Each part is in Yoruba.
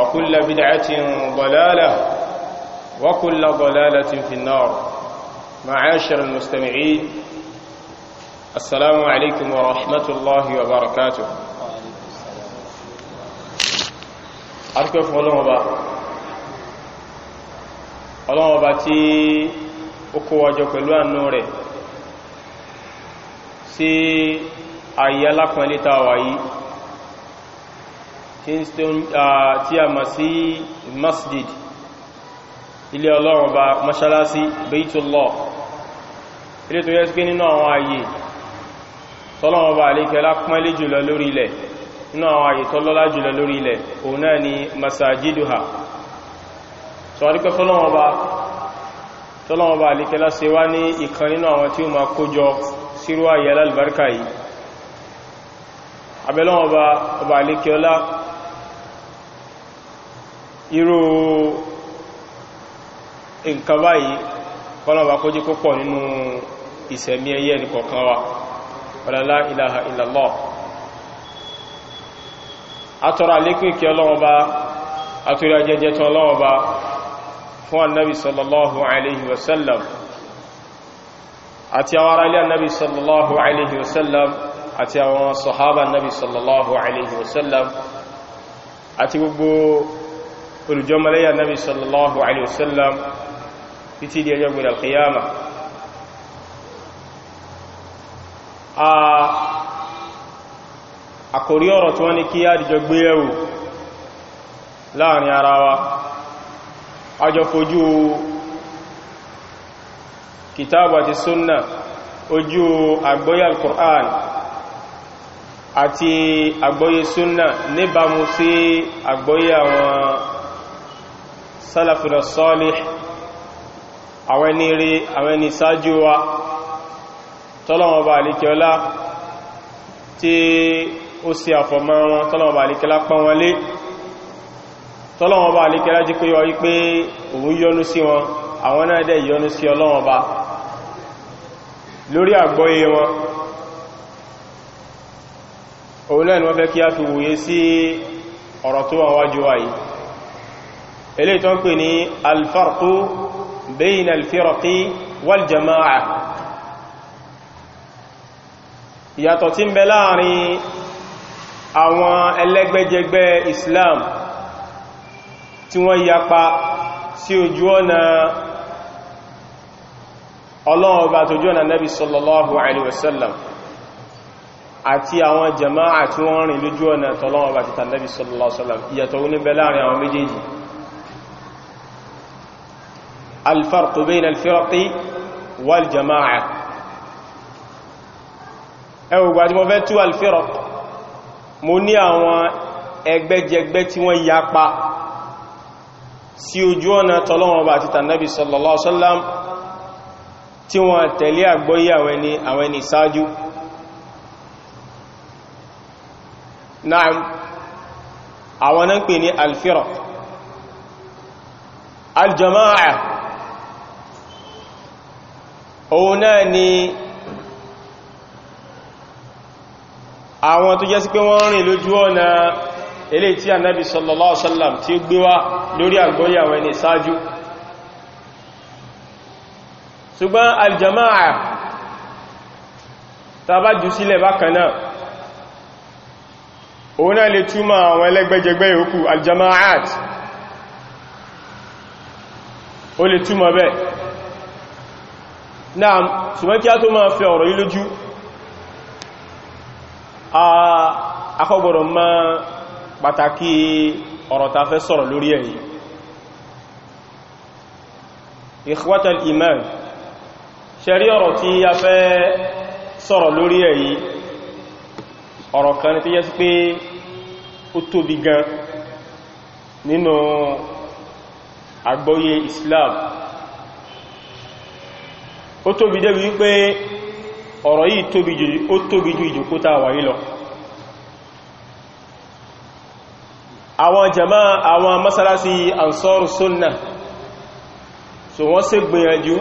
وكل بدعة ضلالة وكل ضلالة في النار معاشر المستمعين السلام عليكم ورحمة الله وبركاته أركف فلان أبا فلان أبا تي أكوى جوكلو النور سي أيالا كوني تاوائي Kingston ah, tí a mọ̀ sí masjid ilé ọlọ́run bá mọ́ṣálásí Baytullah ilé tó yẹ sí pé nínú àwọn ààyè tọ́lọ́run bá alékẹ́ lápọ́nlé jùlọ lórí ilẹ̀ nínú àwọn ààyè tọ́lọ́lá jùlọ lórí ilẹ̀ òun náà ni masajiduha sọ adúpẹ́ tọ́lọ́run bá alékẹ́ láṣe wá irú nǹkan báyìí kọ́lọ̀wà kó jí kó pọ̀ nínú ìsẹ̀mí ẹyẹ nìkọ̀kan wa ọ̀lọ́lá ilaha illallah atọ́rọ alékún ìkẹ́ ọlọ́wọ́ba atúrí ajẹ́jẹ́ tán ọlọ́wọ́ba fún annabi sallallahu alaihi wasallam àti àwọn ará annabi sallallahu alaihi wasallam àti àwọn sahaba annabi sallallahu alaihi wasallam àti gbogbo olùjọmọlẹ́yà nabi sallallahu alaihi wasallam títí di ọjọ́ gbìyànjú alkiyama a àkòrí ọ̀rọ̀ tí wọ́n ní kí á dìjọ gbé ẹ̀wò láàrin ara wa ajọ fojú kìtàbù àti súnnà ojú àgbọ́yé al àti àgbọ́yé súnnà níbàmú sí àgbọ́yé àwọn sálàfìrà sọ́lẹ̀ àwọn ẹni rí àwọn ẹni sáájú wa tọ́lọ̀wọ̀bà àlíkẹ́ọlá tí ó sì àfọ̀mọ́ wọn tọ́lọ̀wọ̀bà àlíkẹ́lá pán wọn lé tọ́lọ̀wọ̀bà àlíkẹ́lá jí pé yọ wípé òun yọ́nú sí wọn àwọn náà dẹ̀ sí ọlọ́wọ̀bà lórí àgbọ́yé wọn òun náà ni wọ́n fẹ́ kí á fi wòye sí ọ̀rọ̀ tó wà wájú wáyìí ilé tó ń pè ní alfarqu bayna alfirqi wal jama'a ìyàtọ̀ tí ń bẹ láàrin àwọn ẹlẹ́gbẹ́jẹgbẹ́ islam tí wọ́n yapa sí ojú ọ̀nà ọlọ́ọ̀bá àtòjú ọ̀nà nabi sallallahu alaihi wasallam àti àwọn jama'a tí wọ́n rìn lójú ọ̀nà tọ́lọ́ọ̀bá àti tàbí sallallahu alaihi wasallam ìyàtọ̀ الفرق بين الفرق والجماعة ẹwù gbàtí mo fẹ́ tú alfirq mo ní àwọn ẹgbẹ́jẹgbẹ́ tí wọ́n yapa sí ojú ọ̀nà tọ́lọ́wọ́n bá ti tànàbí sallallahu alaihi wasallam tí wọ́n tẹ̀lé àgbọ́yí àwọn ẹni sáájú náà àwọn náà pè ní alfirq aljama'a òun náà ni àwọn tó jẹ́ sí pé wọ́n rìn lójú ọ̀nà ilé tí ànábì sallallahu alaihi wasallam tí ó gbé wá lórí àgbóyé àwọn ẹni sáájú ṣùgbọ́n aljama'a tàbá sílẹ̀ bákanáà òun náà lè túmọ̀ àwọn ẹlẹ́gbẹ́jẹgbẹ́ yòókù aljama'at ó lè túmọ̀ bẹ́ẹ̀ náà ṣùgbọ́n kí a tó máa fẹ́ ọ̀rọ̀ yí lójú akọ́gbọ̀rọ̀ ma pàtàkì ọ̀rọ̀ ta fẹ́ sọ̀rọ̀ lórí èyí ikhwatal iman ṣẹ̀rí ọ̀rọ̀ tí a fẹ́ sọ̀rọ̀ lórí èyí ọ̀rọ̀ kan tí yẹ́ sí pé ó tóbi gan nínú àgbọ́yé Islam ó tóbi débi wípé ọ̀rọ̀ yìí tóbi jù ó tóbi jù ìjòkótà wà yìí lọ àwọn jama àwọn masalasi ansọ́rù sunna so wọ́n ṣe gbìyànjú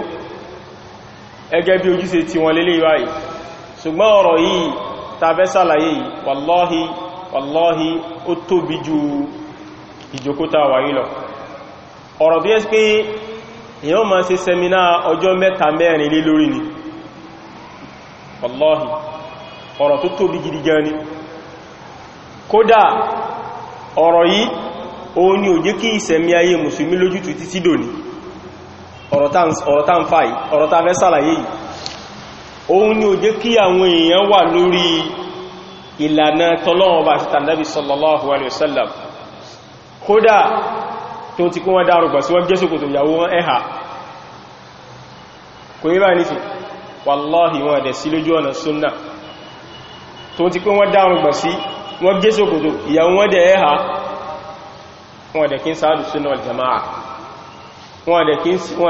ẹgẹ́ bí ojúṣe tí wọ́n lélé ìwáyìí ṣùgbọ́n ọ̀rọ̀ yìí tàbẹ́ sàlàyé wàlọ́hí wàlọ́hí ó èyàn ma se sẹminá ọjọ́ mẹ́ta mẹ́rin lé lórí ni wallahi ọ̀rọ̀ tó tóbi gidi gan ni kódà ọ̀rọ̀ yìí ni kí ìsẹ̀mí ayé mùsùlùmí lójútù títí dòní ọ̀rọ̀ tá ń ọ̀rọ̀ fẹ́ sàlàyé yìí ni kí àwọn èèyàn wà lórí ìlànà tọ́lọ́wọ́ bá ti tó ti kún wọ́n dárùgbà sí wọ́n jẹ́ ṣòkòtò ìyàwó wọn ẹ̀hà kò yí bá nífì wàláhì wọn ẹ̀dẹ̀ sí lójú ọ̀nà súnnà tó ti kún wọ́n dárùgbà sí wọ́n jẹ́ ṣòkòtò ìyàwó wọn ẹ̀hà aljama'a wọn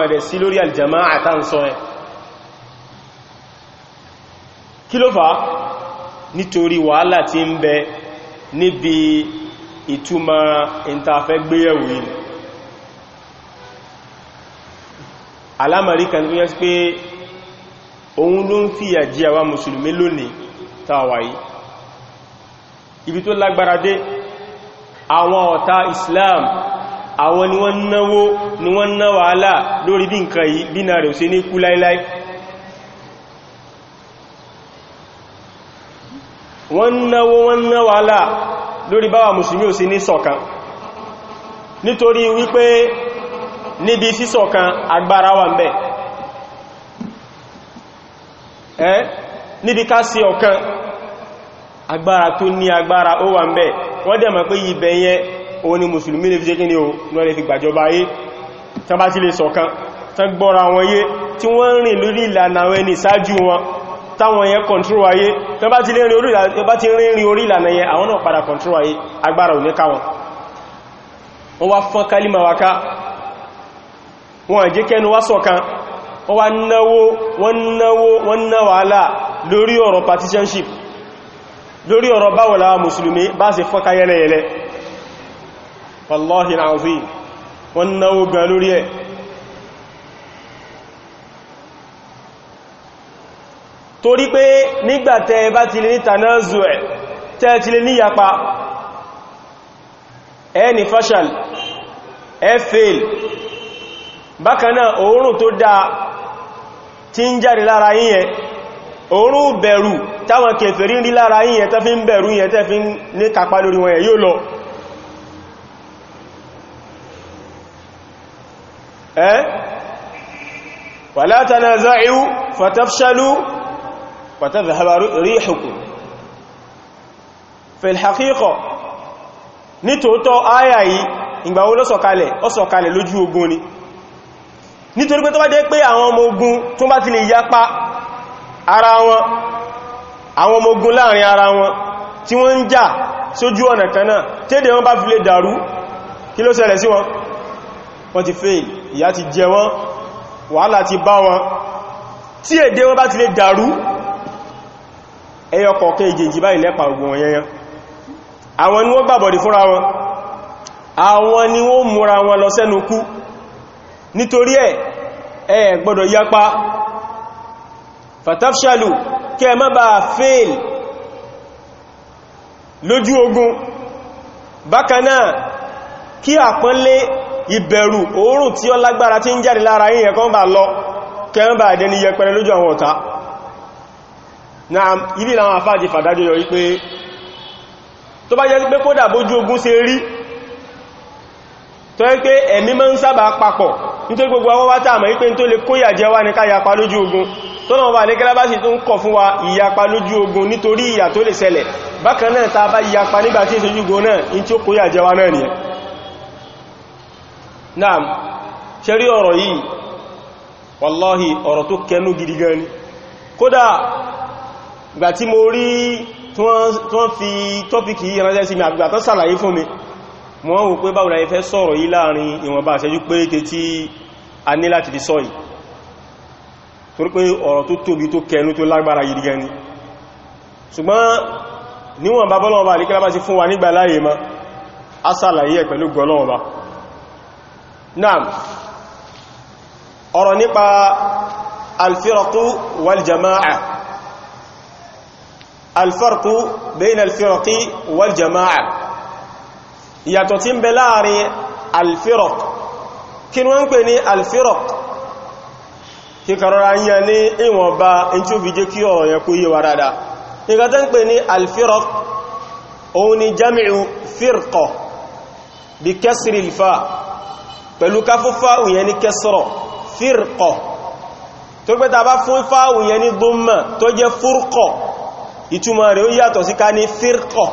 ẹ̀dẹ̀ sí lórí aljama'a tá ń sọ ẹ kí ló fà nítorí wàhálà níbi ìtumọ̀ ìntàfẹ́ yìí Alamari kan tó yẹ́ sí pé òun ló ń fìyà jí àwa mùsùlùmí lónìí tàwà ibi tó lágbára dé àwọn ọ̀tá Islam àwọn ni wọ́n náwó ni wọ́n ná wàhálà lórí bí nǹkan yìí bí na rẹ̀ ò sí ní kú láíláí wọ́n náwó wọ́n ná wàhálà lórí báwa mùsùlùmí ò sí ní ṣọ̀kan nítorí wípé níbi sísọ̀kan agbára wà ń bẹ ẹ́ níbi ká sí ọ̀kan agbára tó ní agbára ó wà ń bẹ wọ́n dẹ̀ mọ̀ pé ibẹ̀ yẹn o ni mùsùlùmí ne fi jẹ́ kí o lọ lè fi gbàjọba ayé tán bá ti lè sọ̀kan tán gbọ́ra wọn yé tí wọ́n rìn lórí ìlànà wọn táwọn yẹn ayé tán bá ti rìn orí ìlànà yẹn àwọn náà padà ayé agbára ò ní káwọn wọ́n wá fọ́n kálímà wáká wọn jẹ́ kẹnu wá ṣọ̀kan wọ́n wá náwó wọ́n náwó wọ́n náwà alá lórí ọ̀rọ̀ partisanship lórí ọ̀rọ̀ báwo la mùsùlùmí bá ṣe fọ́ka yẹlẹyẹlẹ wallahi alazim wọ́n náwó gan lórí ẹ̀ torí pé nígbàtẹ́ bá ti lè ní tanazu ẹ̀ tẹ́ ti lè níyapa ẹni fashal ẹ fail bákanáà òórùn tó dáa tí ń jáde lára yíyẹn òórùn bẹ̀rù táwọn kèfèrí rí lára yíyẹn tẹ́ fi ń bẹ̀rù yẹn tẹ́ fi ń ní kapa lórí wọn yóò lọ ẹ́ wala tanaza'u fatafshalu fatadhhaba rihukum fil lójú ogun ni nítorí pé tó bá jẹ́ pé àwọn ọmọ ogun tó bá ti lè yapa ara wọn àwọn ọmọ ogun láàrin ara wọn tí wọ́n ń jà sójú ọ̀nà kan náà tẹ́dẹ̀ wọn bá fi lè dàrú kí ló ṣẹlẹ̀ sí wọn wọ́n ti fail ìyà ti jẹ wọ́n wàhálà ti bá wọn tí èdè wọn bá ti lè dàrú ẹyọ ni wọ́n gbàbọ̀dì fúnra ni wọ́n múra wọn nítorí ẹ̀ ẹ gbọ́dọ̀ yapa fatafshalu kẹ má bá fail lójú ogun bákanáà kí àpọ́nlé ìbẹ̀rù oòrùn tí ó lágbára tí ń jáde lára yín ẹ̀kọ́ bá lọ kẹ má bá ẹ̀dẹni yẹpẹrẹ lójú àwọn ọ̀tá na ibi làwọn àfáàjì fàdájọ́ yọ wípé tó bá jẹ́ pé kódà bójú ogun ṣe rí tó yẹ pé ẹ̀mí máa ń sábà papọ̀ nítorí gbogbo àwọn wátà àmà wípé tó lè kó ìyàjẹ́ wá ní káyapa lójú ogun tó náà wà ní kílábá sì tó ń kọ̀ fún wa ìyapa lójú ogun nítorí ìyà tó lè sẹlẹ bákan na ta bá ìyapa nígbà tí ìṣojú ogun náà in ni mo wọ́n wò pé báwo láyé fẹ́ sọ̀rọ̀ yí láàrin ìwọ̀nba àṣẹjú péréke tí a ní láti fi sọ yìí torí pé ọ̀rọ̀ tó tóbi tó kẹnu tó lágbára yìí gẹni ṣùgbọ́n níwọ̀n bá bọ́lọ́wọ́ bá àríkẹ́lá bá ti fún wa nígbà láyé ìyàtọ̀ tí ń bẹ láàrin alfirok kí wọ́n ń pè ní alfirok kíkàrọra yíya ní ìwọ̀nba in tí ó fi jẹ́ kí ọ̀rọ̀ yẹn kó yé wa dáadáa nǹkan ń pè ní alfirok òun ni jami'u firqa bí kẹsìrì ìfà pẹ̀lú káfúfà òyẹn ní kẹsọ̀rọ̀ firqa tó pẹ́ ta bá fún fà òyẹn ní dúnmà tó jẹ́ fúrkọ̀ ìtumọ̀ rẹ̀ ó yàtọ̀ sí ká ní firqa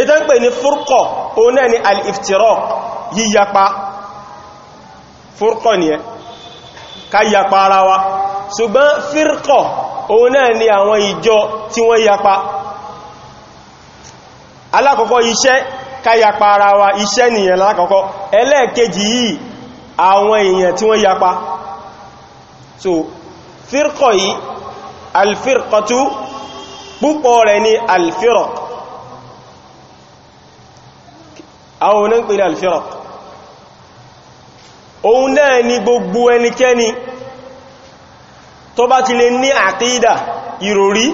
ìtẹ́ ń pè ní fúrkọ̀ òun náà ni al-iftiraq yíyapa fúrkọ̀ ni ẹ ká yapa ara wa ṣùgbọ́n fírkọ̀ òun náà ni àwọn ìjọ tí wọ́n yapa alákọ̀ọ́kọ́ iṣẹ́ ká yapa ara wa iṣẹ́ nìyẹn lákọ̀ọ́kọ́ ẹlẹ́ẹ̀kejì yìí àwọn èèyàn tí wọ́n yapa so fírkọ̀ yìí alfírkọ̀tú púpọ̀ rẹ̀ ni alfírkọ̀ àwọn oní ń pè ní al òun náà ni gbogbo ẹnikẹ́ni tó bá ti lè ní àkídà ìròrí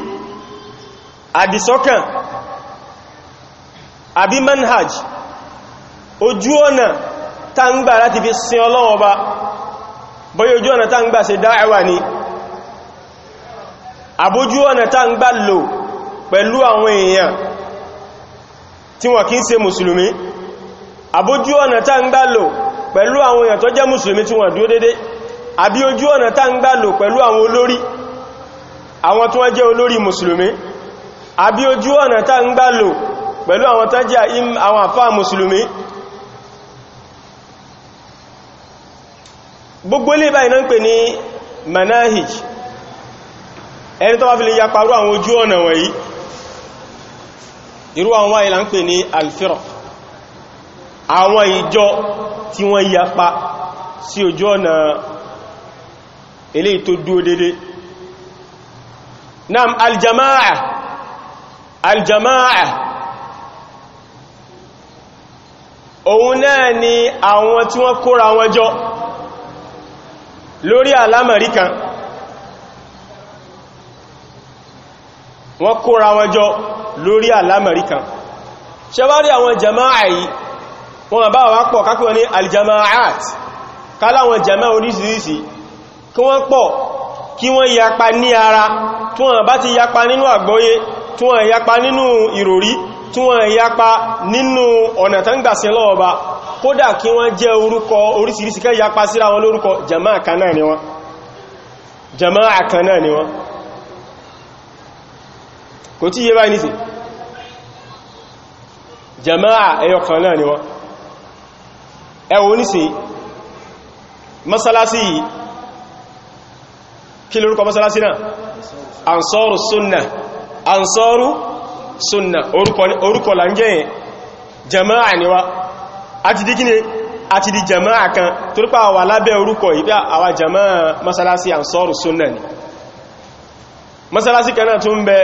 àdìsọ́kàn àbí manhaj ojú ọ̀nà tá ń gbà láti fi sin Ọlọ́hun Ọba bóyá ojú ọ̀nà tá ń gbà ṣe dáẹ̀wà ni àbójú ọ̀nà tá ń gbà lò pẹ̀lú àwọn èèyàn tí wọ́n kìí ṣe mùsùlùmí àbójú ọ̀nà tá ń gbà lò pẹ̀lú àwọn èèyàn tó jẹ́ mùsùlùmí tí wọ́n dúró dédé àbí ojú ọ̀nà tá ń gbà lò pẹ̀lú àwọn olórí àwọn tí wọ́n jẹ́ olórí mùsùlùmí àbí ojú ọ̀nà tá ń gbà lò pẹ̀lú àwọn tó jẹ́ àwọn àfáà mùsùlùmí gbogbo ilé báyìí náà pè ní manahij ẹni tó wá fi lè yaparú àwọn ojú ọ̀nà wọ̀nyí irú àwọn wáyìí là ń pè ní alfirq àwọn ìjọ tí wọ́n yapa sí ojú ọ̀nà eléyìí tó dúó dédé nam aljama'a aljama'a òun náà ni àwọn tí wọ́n kóra wọn jọ lórí àlámọ̀rí kan wọ́n kóra wọn jọ lórí àlámọ̀rí kan ṣẹwárí àwọn jama'a yìí wọ́n bá wá pọ̀ kákíwọ́ ní aljama'at káláwọn jama orísìírísìí kí wọ́n pọ̀ kí wọ́n yapa ní ara tí wọ́n bá ti yapa nínú àgbọ́yé tí wọ́n yapa nínú ìròrí tí wọ́n yapa nínú ọ̀nà tán gbàsí lọ́ọ̀ba kódà kí wọ́n jẹ́ orúkọ orísìírísìí jama'a kan náà ni wọ́n jama'a kan náà ni wọ́n kò jama'a ẹyọ kan náà ẹ̀wọ̀ oníṣe masalasi kí lórúkọ masalasi náà ansoru sunna ansoru sunna orúkọ lange jama'a niwa àti di kíni àti di jama'a kan torípa wà lábẹ́ orúkọ ìpé àwà jama'a masalasi ansoru sunna ni masalasi kanáà tún bẹ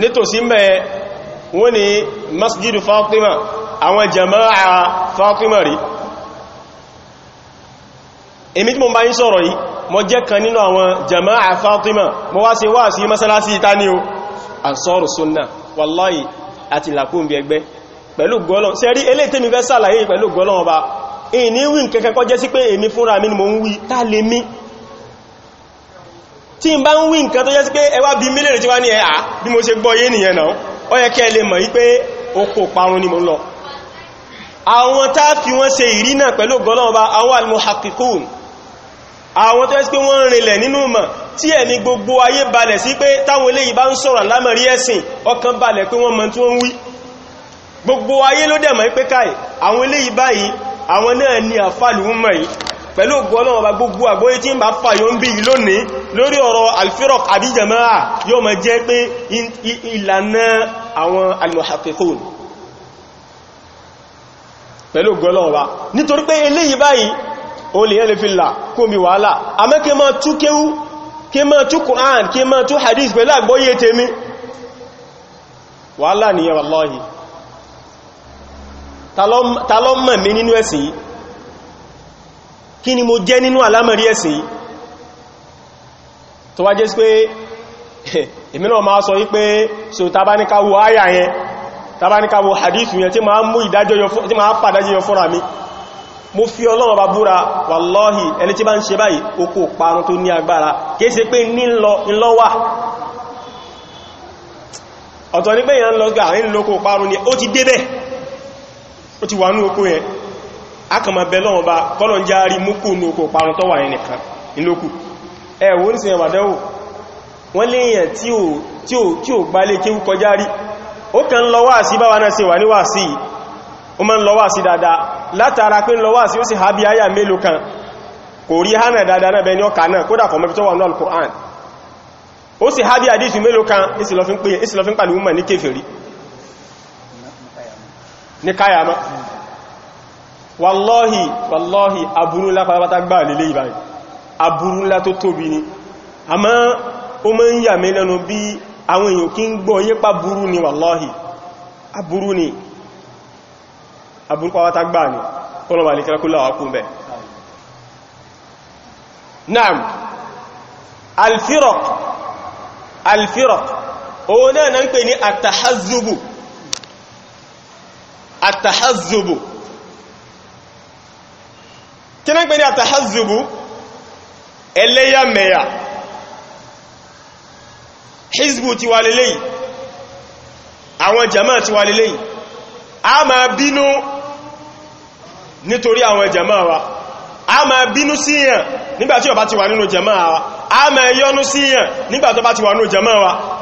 nítòsí mẹ́ wọ́n ni masjidu fatima àwọn jama'a Fatima rí èmi tí mo bá yí sọ̀rọ̀ yìí mo jẹ́ kan nínú àwọn jama'a Fatima mo wá sí wá sí masalasi ìta ní o Ansaru Sunnah wallahi àti làkún bí ẹgbẹ́ pẹ̀lú gọ́lọ́n ṣe rí elé tèmi fẹ́ sàlàyé pẹ̀lú gọ́lọ́n ọba ìní wí kẹ́kẹ́ kọ́ jẹ́ mi ni mo ń wí tá lè mí tí n bá ń wí nǹkan tó jẹ́ sí pé ẹwà bí mílẹ̀ tí wá ní ẹ̀à bí mo ṣe gbọ́ yé nìyẹn náà ó yẹ kẹ́ lè mọ̀ wípé oko parun ni mo lọ àwọn tá fi wọ́n ṣe ìrìnà pẹ̀lú gọ́lọ́ọ̀bá àwọn almuhakikun àwọn tó ẹ́sì pé wọ́n rìnlẹ̀ nínú mọ̀ tí ẹ̀mí gbogbo ayé balẹ̀ sí pé táwọn eléyìí bá ń sọ̀rọ̀ lámàrí ẹ̀sìn ọkàn balẹ̀ pé wọ́n mọ̀ tí wọ́n wí gbogbo ayé ló dẹ̀ mọ̀ pé káì àwọn eléyìí báyìí àwọn náà ni àfàlù mọ̀ yìí pẹ̀lú gọ́lọ́ọ̀bá gbogbo àgbóyé tí ń bá fà yóò ń bí lónìí lórí ọ̀rọ̀ alfirok àbíjẹ̀mọ́ yóò mọ̀ jẹ́ pé ìlànà àwọn almuhakikun pẹ̀lú gọlọ́ọ̀wá nítorí pé eléyìí báyìí o lè ẹlẹ́ fìlà kó mi wàhálà àmọ́ kí ma tú kéwú kí ma tú Qur'an kí ma tú hadith pẹ̀lú àgbọ́yé tèmi wàhálà nìyẹn wallahi tàlọ́ mọ̀ mi nínú ẹ̀sìn yìí kí ni mo jẹ́ nínú àlámọ̀rí ẹ̀sìn yìí tó wá jẹ́ sí pé èmi náà máa sọ wípé tàbáníká wo hadith yẹn tí ma ń mú ìdájọ́ tí ma ń pàdájọ́ yọ fúnra mi mo fi Ọlọ́run bá búra wàlọ́hì ẹni tí bá ń ṣe báyìí okó parun tó ní agbára kìí pé nílọ́wà ọ̀tọ̀ ní pé yẹn lọ́gbà ni ó ti débẹ̀ ó ti wà ní okó yẹn akàmà bẹ lọ́wọ́n bá kọ́lọ̀ ń járí múkù ní okó parun tó wà yẹn nìkan ìlókù ẹ̀wọ́n ní sinimá dẹ́wò tí ò gbálé kéwú kọjá rí ó kàn lọ wá sí báwa náà sí wà ní wà sí ó ma ń lọ wá sí dáadáa látara pé ń lọ wá sí ó sì hábí ayà mélòó kan kò rí hánà dáadáa náà bẹ ọkà náà kódà kọ̀mọ́ tó wà ní Al-Qur'an ó sì hábí àdíṣù mélòó kan ìsìlọ́fín pàlú mọ̀ ní kéfèrí ní káyàmọ́ wallahi wallahi aburú ńlá pátápátá gbà lélé ìbáyìí aburú ńlá tó tóbi ni àmọ́ ó mọ́ ń yà mí lẹ́nu bí àwọn èèyàn kí ń gbọ́ yípa burú ni wàláhì aburú ni aburú pàwátá gbà ní ọlọ́bà ní kẹrẹkúlà ọkùn bẹ̀ naam alfirok alfirok òun náà na ń pè ní àtàhazzubu àtàhazzubu kí na ń pè ní àtàhazzubu ẹlẹ́yàmẹ̀yà hizbu ti wà lélẹ́yìn àwọn jama ti wà lélẹ́yìn a ma bínú nítorí àwọn jama wa a ma bínú síyàn nígbàtí ó bá ti wà nínú jama wa a ma yọ́nú síyàn nígbàtí ó ti wà nínú jama wa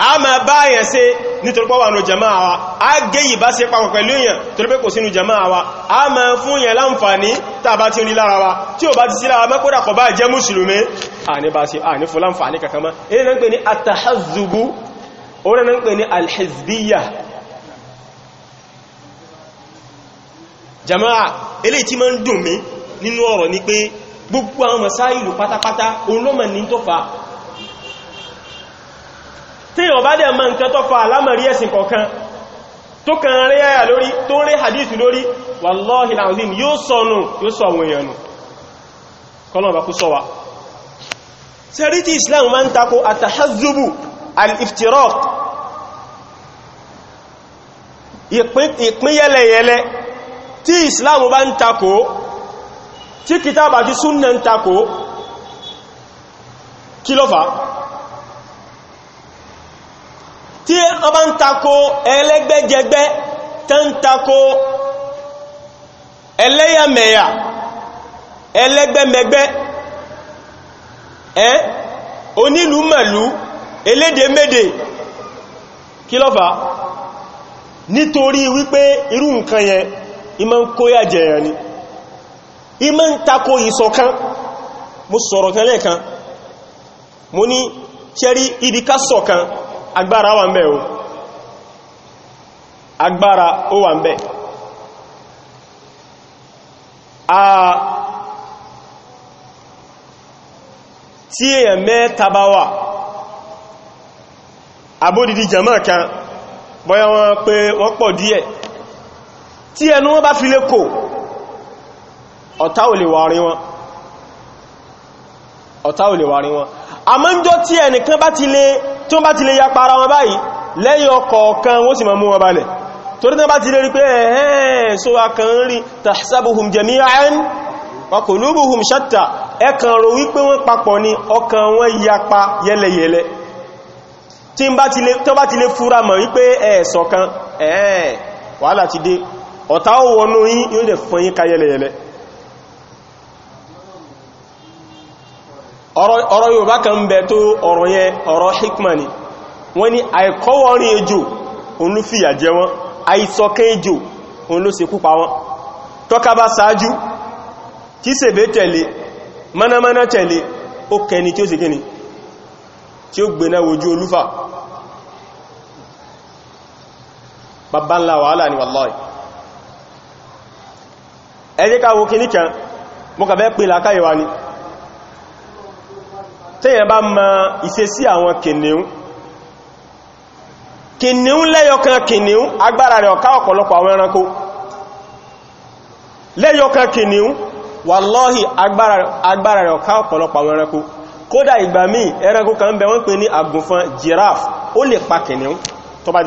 a ma bá yẹn ṣe nítorí pé wà jama'a wa a gé ìbá ṣe papọ̀ pẹ̀lú yẹn torí kò sínú jama'a wa a ma fún yẹn láǹfààní tàbá tí ó ní lára wa tí ó bá ti sí lára mẹ́kọ́dà kọ̀ bá jẹ́ mùsùlùmí a ní bá alhizbiya jama'a eléyìí tí máa ń dùn mí nínú ọ̀rọ̀ ni pé gbogbo àwọn masáìlú pátápátá òun tó fa tí yàn bá dẹ̀ mọ̀ nǹkan tó fa alámọ̀rí ẹ̀sìn kọ̀ọ̀kan tó kàn rí àyà lórí tó rí hadith lórí wallahi alazim yóò sọnù yóò sọ àwọn èèyàn nù kọ́nà bá kú sọ wa sẹ́rí tí islam máa ń tako àtàhazzubu al-iftiraq ìpín yẹlẹyẹlẹ tí islam tí wọ́n bá ń takò ẹlẹ́gbẹ́jẹgbẹ́ tẹ́ ń takò ẹlẹ́yàmẹ̀yà ẹlẹ́gbẹ́mẹgbẹ́ ẹ́ onílùmọ̀lú elédèmédè kí ló fà nítorí wípé irú nǹkan yẹn ìmọ̀ ń kó yàjẹ̀ yẹn ni ìmọ̀ ń takò ìṣọ̀kan mo sọ̀rọ̀ kan lẹ́ẹ̀kan mo ní ṣẹ́rí ibi ká ṣọ̀kan agbára wà ń bẹ̀ o agbára ó wà ń bẹ̀ a tí èyàn mẹ́ta bá wà abódìdí jama kan bóyá wọ́n pé wọ́n pọ̀ díẹ̀ tí ẹnu wọ́n bá fi lé kò ọ̀tá ò lè wà wọn ọ̀tá ò lè wà rí wọn àmọ́ ń jọ tí ẹnìkan bá ti lé tí wọ́n bá ti lè ya para wọn báyìí lẹ́yìn ọkọ̀ọ̀kan wọ́n sì máa mú wọn balẹ̀ torí náà bá ti lè rí pé ẹ̀hẹ́n so wa kan rí tahsabuhum jami'an wa qulubuhum shatta ẹkàn rò wípé wọ́n papọ̀ ni ọkàn wọn yapa yẹlẹyẹlẹ tí wọ́n bá ti lè fura mọ̀ wípé ẹ̀ẹ̀sọ̀kan ẹ̀ẹ́ wàhálà ti dé ọ̀tá ò wọnú yín yóò dẹ̀ fún yín yẹlẹyẹlẹ ọ̀rọ̀ Yorùbá kan ń bẹ tó ọ̀rọ̀ yẹn ọ̀rọ̀ hikma ni wọ́n ní àìkọ́wọ́rin ejò òun ló fìyà jẹ wọ́n àìsọkẹ́ ejò òun ló ṣekú pa wọ́n tọ́ka bá sáájú tí sèbé tẹ̀lé mọ́nàmọ́ná tẹ̀lé ó kẹni tí ó sì kíni tí ó ni wàláì ẹjẹ́ káwọ́ kìníkan mọ́kàbẹ́ pè tẹ́yàn bá ma ìṣe sí àwọn kìnìún kìnìún lẹ́yọkan kìnìún agbára rẹ̀ ọ̀ká ọ̀pọ̀lọpọ̀ àwọn ẹranko lẹ́yọkan kìnìún agbára rẹ̀ ọ̀ká ọ̀pọ̀lọpọ̀ àwọn ẹranko kódà ìgbà míì ẹranko kan bẹ wọ́n pè ní àgùnfan giraffe ó lè pa kìnìún tọba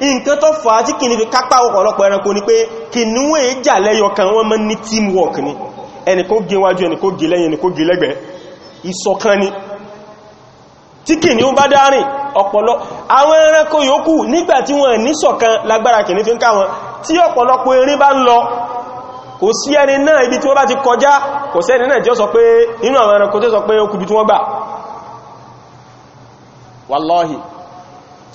nǹkan tó fà á tí kì ní fi kápá ọ̀pọ̀lọpọ̀ ẹranko ni pé kìnnìún èé jà lẹ́yọ wọ́n máa ní teamwork ni ẹni kó gé wájú ẹni kó gé lẹ́yìn ẹni kó lẹ́gbẹ̀ẹ́ ìṣọ̀kan ni tí kìnnìún bá dárìn ọ̀pọ̀lọ àwọn ẹranko yòókù nígbà tí wọ́n ní ṣọ̀kan lágbára kìnnìún fi ń ká wọn tí ọ̀pọ̀lọpọ̀ erin bá ń lọ kò sí ẹni náà ibi tí wọ́n bá ti kọjá kò sẹ́ni náà tí ó sọ pé inú àwọn ẹranko tó sọ pé ó kùbi tí wọ́n gbà wallahi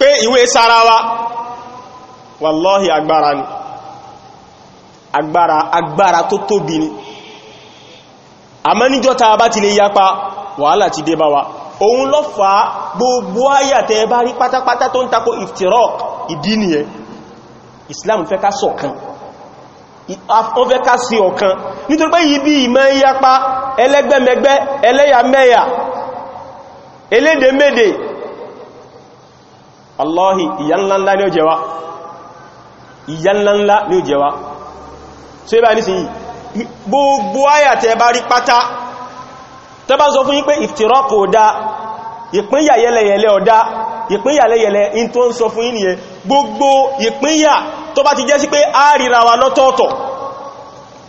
pé ìwé sára wa wàlọ́hì agbára ni agbára agbára tó tóbi ni àmọ́ níjọ́ ta bá ti lè yapa wàhálà ti dé bá wa òun lọ fà á gbogbo bá rí pátápátá tó ń takò iftirok ìdí nìyẹn Islam fẹ́ ká ṣọ̀kan wọ́n fẹ́ ká sí ọ̀kan nítorí pé ibi ìmọ̀ ìyapa ẹlẹ́gbẹ̀mẹ́gbẹ́ ẹlẹ́yàmẹ́yà elédèmédè Allahi ìyà ńláńlá ní ó jẹ wá ìyà ńláńlá ní ó jẹ wá so ibá ní sí gbogbo ayà tẹ bá rí pátá tẹ bá sọ fún yín pé ìfìtìrọ́kù ọ̀dá ìpínyà yẹlẹyẹlẹ ọ̀dá ìpínyà yẹlẹyẹlẹ in tó ń sọ fún yín nìyẹn gbogbo ìpínyà tó bá ti jẹ́ sí pé a ríra wa lọ́tọ̀ọ̀tọ̀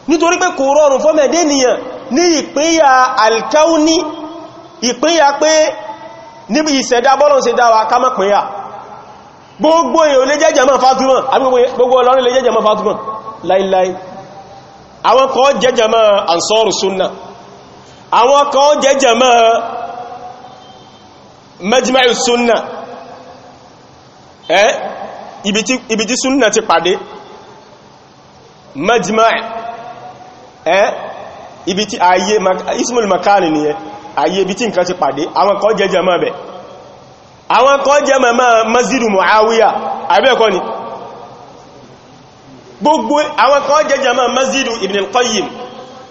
nítorí pé kò rọrùn fọ́mẹ̀dé nìyàn níbi ìṣẹ̀dá bọ́lọ̀ ṣe dáwà ká mọ̀ pínyà gbogbo èèyàn lè jẹ́ jàmá Fátímà gbogbo Ìlọrin lè jẹ́ jàmá Fátímà láíláí àwọn kan jẹ́ jàmá Ansọ́rù Súnnà àwọn kan jẹ́ jàmá Majma'u Súnnà ibi tí Súnnà ti pàdé Majma' ibi tí ayé ismul makani ni ye aye ibi ti àwọn kan jẹ́ mẹ́mọ́ masjidu muawiya àbẹ́ẹ̀kọ́ ni gbogbo àwọn kan jẹ́ jẹ́mọ́ masjidu ibn al-qayyim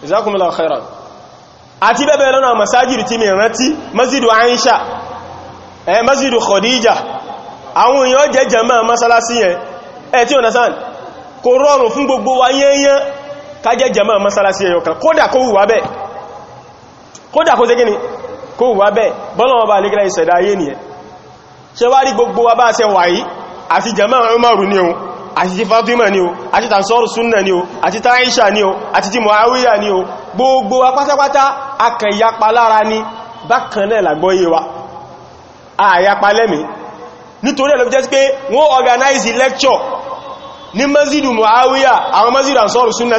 jazakumullahu khairan àti bẹ́bẹ̀ lọ́nà masajidu tí mìíràn rántí masjidu aisha eh masjidu khadija àwọn èèyàn jẹ́ jẹ́mọ́ masalasi yẹn eh tí nasan. kò rọrùn fún gbogbo wa yẹnyẹn ká jẹ́ masalasi yẹn yọkan kódà kó wù wá bẹ́ẹ̀ kódà kó ṣe kíni kó wù wá bẹ́ẹ̀ ṣe wá rí gbogbo wa bá ṣe wàyí àti jama'a umaru ni o àti ti fatima ni o àti tansoru sunna ni o àti taisha ni o àti ti muawiya ni o gbogbo wa pátápátá akẹyapa lára ni bákan náà lágbọ́yé wa àyapa lẹ́mí nítorí ẹ̀lọ́bí jẹ́ sí pé wọ́n organize lecture ní mazidu muawiya àwọn mazidu tansoru sunna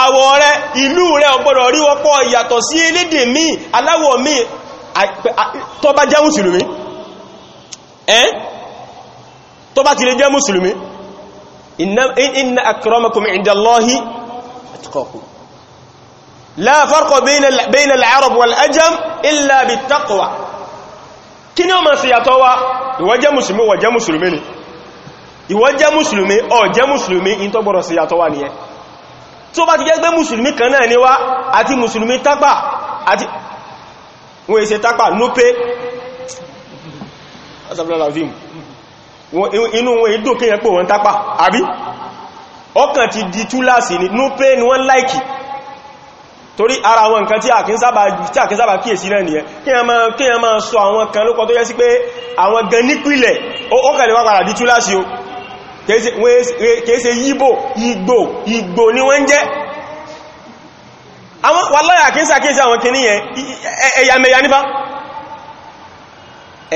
àwọ̀ rẹ ìlú rẹ ọgbọ́dọ̀ rí wọ́pọ̀ yàtọ̀ sí elédè mi aláwọ̀ mi tó bá jẹ́ mùsùlùmí ẹ́n tó bá ti lè jẹ́ mùsùlùmí inna akramakum indallahi atqakum la farqa bayna al-arab wal-ajam illa bit-taqwa kí ni ó máa sì yàtọ̀ wa ìwọ tó bá ti jẹ́ pé mùsùlùmí kan náà ni wá àti mùsùlùmí tápà àti wọ́n èsẹ tápà ló pé inú wọn ìdùn kíyàn pò wọn tápà àbí ọkàn ti di túláàsì ni ló pé ni wọ́n láìkì torí ara àwọn nǹkan tí àkínsábà kíyèsí náà nìyẹn kíyàn máa sọ àwọn kan lókọ tó yẹ sí pé àwọn gan nípìlẹ̀ ó kẹ̀lẹ̀ padà di túláàsì o kèése yíbò igbó igbó ni wọ́n ń jẹ́ àwọn wàláyà kìíṣà kìíṣà àwọn kìíní yẹn e, ẹ̀yàmẹ̀yà nífà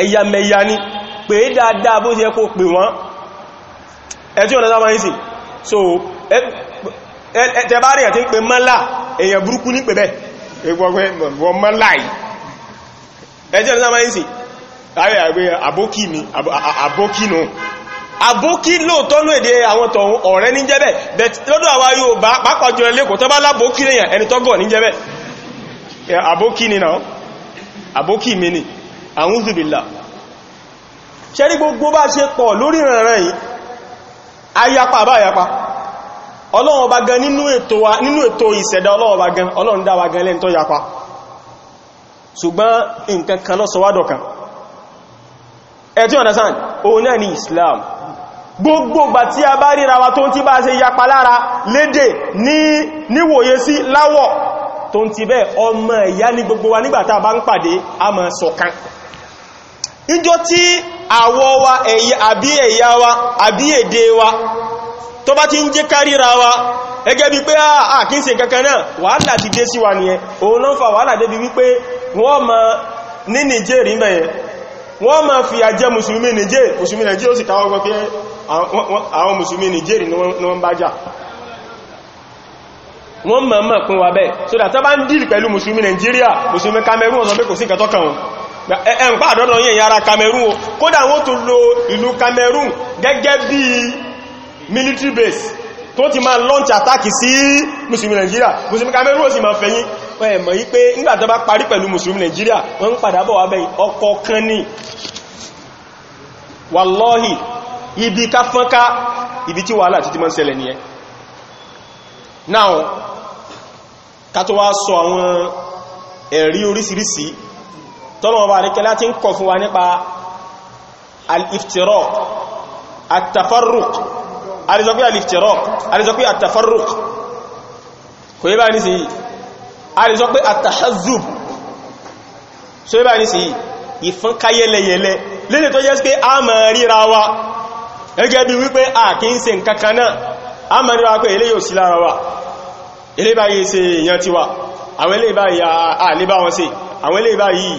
ẹ̀yàmẹ̀yà ni pé dáadáa bó ṣe kó pè wọ́n ẹ̀tí ọ̀nà sáwọn ìsìn so ẹ̀tẹ̀bá rẹ̀ tí ń pè mọ́lá èyàn burúkú ní pẹ̀bẹ̀ ẹgbọ́gbọ́ mọ́lá yìí ẹ̀tí ọ̀nà sáwọn ìsìn àbókí lóòtọ́ ló èdè àwọn tọ̀hún ọ̀rẹ́ ní jẹ́bẹ̀ but lọ́dọ̀ àwa Yorùbá pàápàá jùlọ lẹ́kọ̀ọ́ tó bá lábókí lèyàn ẹni tọ́gọ̀ ní jẹ́bẹ̀ ni náà àbókí mi ni gbogbo bá ṣe pọ̀ lórí yi ayapa ayapa gan eto gan ẹ̀tí understand òun náà ni Islam gbogbo gbà tí a bá ríra wa tó ń tí bá ṣe yapa lára lédè ní níwòye sí láwọ̀ tó ń ti bẹ́ ọmọ ìyá ní gbogbo wa nígbàtà bá ń pàdé a máa ṣọ̀kan ìjọ tí àwọ̀ wa ẹ̀yà àbí ẹ̀yà wa àbí èdè wa tó bá ti ń jẹ́ káríra wa gẹ́gẹ́ bí pé a kìí ṣe kankan náà wàhálà ti dé sí wa nìyẹn òun náà fa wàhálà débi wípé wọ́n mọ ní Nigeria mẹ́yẹn wọ́n máa fi àjẹ́ musulmi niger musulmi niger ó sì káwọ́ gbọ́ pé àwọn musulmi niger ni wọ́n bá jà wọ́n máa máa pín wa bẹ́ẹ̀ so that bá ń dìl pẹ̀lú musulmi nigeria musulmi cameroon ọ̀sán pé kò sí nǹkan tọ́kàn wọn ẹ̀ǹpá àdọ́dọ̀ yẹn yára cameroon o kódà wọ́n tó lo ìlú cameroon gẹ́gẹ́ bí military base tó ti máa launch attack sí musulmi nigeria musulmi cameroon ó sì máa fẹ̀yìn ẹ̀mọ̀ yí pé nígbà tó bá parí pẹ̀lú mùsùlùmí Nàìjíríà wọ́n ń padà bọ̀ wá bẹ́ẹ̀ ọkọ̀ kan ní wàlọ́hì ibi ká fọ́nká ibi tí wàhálà títí mọ́ ṣẹlẹ̀ nìyẹn now ká tó wá sọ àwọn ẹ̀rí orísìírísìí tọ́lọ̀wọ́ bá ríkẹ́ láti ń kọ̀ fún wa nípa al-iftiraq at-tafarruq àrísọ́pí al àrísọ́pí at kò yí bá ní sí a lè sọ pé àtàṣàzùb so ibá ní sí ìfún káyẹlẹyẹlẹ lédè tó jẹ́ pé a mọ̀ ríra wa gẹ́gẹ́ bí wípé a kí ń ṣe nǹkankan náà a mọ̀ ríra pé eléyìí ò sí lára wa eléyìí báyìí ṣe èèyàn tiwa àwọn eléyìí báyìí a lè bá wọn ṣe àwọn eléyìí báyìí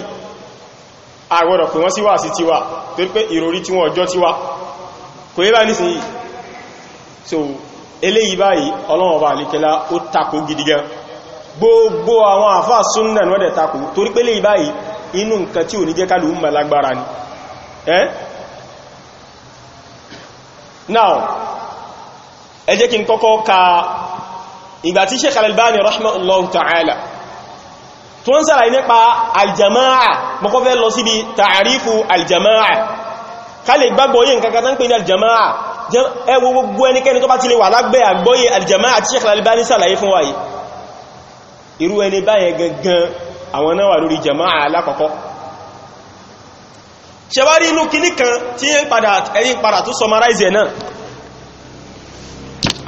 gbogbo àwọn àfáà súnnà ní wọ́dẹ̀ takò torí pé lè báyìí inú nǹkan tí ò ní jẹ́ kálù mọ̀ lágbára ni ẹ́ now ẹ jẹ́ kí n kọ́kọ́ ka ìgbà tí Sheikh Al-Albani rahimahullahu ta'ala tó ń sára aljama'a mọ́kọ́ fẹ́ lọ aljama'a ká lè gbàgbọ́ yìí nǹkan aljama'a ẹ wo gbogbo ẹnikẹ́ni tó bá ti lè wà lágbẹ́ àgbọ́yé aljama'a tí Sheikh albani sàlàyé fún wa irú ẹni báyẹn gangan àwọn náà wà lórí jama'a alákọ̀ọ́kọ́ ṣẹwárí inú kìní kan tí yẹn padà ẹ̀yìn padà tó summarize ẹ̀ náà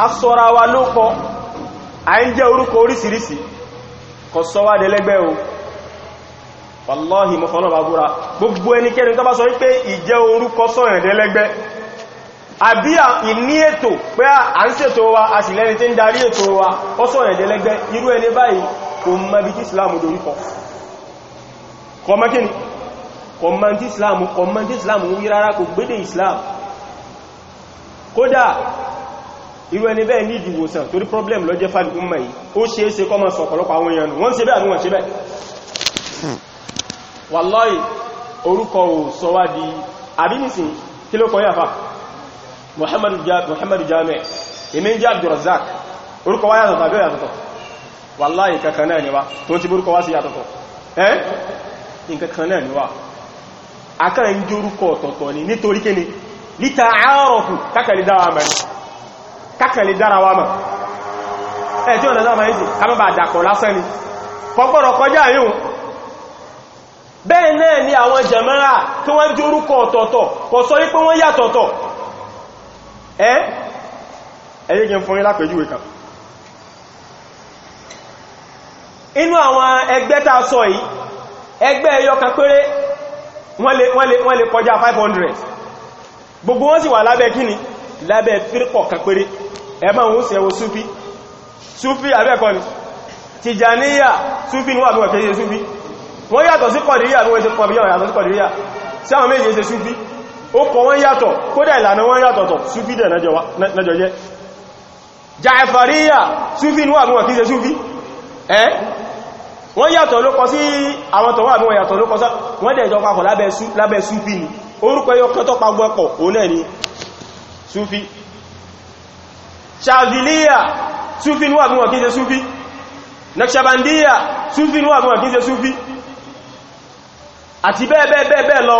a sọ́ra wa ló kọ à ń jẹ́ orúkọ oríṣiríṣi kọ sọ́wádẹ́lẹ́gbẹ́ o wallahi mọ́fọ́nà bàbúra gbogbo ẹnikẹ́ni tó bá sọ wípé àbí ìní ètò pé à ń ṣètò wa a sì lẹ́ni tí ń darí ètò wa ó sọ̀rọ̀ ẹ̀dẹ̀lẹ́gbẹ́ irú ẹni báyìí kò mọ̀ bí tí Islam dorúkọ kọmọ́kín kọmọ́ntí Islam kọmọ́ntí Islam wí rárá kò gbédè Islam kódà irú ẹni bẹ́ẹ̀ ní ìdìwòsàn torí problem lọ jẹ́ fàdìkún mẹ́ yìí ó ṣe é ṣe kọ́ mọ́ sọ̀pọ̀lọpọ̀ àwọn wallahi orúkọ ò sọ wá di àbí nìsìn kí ló muhammadu jami èmi jẹ́ abdulrazak orúkọ wá yàtọ̀ tàbí yàtọ̀ wàláyì kankan náà ni wá tó ti bórúkọ wá sí yàtọ̀tọ̀ ẹ́ nkankan náà ni wá akan ń jórúkọ ọ̀tọ̀tọ̀ ni nítorí kí ni lítà àárọ̀kù kákàlì dára mẹ́rin kákàlì dára wá mọ̀ ẹ̀ tí ọ̀nà dáma yìí ká mẹ́bà dàkọ̀ lásán ni kọ́kọ́rọ̀ kọjá yóò bẹ́ẹ̀ náà ni àwọn jẹ̀mẹ́ra tí wọ́n jórúkọ ọ̀tọ̀tọ̀ kọ̀ sọ wípé wọ́n yàtọ̀tọ̀ ẹ́ ẹ̀yẹ́ jẹ́ fún ilápẹ̀júwé kan inú àwọn ẹgbẹ́ tá a sọ yìí ẹgbẹ́ ẹyọ kan péré wọ́n lè kọjá 500 gbogbo wọ́n sì wà lábẹ́ kíni lábẹ́ fírkọ̀ kan péré ẹ̀mọ́ òun sì ẹwọ súfí súfí abẹ́ẹ̀kọ́ ni tìjàníyà súfí ní wà bí wọ́n kẹ́ ṣe súfí wọ́n yàtọ̀ sí kọ̀dìríyà bí wọ́n ṣe kọ̀dìríyà yàtọ̀ sí kọ̀dìríyà sí àwọn méjì ṣe súfí ó kọ wọ́n yàtọ̀ kódà ìlànà wọ́n yàtọ̀tọ̀ súfí dẹ̀ nájọ jẹ́ jàfàríyà súfí ní àwọn kìí ṣe súfí ẹ́ wọ́n yàtọ̀ ló kọ sí àwọn tọ̀wọ́ àbí wọ́n yàtọ̀ ló kọ sá wọ́n dẹ̀ jọ papọ̀ lábẹ́ súfí ni orúkọ yóò kọ́ tọ́pa gbọ́pọ̀ òun náà àti bẹ́ẹ̀ bẹ́ẹ̀ bẹ́ẹ̀ lọ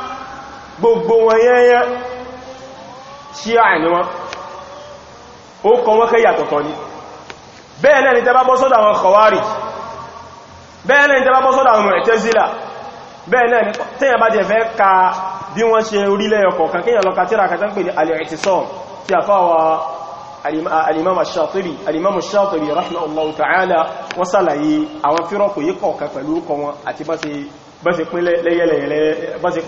gbogbo wọn yẹ́yẹ́ ṣíà ni wọn ó kọ wọ́n kẹ́yà tọ̀tọ̀ ní bẹ́ẹ̀ náà ni tẹbá bọ́ sọ́dọ̀ àwọn Khawarij bẹ́ẹ̀ náà ni tẹbá bọ́ sọ́dọ̀ àwọn Mu'tazila bẹ́ẹ̀ náà ni tẹ́yà bá jẹ fẹ́ ka bí wọ́n ṣe orílẹ̀ ọkọ̀ bọ́n ti pín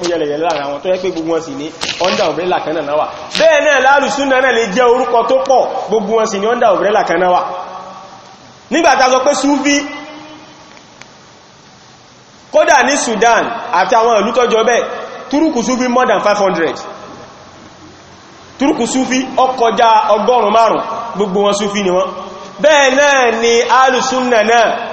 yẹlẹ̀yẹlẹ láàrin àwọn tó yẹ pé gbogbo wọn sì ní under umbrella kan náà wà bẹ́ẹ̀ náà lálùsúnnà náà lè jẹ́ orúkọ tó pọ̀ gbogbo wọn sì ní under umbrella kan náà wà nígbàtà sọ pé Sufi kódà ní Sudan àti àwọn ìlú bẹ́ẹ̀ Túrùkù Sufi more than 500 Túrùkù Sufi ọkọjá ọgọ́rùn márùn gbogbo wọn Sufi ni wọn bẹ́ẹ̀ náà ni alùsúnnà náà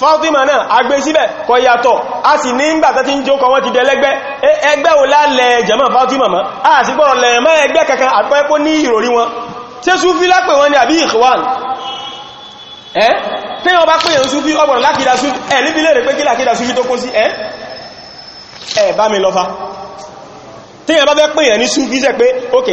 Fatima náà agbé síbẹ̀ kọ yàtọ̀ a sì ní ìgbàtà tí ń jó kọ wọ́n ti dẹ̀lẹ́gbẹ́ e, ẹgbẹ́ ò lálẹ̀ jẹ́mọ̀ Fatima mọ́ a sì gbọ́rọ̀ lẹ̀mọ́ ẹgbẹ́ kankan àpẹ́kó ní ìròrí wọn tí súfí lápẹ̀ wọn ni àbí ìkwán ẹ́ tí wọ́n bá pè yẹn súfí ọgbọ̀n lákìdá súfí ẹ̀ níbi lè rẹ̀ pé kí lákìdá súfí tó kó sí ẹ́ ẹ̀ bá mi lọ́fà tí wọ́n bá bẹ́ pè yẹn ní súfí sẹ́ pé ókè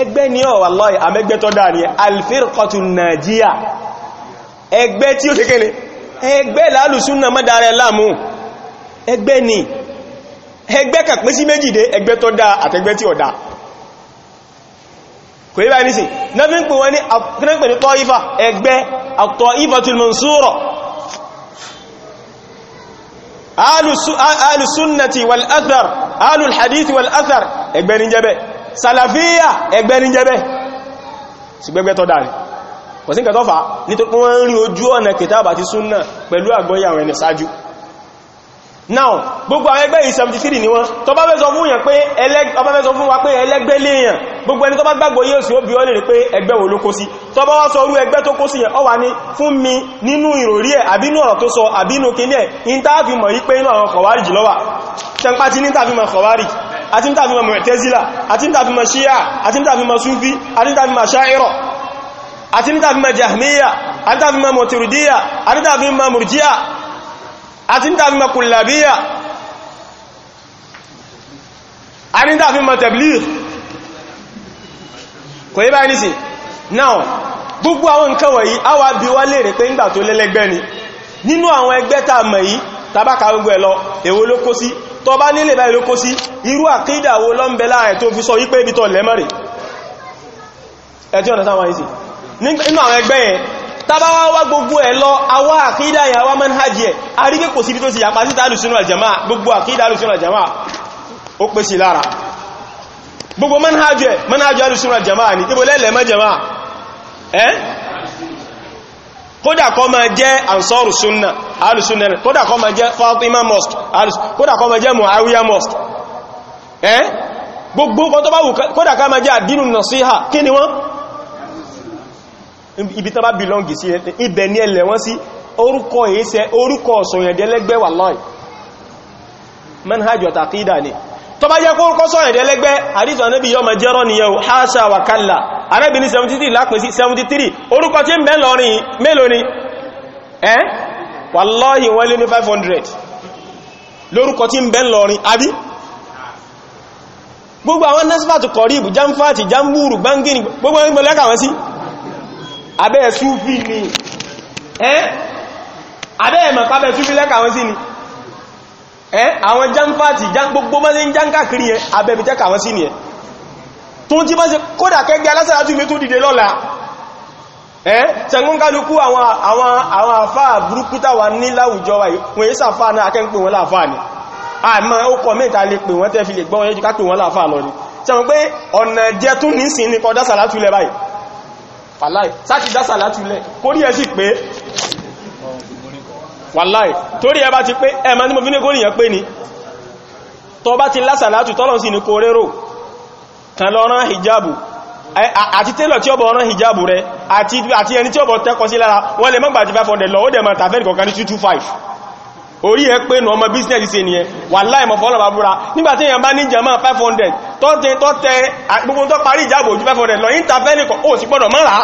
ẹgbẹ́ ní ọ̀ wallahi àmẹ́gbẹ́ tó dáa ní alfirqatu najiya ẹgbẹ́ tí ó kékeré ẹgbẹ́ lálùsúnnà mọ́dára láàmú ẹgbẹ́ ni ẹgbẹ́ kàpín sí méjìdé ẹgbẹ́ tó dáa àtẹgbẹ́ tí ó dáa kò yí bá ní sí nọ́fí ń pè wọ́n ní àpínlẹ̀pẹ̀ ní tọ́ífà ẹgbẹ́ sàlàfíà ẹgbẹ́ ní jẹ́bẹ́ ṣùgbẹ́gbẹ́ tọ́ dáre kò sí nǹkan tó fà nítorí pé wọ́n rí ojú ọ̀nà kìtàbà àti súnnà pẹ̀lú àgbọ́yà ẹni ṣáájú now gbogbo àwọn ẹgbẹ́ yìí 73 ni wọ́n tó bá fẹ́ sọ fún wa pé ẹlẹ́gbẹ́ léèyàn gbogbo ẹni tó bá gbàgbọ́ yóò sí ó bí ó lè rí pé ẹgbẹ́ wo ló kó sí tó bá wá sọ orú ẹgbẹ́ tó kó sí yẹn ó wà tẹ́ńpá ti ní táàfimọ̀ kọ̀wárì àti ń tàbí ma mọ̀tẹ́sílà àti ń tàbí ma ṣíyà àti ń tàbí ma súfí àti ń tàbí ma ṣáírọ̀ àti ń tàbí ma jahmiya àti ń tàbí ma mọ̀tìrìdíyà àti ń tàbí ma murjiya àti ń tàbí ma kùlàbíyà àti ń tàbí ma tabligh kò yí báyìí sí now gbogbo àwọn nǹkan wọ̀nyí a wá bí wá lè rẹ̀ pé ń gbà tó lẹ́lẹ́gbẹ́ ni nínú àwọn ẹgbẹ́ tàà mọ̀ yìí tabaka gbogbo ẹ̀ lọ èwo ló kó sí tó bá nílé báyìí ló kó sí irú àkídà wo ló ń bẹ láàrẹ tó fi sọ wípé ibi tọ́ lẹ́mọ̀rẹ̀ ẹ̀tí ọ̀nà sáwọn ìsì nínú àwọn ẹgbẹ́ yẹn tábáwá wá gbogbo ẹ̀ lọ awá àkídà ìyàwó manhajj ẹ̀ arígbé kò síbi sí lára gbogbo kódà kó máa jẹ́ ansoru sunna alùsúnnà kódà máa jẹ́ fatima mosque kódà kó máa jẹ́ mosque ẹ́ gbogbo kan tó bá wù kódà ká máa jẹ́ nasiha kí ni wọ́n ibi tán bilọ́ngì sí ibẹ̀ ní ẹlẹ̀ wọ́n sí orúkọ èéṣẹ́ orúkọ ọ̀sọ̀yẹ̀dẹ́lẹ́gbẹ́ wallahi manhajọ̀ taqida tó bá jẹ́ kó kọ́ sọ ẹ̀dẹ́ lẹ́gbẹ́ anẹ́bí ma jẹ́rọ wà kálà ní 73 lápín sí 73 orúkọ tí ni ẹ́ wọ́n lé ní 500 lórúkọ tí ń abi gbogbo àwọn nasfàtù kọ̀ríbù jamfàtì jambúrù gbangini gbogbo ẹgbẹ̀ ẹ́ eh, àwọn jamfati gbogbo bá ṣe ń janka kiri yẹn abẹ́bìtẹ́ kàwọn sí nìyẹn tó tí bá ṣe kódà kẹgbẹ́ alásàrájú mi tó dìde lọ́la ẹ́ eh, tẹ̀gbọ́nkálukú àwọn àfá burúkú táwà ní láwùjọ wáyé wọ́n yí sàfá náà akẹ́ǹpẹ̀ wọn láàfá ni àmọ́ ó kọ̀ mẹ́ta lè pè wọ́n tẹ́ fi lè gbọ́n yẹ́jú ká wàláì torí ẹ bá ti pé ẹ ma mo fi ní kó pé ni tọ bá ti lásàlátù tọ́lọ̀ sí ni kò rérò kan lọ rán hijabu àti tẹ́lọ̀ tí ọbọ̀ rán hijabu rẹ àti ẹni tí ọbọ̀ tẹ́kọ sí lára wọ́n lè mọ́gbà ti 500 lọ ó dẹ̀ ma tàfẹ́ nìkọ̀kan ní 225 orí ẹ pé nù ọmọ business ṣe nìyẹn wàláì mọ̀ fọ́lọ̀ bàbúra nígbàtí èyàn bá ní jẹmọ́ 500 tọ́tẹ tọ́tẹ gbogbo tó parí ìjábò ojú 500 lọ ìntàfẹ́ nìkọ̀ ó sì gbọ́dọ̀ mọ́ra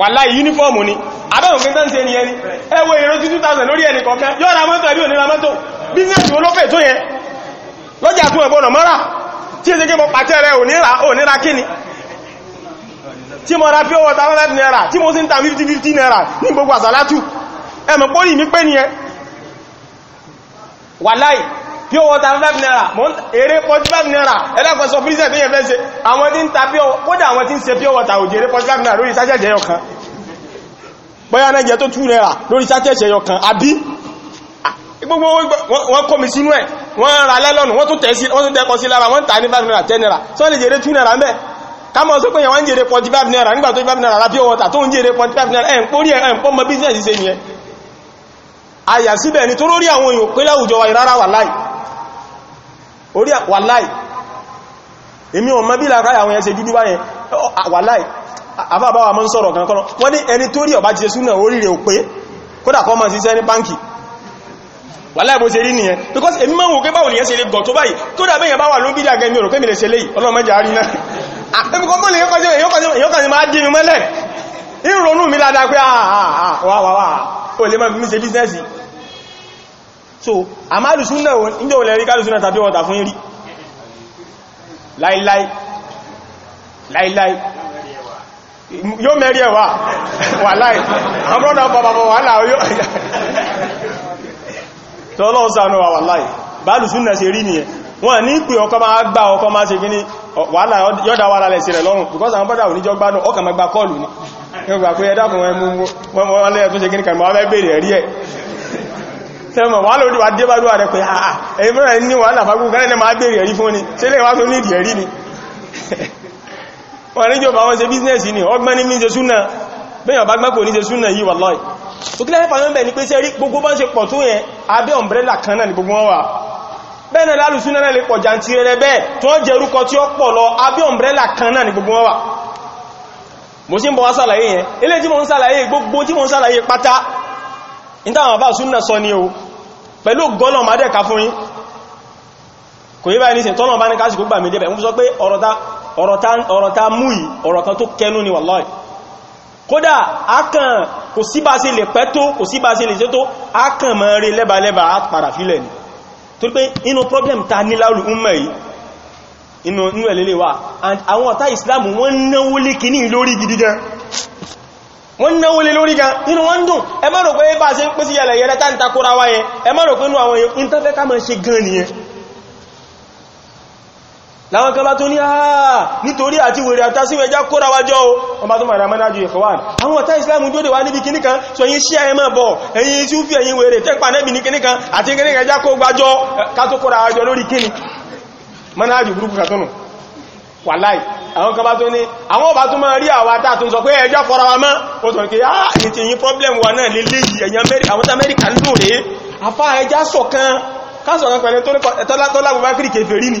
wàláì uniform ni àbẹ́wọ̀n pín tánṣe ni ẹni ẹwọ èrò 2000 lórí ẹni kọ̀ọ̀kan yóò ra mọ́tò àbí òníra mọ́tò bíznẹ́sì wọn ló fẹ́ tó yẹn lọ́jà tún ẹgbọ́nà mọ́ra tí èsì kí mo pàtẹ́ rẹ òníra òníra kíni tí mo ra pure water 5 naira tí mo sì ń ta 50-50 naira ní gbogbo àsálátù ẹmọ̀ pọ́lì mi pé nìyẹn wàláì pure water 5 naira èrè 45 naira ẹlẹ́kọ̀ọ́ sọ prínsẹ̀ tó pure water àwọn tí ń ṣe 45 naira lórí bóyá náà jẹ́ tó 2 naira lórí sátẹ̀ṣẹ̀ yọkan àbí gbogbo wọn kọ́ mi sínú ẹ̀ wọ́n ra lẹ́lọ́nù wọ́n tún tẹ́kọ sí lára wọ́n tà ní 5 naira 10 naira sọ lè jèrè 2 naira mẹ́ kámọ̀ sọ pé yẹn wọ́n jèrè 45 naira nígbà tó 5 naira ra pure water tó ń jèrè 45 naira ẹ̀ ń pórí ẹ̀ ń pọ́ mọ́ business ṣe yẹn àyà síbẹ̀ ni tó lórí àwọn èèyàn pé láwùjọ wa ìrárá wàláì orí wàláì èmi ò mọ̀ bí làkáyà àwọn yẹn ṣe dúdú báyẹn wàláì àbábáwà mọ́ ń sọ̀rọ̀ kan kọ́nà wọ́n ní ẹni tó rí náà ò pé kódà kọ́ ma ṣiṣẹ́ ní báńkì wà láìbó ṣe rí nìyẹn because èmi máa ń báwọn èèyàn ṣe lè gọ̀ tó báyìí kódà bẹ́yàn ló mi ò rò pé mi lè yóò mẹ́rí ẹ̀wà wà láì àbúrọ́dà bàbàbà wà láì yóò tó lọ́wọ́ sànú wà wà láì báàlù súnnà ṣe rí nìyẹn wọ́n ní pé ọkọ máa gbá ọkọ máa ṣe gíní wàhálà yọ́dá wà lálẹ̀ sí rẹ̀ lọ́rùn because àwọn bọ́dà oníjọ́ gbádùn ọkà pé wọ́n ní jọba wọ́n ṣe bíznẹ́sì ní ọgbọ́n ní ṣe súnà bẹ́yàn bá gbọ́n kò ní ṣe súnà yìí wà lọ́ì tó kí lẹ́fà yọ́n bẹ̀ ní pé sẹ́rí gbogbo bá ń ṣe pọ̀ tó yẹn abẹ́ ọmbrẹ́là kan náà ní gbogbo wọn wà bẹ́ẹ̀ náà lálù súnà náà lè pọ̀ jàǹtì rẹ̀ bẹ́ẹ̀ tó ń jẹ orúkọ tí ó pọ̀ lọ abẹ́ ọmbrẹ́là kan náà ní gbogbo ni o pẹ̀lú gọ́nà mádẹ́ka fún yín kò yí báyìí nísìn tọ́nà bá ní káṣì gbogbo àmì débẹ̀ ń sọ pé ọ̀rọ̀ ọ̀rọ̀ ta mú yìí ọ̀rọ̀ kan tó kẹnu ni wallahi kódà akàn kò síbá sí lè pẹ́ tó kò síbá sí lè ṣe tó akàn mọ́ rí lẹ́bàlẹ́bà á fílẹ̀ ni tó pé inú problem ta ní láàrù ummah yìí inú ẹ̀lẹ́lẹ́ wà àwọn ọ̀tá Islam wọ́n náwó lé kìíní lórí gidi gan wọ́n náwó lé lórí gan inú wọ́n dùn ẹ má rò pé bá ṣe ń pèsè yẹ̀lẹ̀ yẹ̀lẹ́ tá ń takóra wáyẹ ẹ má pé inú àwọn èèyàn ń tán ká mọ́ ṣe gan nìyẹn láwọn kan bá tó ní àà nítorí àti wèrè àtàsíwẹ̀ já kóra wájọ́ o wọ́n bá tó mara manájú ìkọwàn àwọn ọ̀tá ìsìláàmù jóde wá níbi kìníkan so yí sí ẹmọ́ bọ̀ ẹ̀yìn tí ó fi ẹ̀yìn wèrè tẹ́pà nẹ́bì ní kìníkan àti kìníkan já kó gbájọ́ ká tó kóra wájọ́ lórí kíní manájú burúkú kàtọ́nù wàláì àwọn kan bá tó ní àwọn ọba tó máa rí àwọn àtà tó ń sọ pé ẹjọ́ fọ́ra wa mọ́ ó sọ pé á ní ti yí problem wa náà lè léyìí ẹ̀yàn àwọn tamẹ́ríkà lóòrè afá ẹjá sọ̀kan ká sọ̀kan pẹ̀lú tó lágbàbá kìrìkèfèrí ni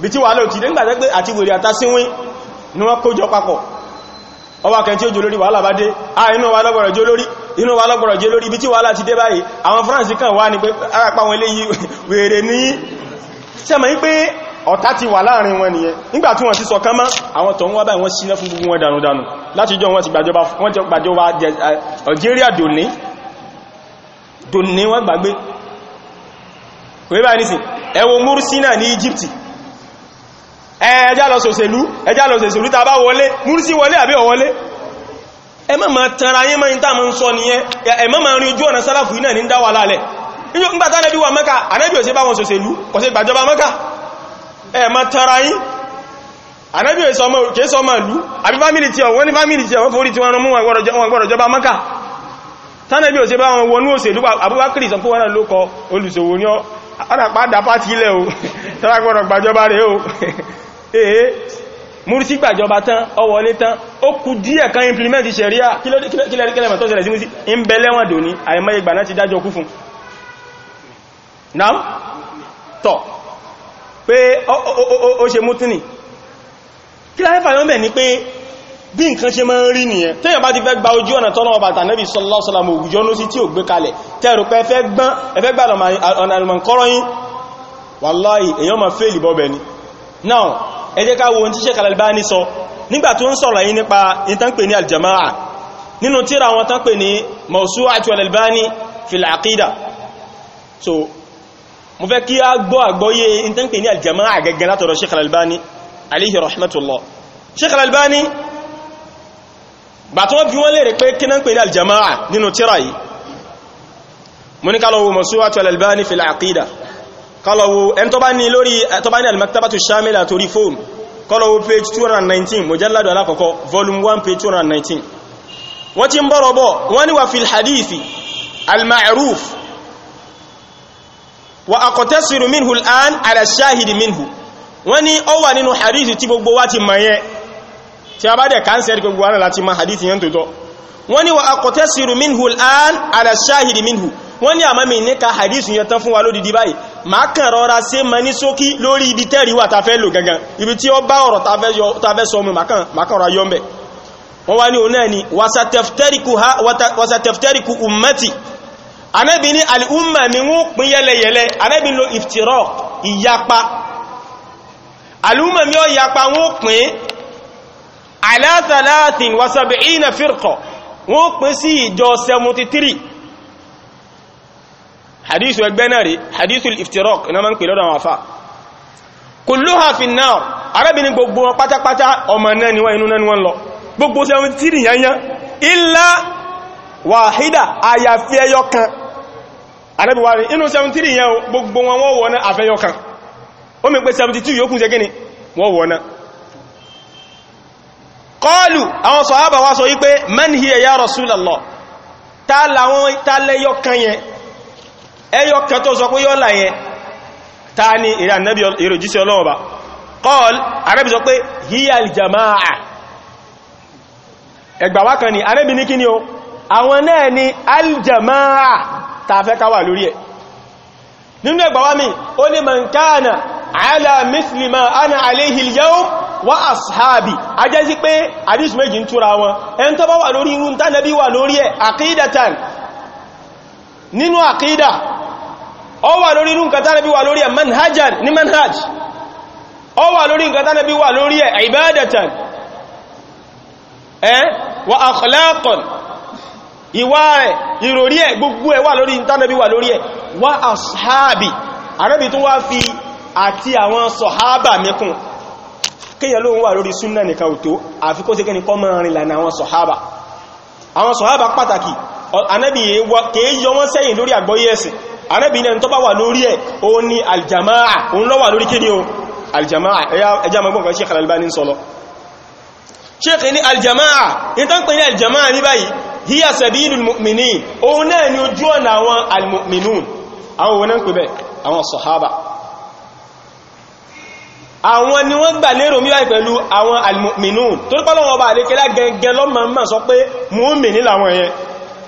bí tí wà lọ nígbàtẹ́ pé àti wèrè àtàsíwín ni wọ́n kójọ papọ̀ ọwà kẹ tí ó jò lórí wàhálà bá dé a inú wa lọ́gbọ̀rọ̀ jẹ́ lórí inú wa lọ́gbọ̀rọ̀ jẹ́ lórí bí tí wàhálà ti dé báyìí àwọn France kan wá ní pé arápá wọn léyìí wèrè ní sẹ́mọ̀ yí pé ọ̀tá ti wà láàrin wọn ti àwọn báyìí wọ́n wọn ní ẹjá lọ sòṣèlú ẹjá lọ sòṣèlú tá bá wọlé múrísí wọlé àbí ọ̀wọlé ẹ má ma tanra yín mọ́yìn táà mọ́ ń sọ nìyẹn ẹ má ma rin ojú ọ̀nà sálàfù iná ní dáwà lálẹ̀ nígbàtá nẹ́bí wà mẹ́ka ànẹ́bí ò sí bá wọn sòṣèlú kò sí gbàjọba mẹ́ka ẹ má tanra yín ànẹ́bí ò kìí sọ ọmọ ìlú àbí fámìlì tí ọ̀wọ́n ní fámìlì tí ọ̀wọ́n forí tí wọ́n mú wọn gbọ́dọ̀jọba mẹ́ka tánàbí ò sí bá wọn wọnú òṣèlú Abubakar sọ pé wọ́n náà ló kọ olùsòwò ní ọ̀nà pàdà pàtí ilẹ̀ o tọ́lágbọ́dọ̀ gbàjọba rẹ̀ o ee múrísí gbàjọba tán ọwọlé tán ó kù díẹ̀ kan implement ṣẹ̀ríà kílẹ̀ríkẹ́lẹ̀mọ̀ tó ṣẹlẹ̀ sí múrísí ń bẹ lẹ́wọ̀n dò ní àìmọ́ ìgbà náà ti dájọ́ kú fún náà tọ̀ pé ó ṣe mú tíní kí láyé fàyọ́ mẹ́ ni pé bí nǹkan ṣe máa ń rí nìyẹn tẹ́yàn bá ti fẹ́ gba ojú ọ̀nà tọ́lọ́wọ́ bàtà nẹ́bí sọlọ́sọlọ́ ògùjọ́ ló sí tí ò gbé kalẹ̀ tẹ́rù pé ẹfẹ́ gbọ́n ẹfẹ́ gbà ọ̀nà àlùmọ̀kọ́rọ́ yín wàláhì èyàn máa fèèlì bọ́bẹ̀ ni now ẹ jẹ́ ká wo ohun tí Sheikh Al-Albani sọ nígbà tó ń sọ̀rọ̀ yìí nípa ìtànpè ní aljamaa nínú tíra wọn tánpè ní Mawsu'atu Al-Albani fil Aqida so mo fẹ́ kí a gbọ́ àgbọ́yé ìtànpè ní aljamaa gẹ́gẹ́ látọ̀rọ̀ Sheikh Al-Albani alayhi rahmatullah Sheikh Al-Albani kọlọ̀wò ẹn tó bá ní lórí tó bá ní al-maktabatu shamila torí fóòm kọlọ̀wò page 219 mujalladu alákọ̀ọ́kọ́ volume 1 page 219 wọ́n ti ń bọ́rọ̀ bọ́ wọ́n ni wà fil hadithi al-ma'ruf wa aqtasiru minhu al-an ala shahidi minhu wọ́n ni ó wà nínú hadithi tí gbogbo wa ti mayẹ tí a bá dẹ̀ káńsẹ̀ gbogbo wa láti ma hadithi yẹn tó tọ́ wọ́n ni wa aqtasiru minhu al ala shahidi minhu wọ́n ní àmọ́ mi ní ka hadithu yẹn tán fún wa lódìdí báyìí ma kàn rọra ṣe mọ ní ṣókí lórí ibi tẹ́rì wà tafẹ́ lò gangan ibi tí ó bá ọ̀rọ̀ tafẹ́ sọ mu ma kàn rọra yọ mbẹ̀ wọ́n wá ní òun náà ni wasateftariku ummati anábi ní al'umma mi wọ́n pín yẹlẹyẹlẹ anábi lo iftiraq ìyapa al'umma mi ó yapa wọ́n pín ala thalathin wa sab'ina firqa wọ́n pín sí ìjọ 73 hadithu ẹgbẹ́ náà rí hadithu iftirok na máa ń pè lọ́dọ̀ àwọn afá kulluha fin nar arábìnrin gbogbo wọn pátápátá ọmọ náà ni wọ́n inú náà ni wọ́n lọ gbogbo sí ọmọ tírì yanyan illa wahida àyàfi ẹyọ kan arábìnwá rí inú 73 yẹn gbogbo wọn wọ́n wọ́n àfẹ́yọ kan ó mi pé 72 yóò kún jẹ́ gíní ẹyọ kan tó sọ pé yọ́ láyẹn ta ni ìrìn ànábí ìròjísí ọlọ́wọ́ bá kọ́ọ̀l arẹ́bí sọ pé hiyal jama'a ẹgbà wá kan ni arẹ́bí ní kíni o àwọn náà ni aljama'a ta fẹ́ káwà lórí ẹ̀ nínú ẹgbà wá mi ó ní man kana ala misli ma ana alayhi al-yawm pé àdísù méjì ń túra wọn ẹn tó bá wà lórí irú tánàbí wà lórí ẹ̀ aqidatan nínú àkídà ó wà lórí inú nǹkan tánàbí wà lórí ẹ̀ manhajan ní manhaj ó wà lórí nǹkan tánàbí wà lórí ẹ̀ ibadatan ẹ́ wa akhlaqan ìwà rẹ̀ ìròrí ẹ̀ gbogbo ẹ̀ wà lórí tánàbí wà lórí ẹ̀ wa ashabi arábì tó wá fi àti àwọn sọ̀hábà mẹ́kùn kíyàn ló ń wà lórí súnnà nìkan òtó àfikó sí kẹ́ni kọ́ mọ́ rìnlànà àwọn sọ̀hábà àwọn sọ̀hábà pàtàkì anábì kèé yọ wọ́n sẹ́yìn lórí àgbọ́yé ẹ̀sìn anábì ní ẹni tó bá wà lórí ẹ̀ ó ní aljamaa òun ló wà lórí kí ni o aljamaa ẹjá mọ́gbọ́n kan Sheikh Al-Albani ń sọlọ Sheikh ní aljamaa ní tán pè ní aljamaa ní báyìí hiya sabilul mu'minin òun náà ni ojú ọ̀nà àwọn almu'minun àwọn òun náà pè bẹ́ àwọn ni wọ́n gbà lérò míwá pẹ̀lú àwọn almu'minun torípọ́lọ́wọ́ bá àlékẹ́lá gẹngẹn lọ́mọ̀ mọ́ sọ pé mu'minin làwọn yẹn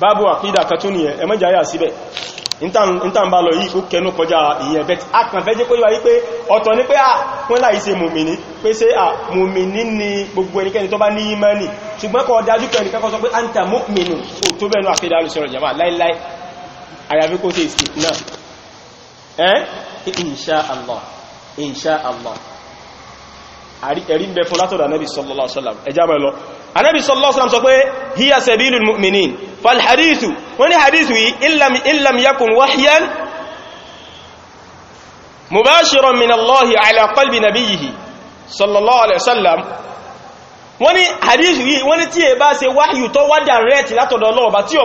ba àkídà kan tún nìyẹn ẹmọ́ ìjáyà síbẹ̀ ìntàn bá lọ yìí ó kẹnu kọjá ìyẹn bẹ̀t akànfẹ́ jẹ́ pé wáyé pé ọ̀tọ̀ ní pé à wọ́n láì ṣe mùmìnì pé ṣe à mùmìnì ni gbogbo ẹnikẹ́ni tó bá ní ìmánì ṣùgbọ́n kò dájú kẹ́nìkan kọ́ sọ pé anta mùmìnì ò tó bẹ̀nu àkídà alùsọ̀rọ̀ jama láíláí anábi sallallahu sọ pé hiya sabilul mu'minin falhadithu wani hadithu yi illam yakun wahyan mubashiran min allahi ala qalbi nabiyihi sallallahu alaihi wasallam wani hadithu yi wani tí ẹ bá ṣe wahyu tó wá direct látọ̀dọ̀ Ọlọ́run bá tí ó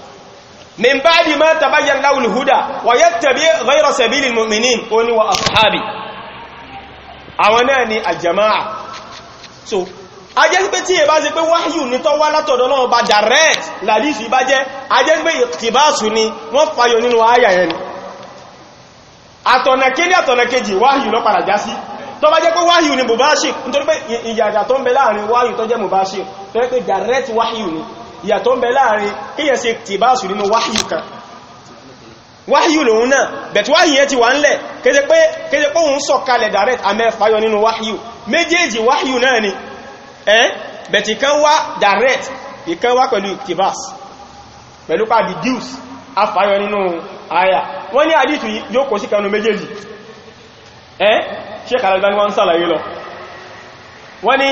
min ba'di ma tabayyana lahu al-huda wa yattabi ghayra sabili al-mu'minin ó ní wa ashabi àwọn náà ni al-jama'a so ajẹ́ pé tí è bá ṣe pé wáyù ní tó wá látọ̀dọ̀ náà bá direct làdífì bá jẹ́ ajẹ́ pé ìtìbáṣù ni wọ́n fayọ nínú ayà yẹn ni àtọ̀nà kéde àtọ̀nà wáyù lọ padà já sí tó bá jẹ́ pé wáyù ni mubashir nítorí pé ìyàjà tó ń bẹ láàrin wáyù tó jẹ́ mubashir tó pé direct wáyù ni ìyàtọ̀ ń bẹ láàrin kíyàn ṣe tìbáṣù nínú wáyù kan wáyù lòun náà bẹ̀tí wáyù yẹn ti wà ńlẹ̀ kéde pé kéde pé òun sọ kalẹ̀ direct amẹ́fàyọ nínú wáyù méjèèjì wáyù náà ni ẹ́n bẹ̀tí kan wá direct ìkan wá pẹ̀lú tìbáṣ pẹ̀lú pa deduce afàyọ nínú àyà wọ́n ní àdìtù yóò kò sí kanú méjèèjì ẹ́n Sheikh al wọ́n sàlàyé lọ wọ́n ní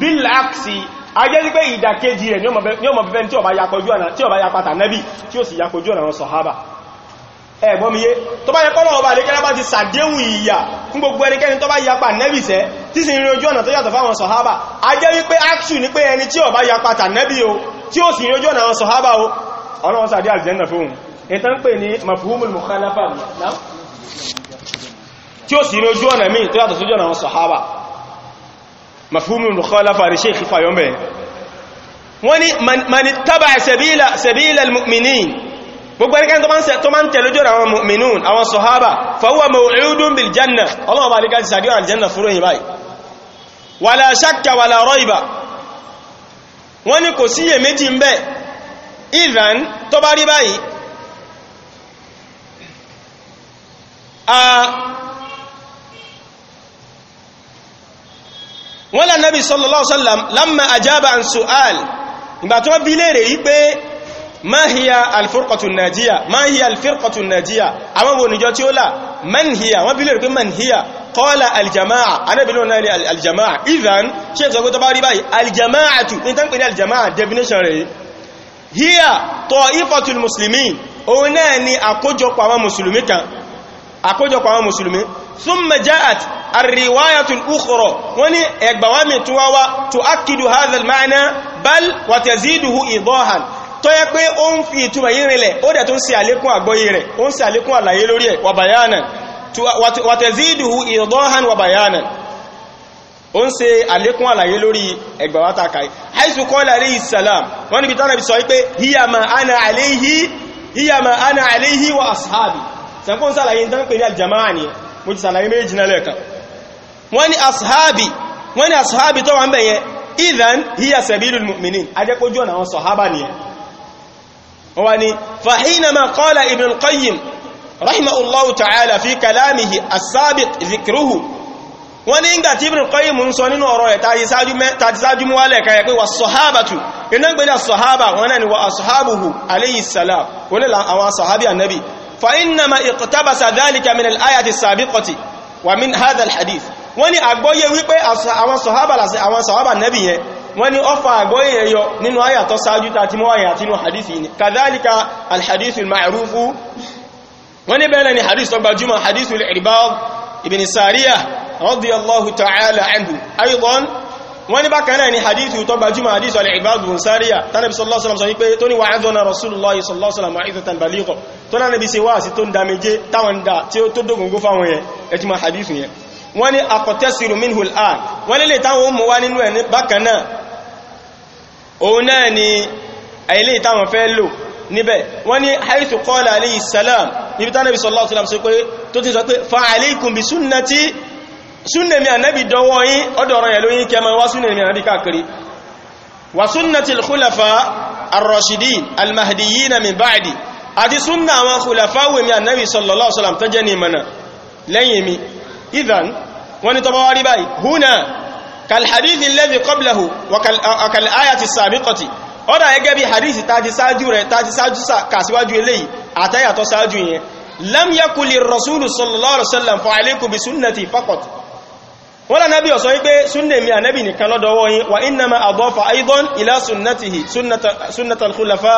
bil aksi ajẹ́ sí pé ìdàkejì rẹ̀ ní ọmọ bẹ̀fẹ́ tí ọba yakọjú ọ̀nà tí ọba yapata nẹ́bì tí ó sì yakọjú ọ̀nà sọ̀hábà ẹ̀gbọ́n mi yé tó bá yẹ kọ́lọ̀ ọba àdékẹ́lá bá ti sàdéhùn ìyà fún gbogbo ẹnikẹ́ni tó bá yapa nẹ́bì sẹ́ tí sì rin ojú ọ̀nà tó yàtọ̀ fáwọn sọ̀hábà ajẹ́ wípé aksù ní pé ẹni tí ọba yapata nẹ́bì o tí ó sì rin ojú ọ̀nà àwọn sọ̀hábà o ọlọ́wọ́n sàdé àlìjẹ́nà fóhun ìtàn pè ní mafhumul mukhalafa tí ó sì rin ojú ọ̀nà míì tó yàtọ̀ sójú mafhumu mukhalafa ri sheikh fayombe woni man ittaba sabila sabila almu'minin gbogbo ẹnikẹ́ni tó máa ń ṣe tó máa ń tẹ̀lé jọ́rọ̀ àwọn mu'minun àwọn sọ̀hábà fahuwa maw'udun bil janna ọlọ́wọ́ bá wọ́n lá nábi sallallahu alaihi wasallam lamma ajaba an su'al ìgbà tó bí léèrè yí pé ma hiya alfirqatu najiya ma hiya alfirqatu najiya àwọn wo níjọ tí ó là man hiya wọ́n bí léèrè pé man hiya qala aljama'a anábìnrin náà ni aljama'a ivan ṣe sọ pé tó bá rí báyìí aljama'a tu ní tán pè ní aljama'a definition rẹ̀ hiya ta'ifatul muslimin òun náà ni àkójọpọ̀ àwọn mùsùlùmí kan àkójọpọ̀ àwọn mùsùlùmí ثم جاءت الرواية الأخرى وني إقبوامي تواوى تؤكد هذا المعنى بل وتزيده إيضاحا tó yẹ pé ó ń fi ìtumọ̀ yìí rinlẹ̀ ó dẹ̀ tó ń ṣe àlékún àgbọ́yé rẹ̀ ó ń ṣe àlékún àlàyé lórí ẹ̀ wà bàyánà wàtẹ̀zídùú ìdọ́hàn wà bàyánà ó ń ṣe àlékún àlàyé lórí ẹgbàwátakai haisu kọ́lá rí ìsàlám wọ́n níbi tánàbí sọ wípé hiyama ana aléhí wa ashabi sẹ́kún sàlàyé tán pè ní aljama'a ni mo ti sàlàyé méjì náà lẹ́ẹ̀kan wọ́n ni ashabi wọ́n ni ashabi tó wà ń bẹ̀yẹ idhan hiya sabilul mu'minin ajẹ́kójú ọ̀nà àwọn sọ̀hábà nìyẹn wọ́n wá ní fahinama qala ibn al-qayyim rahimahullahu ta'ala fi kalamihi as-sabiq wọ́n ní ìgbà tí ibn qayyim ń sọ nínú ọ̀rọ̀ ẹ̀ tàti sáájú mú wálẹ̀ kan pé wà sọ̀hábàtù iná gbẹ́dà sọ̀hábà wọn náà ni wà ashabuhu alayhi salam wọ́n ní àwọn sọ̀hábì annabi فإنما اقتبس ذلك من الآية السابقة ومن هذا الحديث wọ́n ní àgbọ́yé wípé àwọn sọ̀hábà làṣẹ àwọn sọ̀hábà nẹ́bì yẹn wọ́n ní ọfà àgbọ́yé ẹyọ nínú àyàtọ̀ sáájú tàti mọ́ àyàtí inú hadith yìí kàdálíkà alhadithu ma'arufu wọ́n ní bẹ́ẹ̀ ni hadith tó gbajúmọ̀ hadithu al-Irbad ibn Sariya radiyallahu ta'ala anhu aidan wọ́n ní bákan náà ni hadithu tó gbajúmọ̀ hadithu al-Irbad ibn Sariya tánàbí sallallahu alaihi wípé tó ní wa'adhana rasulullahi sallallahu alaihi wasallam ma'izatan tó lánàbí ṣe wá sí tó ń dámejé táwọn dá tí ó tó dógungó fáwọn yẹn ẹjúmọ̀ hadith yẹn wọ́n ni akọ̀tẹ́sìrò minhul an wọ́n lè táwọn mọ̀ wá nínú ẹni bákan náà òun náà ni ilé táwọn fẹ́ lò níbẹ̀ wọ́n ni haithu qala alayhi salam níbi tánàbí sallallahu alaihi wasallam sọ pé tó ti sọ pé fa alaykum bi sunnati sunnami annabi wa sunnati al-khulafa ar-rashidin al-mahdiyyin min ba'di àti súnnà àwọn khulafáwò mi annabi sallallahu alaihi wasallam tó jẹ́ ní ìmọ̀nà lẹ́yìn mi idhan wọ́n ni tọba wárí báyìí húnà kalhadithi alladhi qablahu wa kal'ayati sabiqati ó dà gẹ́gẹ́ bí hadithi tàti sáájú rẹ̀ tàti sáájú kàsíwájú eléyìí àtàyàtọ̀ sáájú yẹn lam yakuli rasulu sallallahu alaihi wasallam fa alaikum bi sunnati faqat wọ́n lánàbí ọ̀sọ́ wípé súnnà mi ànàbí nìkan lọ́dọ̀wọ́ yín wa innama adọ́fa aidan ila sunnatihi sunnatal khulafa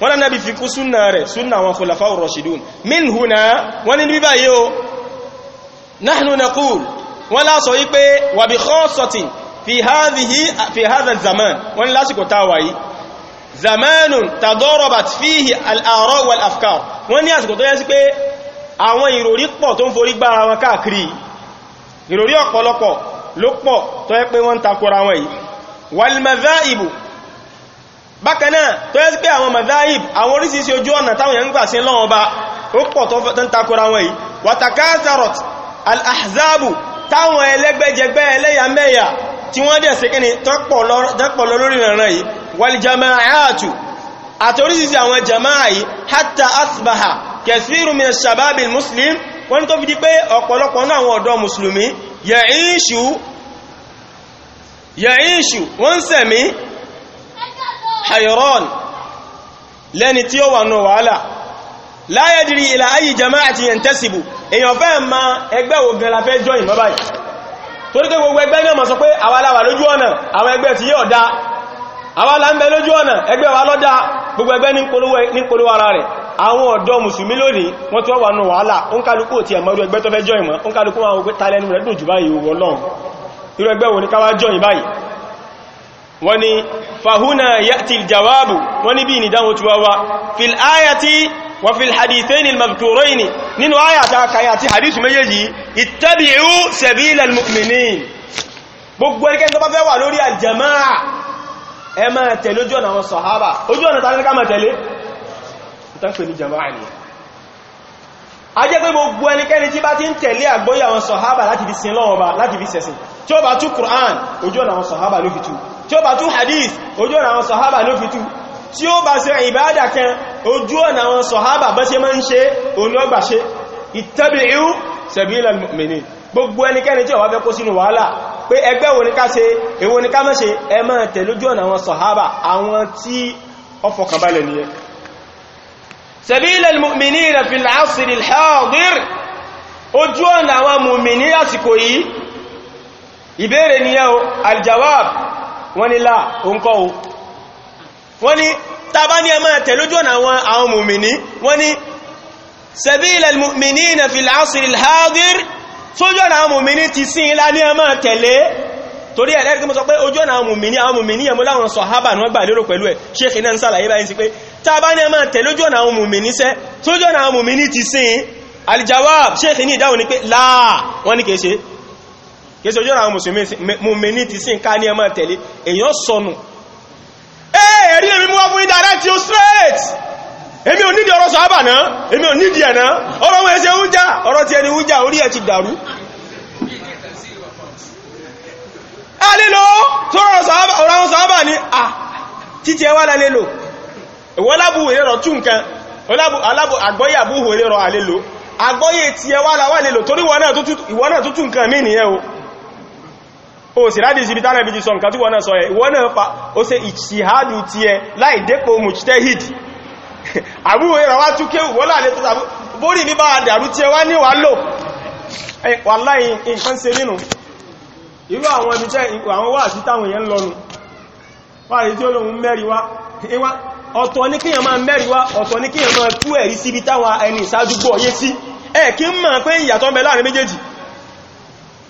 wọ́n lá nábi fi kú súnà rẹ̀ súnà wọn khulafa ar-rashidun min huna wọ́n ní bíbá yíò nahnu naqul wọ́n lá sọ wípé wa bi khassatin fi hadhihi fi hadha zaman wọ́n lásìkò táwà yìí zamanun tadarabat fihi al bákanáà tó yẹ́ sí pé àwọn mazahib àwọn orísìírísìí ojú ọ̀nà táwọn yẹn ń gbà sí lọ́wọ́ bá ó pọ̀ tó ń takora wọn yìí wàtàkátàrọ̀t al-ahzabu táwọn ẹlẹ́gbẹ́jẹgbẹ́ ẹlẹ́yàmẹ́yà tí wọ́n dẹ̀ sí kíni tọ́pọ̀ lórí ìrànràn yìí wal jama'atu àti orísìírísìí àwọn jama'a yìí hatta asbaha kathiru min ash-shabab al-muslim wọ́n tó fi di pé ọ̀pọ̀lọpọ̀ náà àwọn ọ̀dọ́ mùsùlùmí ya'ishu ya'ishu wọ́n hayron lẹ́ni tí ó wà náà wàhálà la yadri ila ayi jama'ati yantasibu èyàn fẹ́ ma ẹgbẹ́ wo gan la fẹ́ join mọ́ báyìí torí pé gbogbo ẹgbẹ́ náà mọ̀ sọ pé àwa la wà lójú ọ̀nà àwọn ẹgbẹ́ tí yóò dá àwa la ń bẹ lójú ọ̀nà ẹgbẹ́ wa lọ́dá gbogbo ẹgbẹ́ ní polówó ara rẹ̀ àwọn wọ́n ni fahuna ya'ti aljawabu wọ́n ni bí ni dáhùn tuwa wa fil ayati wa fil hadithaini al-madhkuraini nínú ayata kaya àti hadith méjèèjì ittabi'u sabila al-mu'minin gbogbo ẹ̀kẹ́ tó bá fẹ́ wà lórí aljama'a ẹ máa tẹ̀lé ojú ọ̀nà àwọn sọ̀hábà ojú ọ̀nà tàbí ká máa tẹ̀lé ìtàkùn ní jama'a ni a jẹ́ pé gbogbo ẹnikẹ́ni tí bá ti ń tẹ̀lé àgbóyà àwọn sọ̀hábà láti fi sin lọ́wọ́ bá láti fi sẹ̀sìn tí ó bá tú Qur'an ojú ọ̀nà àwọn sọ̀hábà ló fi tú tí ó bá tú hadith ojú ọ̀nà àwọn sọ̀hábà ló fi tú tí ó bá ṣe ìbádà kan ojú ọ̀nà àwọn sọ̀hábà bá ṣe máa ń ṣe òní ọgbà ṣe ittabi'u sabila al-mu'minin gbogbo ẹnikẹ́ni tí ó bá fẹ́ kó sínú wàhálà pé ẹgbẹ́ wo ni ká ṣe èwo ni ká wọ́n ní láà oúnkọ́ o wọ́n ní tàbá ní ẹmọ́ ẹ̀tẹ̀ lójú ọ̀nà àwọn àwọn mùmìní wọ́n ní sabila al-mu'minina fil asri al-hadir sójú ọ̀nà àwọn mùmìní ti sí ilá ní ẹmọ́ tẹ̀lé torí ẹ̀lẹ́gbẹ́ mọ́ sọ pé ojú ọ̀nà àwọn mùmìní àwọn mùmìní ẹmọ́ láwọn sàhábà ní wọ́n gbà lérò pẹ̀lú ẹ̀ ṣéèkì kéèsì ojú àwọn mùsùlùmí ti sí nǹkan ní ẹmọ tẹ̀lé èyàn sọnù ẹ̀rí èmi mú wá fún ìdá rẹ̀ tí ó straight èmi ò nídìí ọ̀rọ̀ sọ́ábà náà èmi ò nídìí ẹ̀nà ọ̀rọ̀ wọn ẹ̀ṣẹ́ oúnjẹ ọ̀rọ̀ ti ẹni oúnjẹ orí ẹ̀ ti dàrú alílò tó ọ̀rọ̀ sọ́ábà ní à títí ẹwà lẹ́lẹ́lò ìwọ́n lábù ìrẹ́rọ̀ tún nǹkan àgbọ́yà búhù ìrẹ́rọ̀ àlélò àgbọ́yà ti ẹwà lẹ́lò torí ìwọ náà tó tún nǹkan mí nìyẹn o o sì rádi sí bitánà ìbìjì sọm kàtí wọ́nà sọ ẹ̀ wọ́nà fa ó ṣe ìṣìhádù ti ẹ láì dépò mujtahid àbúrò ẹ̀rọ wá túnkẹ́ wọ́lá lè tọ́ta bórí ní bá àdàrú ti ẹ wá ní lo lò wàláhì nǹkan ṣe nínú irú àwọn ibi tẹ́ àwọn wà sí táwọn èèyàn lọ́nu wà rí tí ọ̀tọ̀ ní kíyàn máa ọ̀tọ̀ ní kíyàn máa tú ẹ̀rí táwọn ẹni yé sí ẹ̀ kí ń pé ìyàtọ̀ méjèèjì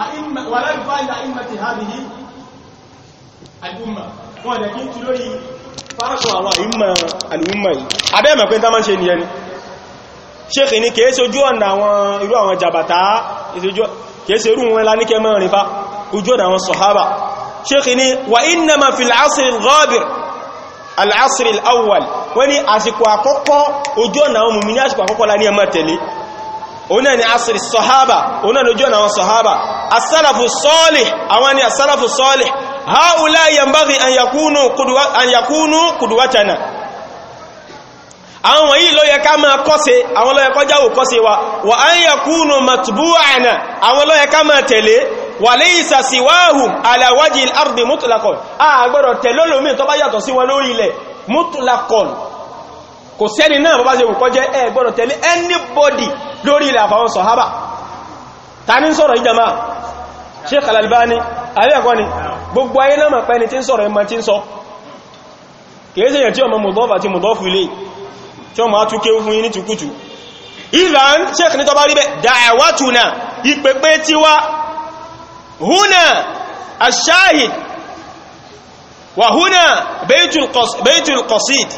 أئمة ولا يقال لأئمة هذه الأمة ولكن تلوي fáṣọ àwọn àìmọ̀ alìmọ̀ yìí abẹ́mọ̀ pé dámọ́ ṣe nìyẹn ni ṣéèkì ní kèé ṣojú ọ̀nà àwọn irú àwọn jàbàtà kèé ṣe irú wọn láníkẹ́ mẹ́rin fa ojú ọ̀nà àwọn sọ̀hábà ṣéèkì ní wà innama fil asri al-ghabir al awwal wọ́n ni àsìkò àkọ́kọ́ ojú ọ̀nà àwọn mùmí ní àsìkò àkọ́kọ́ lá ní tẹ̀lé onáà ni asìrì sọ̀hábà onáà lójú ọ̀nà àwọn sọ̀hábà asálàfù sọ́ọ̀lì àwọn ni asálàfù sọ́ọ̀lì haula yambaghi an yakunu kuduwa an yakunu kuduwatana àwọn wọ̀nyí ló yẹ ká máa kọ́ṣe àwọn ló yẹ kọjá wò kọ́ṣe wa wà an yakunu matbu'ana àwọn ló yẹ ká máa tẹ̀lé wà laysa siwahum ala wajhil ardi mutlaqan kò sẹ́ni náà bọ́bá ṣe wùkọ́ jẹ́ ẹ gbọ́dọ̀ anybody lórí ilẹ̀ àfàwọn sọ̀hábà ta ní sọ̀rọ̀ ìjàmá Sheikh Al-Albani alẹ́ẹ̀kọ́ ni gbogbo ayé náà mọ̀ pẹ́ni tí ń sọ̀rọ̀ ẹmọ tí ń sọ kìí ṣe yẹn tí ọmọ mọ̀dọ́fà ti mọ̀dọ́fù ilé tí ọmọ á túnké fún qasid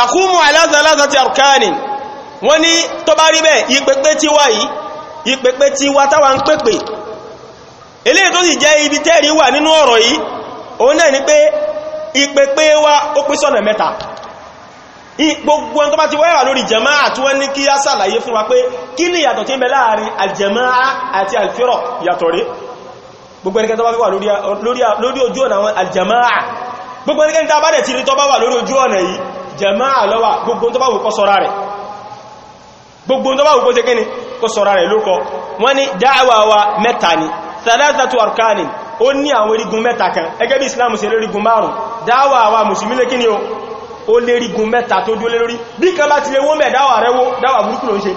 Takumu aláàzàláàzà ti arkani wọ́n ní tó bá rí bẹ́ẹ̀ ìpẹ̀pẹ̀ tí wá yìí ìpẹ̀pẹ̀ tí wá táwà ń pẹ̀pẹ̀ eléyìí tó sì jẹ́ ibi tẹ́rì wà nínú ọ̀rọ̀ yìí òun náà ni pé ìpẹ̀pẹ̀ wá ó pín sọ́nà mẹ́ta gbogbo ẹn tó bá ti wáyà lórí jẹmáà tí wọ́n ní kí á sàlàyé fún wa pé kí ni ìyàtọ̀ tí ń bẹ láàrin aljẹmáà àti alfẹ́rọ̀ ìyàtọ̀ rí gbogbo ẹnikẹ́ tó bá fi wà jama'a lọ́wà gbogbo tó bá wù kó sọ́ra rẹ̀ gbogbo tó bá wù kó ṣe kíni kó sọ́ra rẹ̀ lókọ wọ́n ní dáwà wa mẹ́ta ni thalathatu arkanin ó ní àwọn orígun mẹ́ta kan ẹgẹ́ bí islam ṣe lórígun márùn dáwà wa mùsùlùmí lé kíni o ó lérígun mẹ́ta tó dúó lórí bí kan bá ti lè wó mẹ́ dáwà rẹ̀ wó dáwà burúkú ló ń ṣe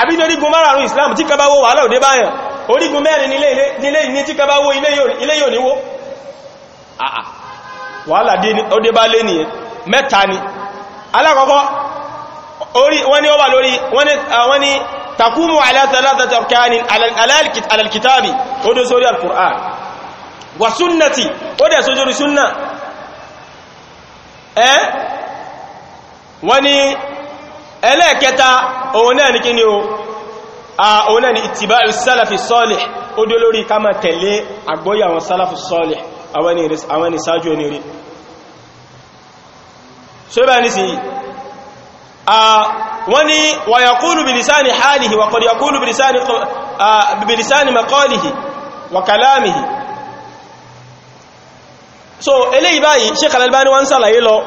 àbí lórígun márùn islam tí kan bá wó wàhálà òdé báyàn orígun mẹ́rin nílé ní tí kan bá wó ilé yóò níwó wàhálà ọdé bá lé nìyẹn mẹ́ta ni alákọ̀ọ́kọ́ wọ́n ni ó wà lórí wọ́n ni ah, takumu alátàlátàtà kanin alalkitabi ó dé sórí al-Qur'an wa sunnati ó dẹ̀ sójórí sunna ẹ́ wọ́n ni ẹlẹ́ẹ̀kẹta òun náà ni kí ni o òun náà ni ittiba'u salafi salih ó dé lórí ká máa àwọn ni sáájú so ibẹ̀ ní sí wọ́n ni wa yaqulu bilisani halihi wa so eléyìí báyìí Sheikh Al-Albani wọ́n sàlàyé lọ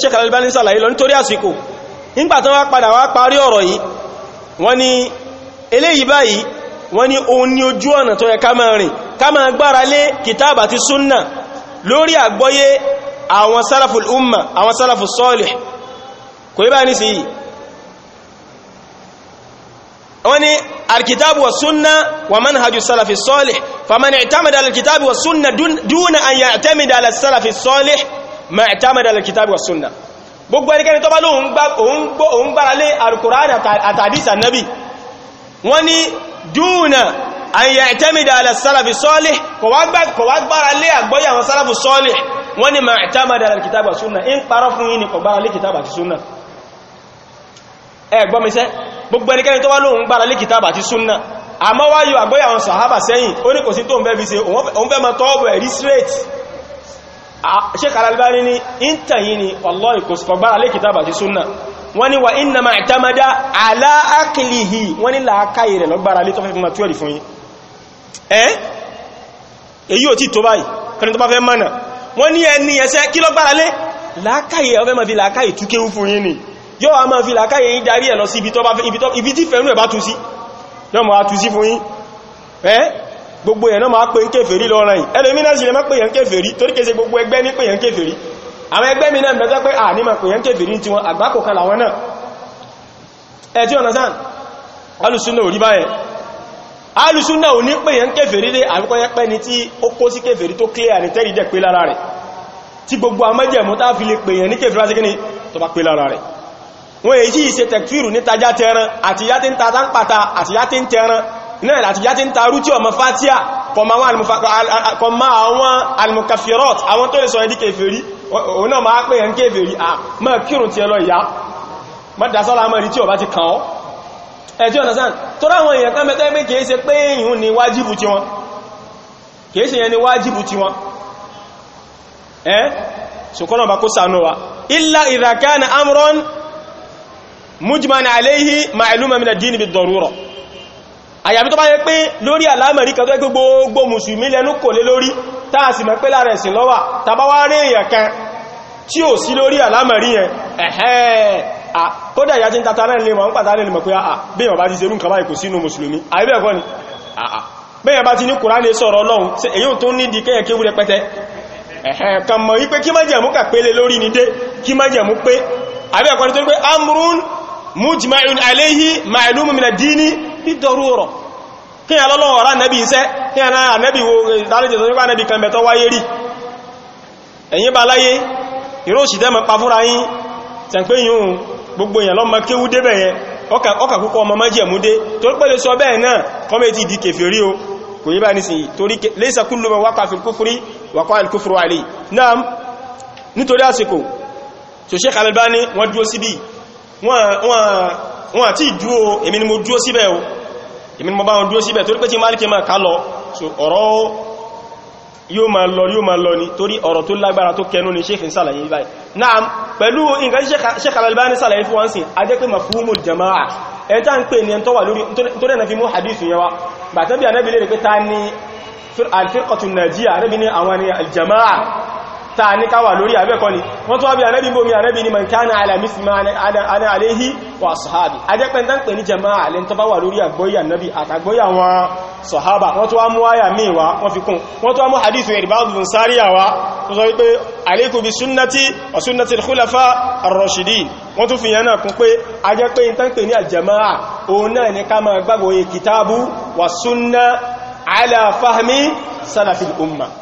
Sheikh Al-Albani sàlàyé lọ nítorí àsìkò nígbàtán wá padà wá parí ọ̀rọ̀ yìí wọ́n ni eléyìí báyìí wọ́n ni òun ni ojú ọ̀nà tó yẹ ká máa rìn ká máa gbára lé àwọn sálàfùl umma àwọn sálàfù sọ́ọ̀lẹ̀ kò yíba ní sí yìí wọ́n ni alkitabu wa sunna wa manhaju sálàfì sọ́ọ̀lẹ̀ faman i'tamada alkitabu wa sunna duna an ya'tamida ala sálàfì sọ́ọ̀lẹ̀ ma i'tamada alkitabu wa sunna gbogbo ẹnikẹ́ni tó bá lóhun gbáralé alkùránì àtàdísà nabi àyà ìtẹ́mìdà alẹ́ sálàfi sọ́ọ̀lì kò wá gbára lé àgbọ́yà àwọn sálàfi sọ́ọ̀lì wọ́n ni ma ìtẹ́mìdà alẹ́ kìtàbà súnà in parọ́ fún yí ni kò gbára lé kìtàbà ti súnà ẹ gbọ́ mi ṣé gbogbo ẹnikẹ́ni tó wá lóhun gbára lé kìtàbà ti súnà àmọ́ wá yọ àgbọ́yà àwọn sàhábà sẹ́yìn ó ní kò sí tó ń fẹ́ fi ṣe òun fẹ́ ma tọ́ọ̀bù ẹ̀rí straight wọ́n ni wà inna ma ìtàmàdá aláàkìlìhì wọ́n ni làákàyè rẹ̀ lọ́gbára ma tíwẹ̀rì fún yìí ẹ́ eh? èyí ò tí tó báyìí kẹrin tó bá fẹ́ mọ́nà wọ́n ní ẹni ẹsẹ́ kí lọ gbára lé làákàyè ọfẹ́ ma fi làákàyè túkéwú fún yín ni yóò a ma fi làákàyè yín darí ẹ̀ lọ sí ibi tí fẹ́rún ẹ̀ bá tú sí yóò ma tú sí fún yín ẹ́ eh? gbogbo ẹ̀ náà ma pè ń kéfèrí lọ́rọ̀ yìí ẹlòmínà sì lè má pè yẹn kéfèrí torí kèsè gbogbo ẹgbẹ́ ní pè yẹn kéfèrí àwọn ẹgbẹ́ mi náà bẹ̀tẹ́ pé à ní ma pè yẹn kéfèrí tí wọn àgbákò kan làwọn náà ẹ̀ tí ọ̀nà sáà alùsùn náà rí báyẹn alùsúnà ò ní pèyàn kèfèrí dé àfikọ́yẹ́ pẹ́ ni tí ó kó sí kèfèrí tó clear ní tẹ́rì jẹ́ pé lára rẹ̀ tí gbogbo amẹ́jẹ̀mú tá fi lè pèyàn ní kèfèrí lásìkí ni tó bá pé lára rẹ̀ wọ́n èyí ìṣe tẹ̀kfìrù ní tajá tẹran àti yá tí ń ta táńpàta àti yá tí ń tẹran náà àti yá tí ń ẹ̀tí ọ̀nàsán tó ráwọn èèyàn kan mẹ́tẹ́ pé kìí ṣe pé èyàn ni wájìbù tí wọn kìí ṣe yẹn ni wájìbù tí wọn ẹ́ ṣùkọ́nà bá kó sànú wa illa iraka na amran mujman alayhi ma'luman min ad-din bid-darura àyàbí tó bá yẹ pé lórí àlámẹ̀rí kan tó ẹgbẹ́ gbogbo mùsùlùmí lẹ́nu kò lé lórí táà sì mọ̀ Ah, kódà ìyá tí ń tata náà lè mọ̀ ń pàtà lè mọ̀ pé àà bí ìwọ̀n bá ti serú nǹkan báyìí kò sínú mùsùlùmí àìbẹ̀ ẹ̀kọ́ ni àà ah, ah. bẹ́yàn bá ti ní Kùránì sọ̀rọ̀ Ọlọ́run èyí tó ní di kẹ́yẹ̀ kéwú rẹpẹtẹ ẹ̀hẹ̀n kan mọ̀ wípé kwe má jẹ̀mú kà ni a a wo òṣìdẹ́mọ̀ pa fúnra yín yíò gbogbo èèyàn lọ́mọ kéwú débẹ̀ yẹn ọkà púpọ̀ ọmọ májẹ̀mú dé torí pẹ́lẹ̀ sọ bẹ́ẹ̀ náà kọ́mẹ́tì di kèfèrí o kò yí bá nísìnyí torí laysa kullu man waqa fil kufri waqa al kufru alayhi naam nítorí àsìkò tó Sheikh al yóò máa lọ yóò máa lọ ni torí ọ̀rọ̀ tó lágbára tó kẹnu ni Sheikh ń sàlàyé báyìí náà pẹ̀lú nǹkan Sheikh Al-Albani sàlàyé fún wánsìn ajẹ́pẹ́ mafhumul jama'a ẹta ń pè ní ẹntọ́ wà lórí tó dẹ̀nà fi mú hadithu yẹwa bàtẹ́bí anábìlẹ̀ rẹ̀ pé ta ni al jamaa ta ní káwà lórí àbẹ́kọ́ ni wọ́n tó wá bí anẹ́bí bómi anẹ́bí ni man kana ala misli ma ana alayhi wa sahabi ajẹ́pẹ́ tán pè ní jama'a alẹ́ tó bá wà lórí àgbóyà anẹ́bí àtàgbóyà wọn sọ̀hábà wọ́n tó wá mú àyà míì wá wọ́n fi kún wọ́n tó wá mú hadithu Irbad bin Sariya wá tó sọ wípé alaykum bi sunnati wa sunnati al ar-rashidin wọ́n tún fi yẹn náà kún pé ajẹ́pẹ́ tán pè ní al-jama'a òun náà ni ká máa gbàgbọ́ kitabu wa sunna ala fahmi salafil ummah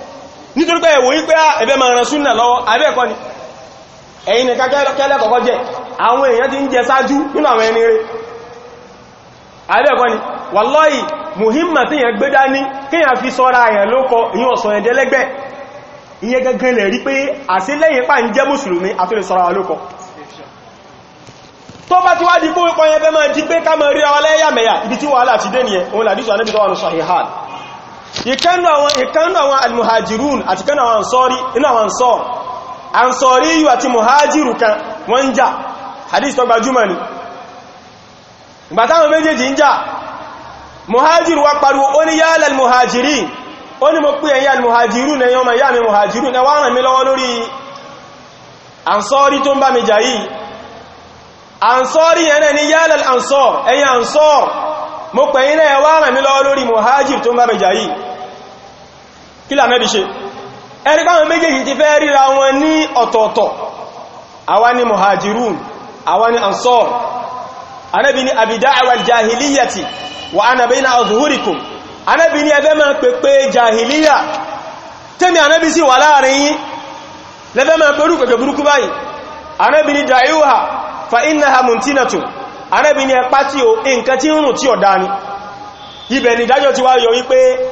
nítorí pé ẹ̀wò yí pé ah, ma ràn lọ́wọ́ abẹ́ẹ̀kọ́ ni ẹ̀yin ni kẹ́lẹ̀ kọ̀kọ́ jẹ àwọn èèyàn ti ń jẹ sáájú nínú àwọn ẹni rẹ̀ abẹ́ẹ̀kọ́ ni wallahi muhimma tí yẹn gbé dání kíyàn fi sọ́ra àyàn ló kọ ìyàn ọ̀sọ̀ ẹ̀dẹ́ lẹ́gbẹ́ gangan lẹ̀ rí pé àti lẹ́yìn pà ń jẹ́ mùsùlùmí àti lè sọ́ra di kó kọ́ yẹn fẹ́ máa ìkánu àwọn almuhajirun àti kánu àwọn ansori inú àwọn ansor ansori yíò àti muhajiru kan wọ́n jà hadith tó gbajúmọ̀ ni ìgbàtàwọn méjèèjì ń jà muhajiru wa pariwo ó ní yálà almuhajiri ó ní mo pè ẹ̀yà na yọ́mọ̀ yá muhajiru na wá ràn ansori tó ń ansori yẹn ni yálà ansor ẹ̀yà ansor mo pè ẹ̀yìn náà wá ràn mí lọ́wọ́ lórí muhajir tó ń bá mi yìí kí lànàbí ṣe ẹni káwọn méjèèjì ti fẹ́ ríra wọn ní ọ̀tọ̀ọ̀tọ̀ àwa ni muhajirun àwa ni ansar anábi ni abidáwà jahiliyati wa anabi na azuhurikum anábi ni ẹgbẹ́ máa pèpè jahiliya tẹ́mi anábi sí wà láàrin yí lẹ́fẹ́ máa pẹ̀lú pẹ̀pẹ̀ burúkú fa innaha muntinatu anábi ni ẹpá tí ó nǹkan tí ń ni ibẹ̀ ni dájọ́ ti wá yọ wípé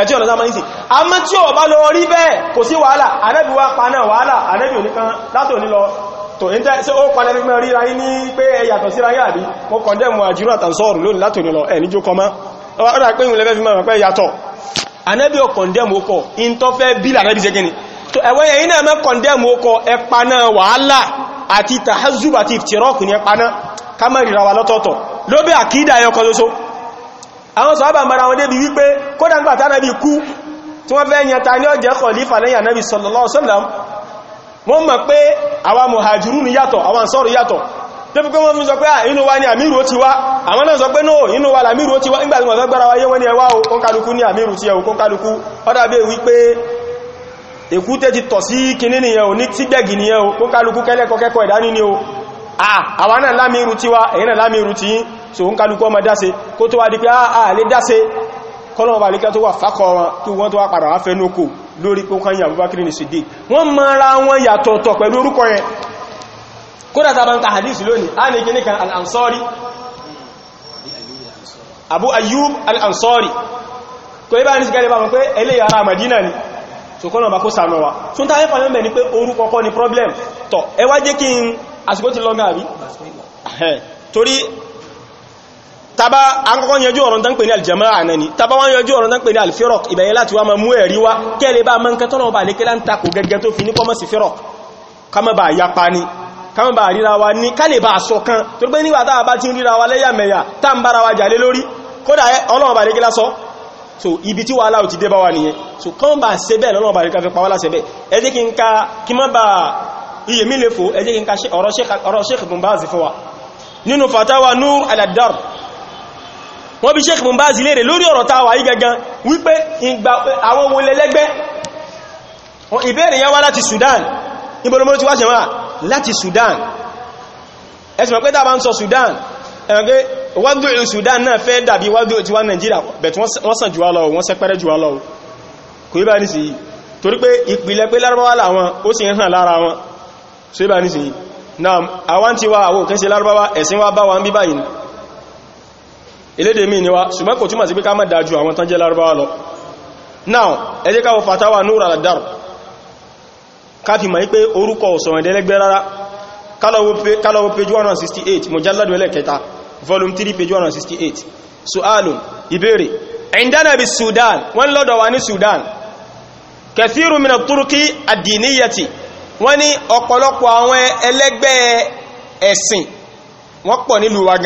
ẹ̀tí ọ̀nà sáàmà nìsìn a mọ́ tí ó bá lọ rí bẹ́ẹ̀ kò sí wàhálà Ànábì wá paná wàhálà Ànábì oníkan látò nílọ tó ní tẹ́ ó padà mímọ̀ ríra yí ní pé ẹ̀yàtọ̀ síra yà bí mo kọ̀ndẹ̀mù àjírò àtànsọ́ọ̀rù lónìí látò nílọ ẹ̀ níjó kọmá ọ̀rọ̀ pé ìwọ̀n lẹ́fẹ́ fi mọ̀ pé yàtọ̀ Ànábì ó kọ̀ndẹ̀mù ó kọ̀ in tó fẹ́ bí lànẹ́bí ṣe gini tó ẹ̀wọ́ ẹ̀yìn náà mọ́ kọ̀ndẹ̀mù ó kọ̀ ẹ paná wàhálà àti àwọn sọ́ábà mara wọn débi wípé kódà ń gbàtà náà bí kú tí wọ́n fẹ́ yẹn ta ní ọjẹ́ kọ̀lífà lẹ́yìn Ànábì sallallahu alaihi wasallam wọ́n mọ̀ pé àwọn mùhàjírù ní yàtọ̀ àwọn sọ́rọ̀ yàtọ̀ tó fi pé wọ́n tún sọ pé ah, inú wa ni àmìrù ó ti ni ẹwà o kónkálukú ní àmìrù ti ẹ̀wò kónkálukú ọdá bí wípé èkúté ti tọ̀ sí kinní nìyẹn so ń kálukọ́ ma dáse kó tó wá di pé àà ah, ah, lè dáse kọ́lọ̀wọ́ bá líkẹ́ tó wà fákọ̀ wọn kí wọ́n tó wá padà wá fẹ́núkò lórí pé kan yà Abubakar ní Siddiq wọ́n ma ra wọn yàtọ̀tọ̀ pẹ̀lú orúkọ yẹn kódà tàbá ń ka hadith lónìí a Abu Ayyub al-Ansari kò ibá ní sigari bá wọn pé eléyà ara Madina ni so kọ́nà bá kó sànà wa so n ta ẹ́fà mẹ́mẹ́ ni pé orúkọ kọ́ ni problem tọ̀ ẹ wá jẹ́ kí n àsìkò ti lọ́gá àbí torí tàbá àkọ́kọ́ yanjú ọ̀rọ̀ tán pè ní aljamaa náà ni tàbá wọ́n yanjú ọ̀rọ̀ tán pè ní alfirok ìbẹ̀yẹn láti wá ma mú ẹ̀rí wá kẹ́lẹ̀ bá mọ́ nǹkan tọ́lọ̀ bá lékẹ́lá ń takò gẹ́gẹ́ tó fi ní kọ́mọ̀ sí firok kama bá yapa ni kama bá ríra wa ní kálẹ̀ bá sọ kan tó gbé nígbà tá a bá ti ń ríra wa so ibi tí wàhálà ò so kọ́n bá ṣe bẹ́ẹ̀ lọ́nà bá lékẹ́lá fi pa wá láṣẹ bẹ́ẹ̀ ẹ jẹ́ kí n ka kí mọ́ fatawa Nur aladar wọ́n bí Sheikh Mumbazi léèrè lórí ọ̀rọ̀ tá a wà yí gangan wípé ìgbà àwọn wo lẹ́lẹ́gbẹ́ ìbéèrè yẹn wá láti Sudan ìbọ̀lọ́mọ́ ti wá ṣe wá láti Sudan ẹ̀sùn pẹ́ tàbá ń sọ Sudan ẹ̀rọ̀gbé wádùn Sudan náà fẹ́ dàbí wádùn ti wá Nàìjíríà bẹ̀t wọ́n sàn jù wá lọ wọ́n sẹ́pẹ́rẹ́ jù wá lọ kò yíbá ní sí yìí torí pé ìpìlẹ̀ pé lárúbáwá làwọn ó sì ń hàn lára wọn so elede mi ni wa ṣùgbọ́n kò túmọ̀ sí pé ká má dájú àwọn tán jẹ́ lárúbáwá lọ now ẹ jẹ́ ká wo fatawa Nur al-Dar ká fi mọ̀ pé orúkọ ọ̀sọ̀rọ̀ ẹ̀dẹ́lẹ́gbẹ́ rárá ká lọ wo page 168 mujalladu ẹlẹ́kẹta volume 3 page 168 su'alun bi Sudan wọ́n lọ́dọ̀ wa ní Sudan kathiru min at-turqi ad-diniyati wọ́n ní ọ̀pọ̀lọpọ̀ àwọn ẹlẹ́gbẹ́ ẹ̀sìn wọ́n pọ̀ nílùú wa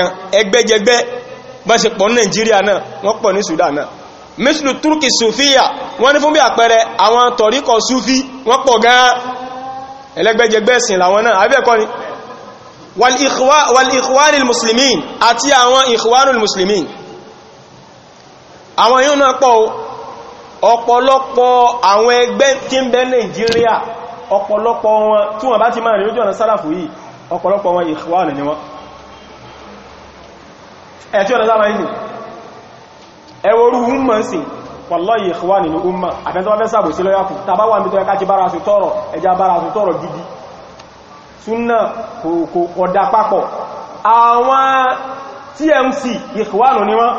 bá ṣe pọ̀ ní Nàìjíríà náà wọ́n pọ̀ ní Sudan náà mislu turki sufiya wọ́n ní fún bí àpẹẹrẹ àwọn tọ̀ríkọ̀ sufi wọ́n pọ̀ gan-an ẹlẹ́gbẹ́jẹgbẹ́ ẹ̀sìn làwọn náà àbí ni wal ikhwanil muslimin àti àwọn ikhwanul muslimin àwọn yíò náà pọ̀ ọ̀pọ̀lọpọ̀ àwọn ẹgbẹ́ tí ń bẹ wọn tí wọ́n bá ti máa rí ojú ọ̀nà sálàfù yìí ọ̀pọ̀lọpọ̀ wọn ikhwan ni wọ́n ẹ̀tí ọ̀nà sáàmà ìlú ẹwọ́rú umma ń sìn wallahi ikhwani ní umma àfẹ́ntọ́ fẹ́ sàbò sí lọ́yàkù tàbá wà nítorí káàkiri bára sí tọ́rọ ẹja bára sí tọ́rọ gidi súnnà kò kọ̀dá papọ̀ àwọn tmc ikhwanu ni wọ́n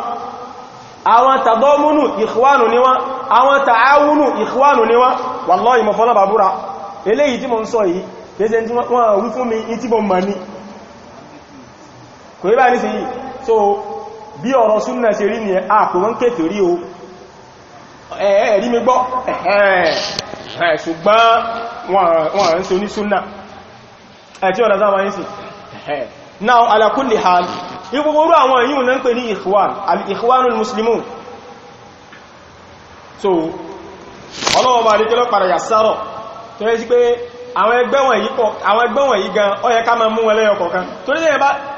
àwọn tàdọ́múnù ikhwanu ni wọ́n àwọn tàáwúnù ikhwanu ni wọ́n wallahi mọ̀ fọ́lá bàbúra eléyìí tí mo ń sọ yìí kéèsẹ̀ tí wọ́n wí fún mi tí mo mọ̀ ní kò rí bá ní sí yìí so bí ọ̀rọ̀ súnnà ṣe rí nìyẹn àpò wọ́n kéfè rí o ẹ̀ẹ̀rí mi gbọ́ ẹ̀ẹ̀ ṣùgbọ́n wọ́n ń so ní súnnà ẹ̀tí ọ̀dá sáwọn yìí sí now ala kulli hal ìgbogbo àwọn èyí wọ́n ń pè ní ikhwan al-ikhwanul so ọlọ́wọ́ bá rí kí lọ́pàá yà sárọ̀ tó yẹ sí pé àwọn ẹgbẹ́ wọ̀nyí gan ó yẹ ká máa mú wọn lẹ́yọ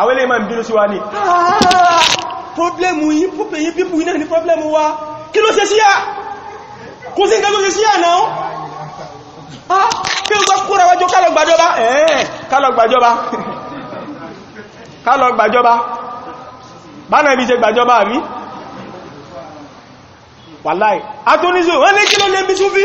àwọn ilé ma ń bínú sí wa ní ah, problemu yí púpẹ̀ yí pípù iná ní problemu wa kí ló ṣe síyà kò sí nǹkan tó ṣe síyà náà á kí ó sọ kúrò wájú kálọ̀gbàjọba ẹ̀ẹ́ eh, kálọ̀gbàjọba kálọ̀gbàjọba bánà ibi ṣe gbàjọba àmì wàláì atúnisù wọ́n ní kí ló lè bí súnfí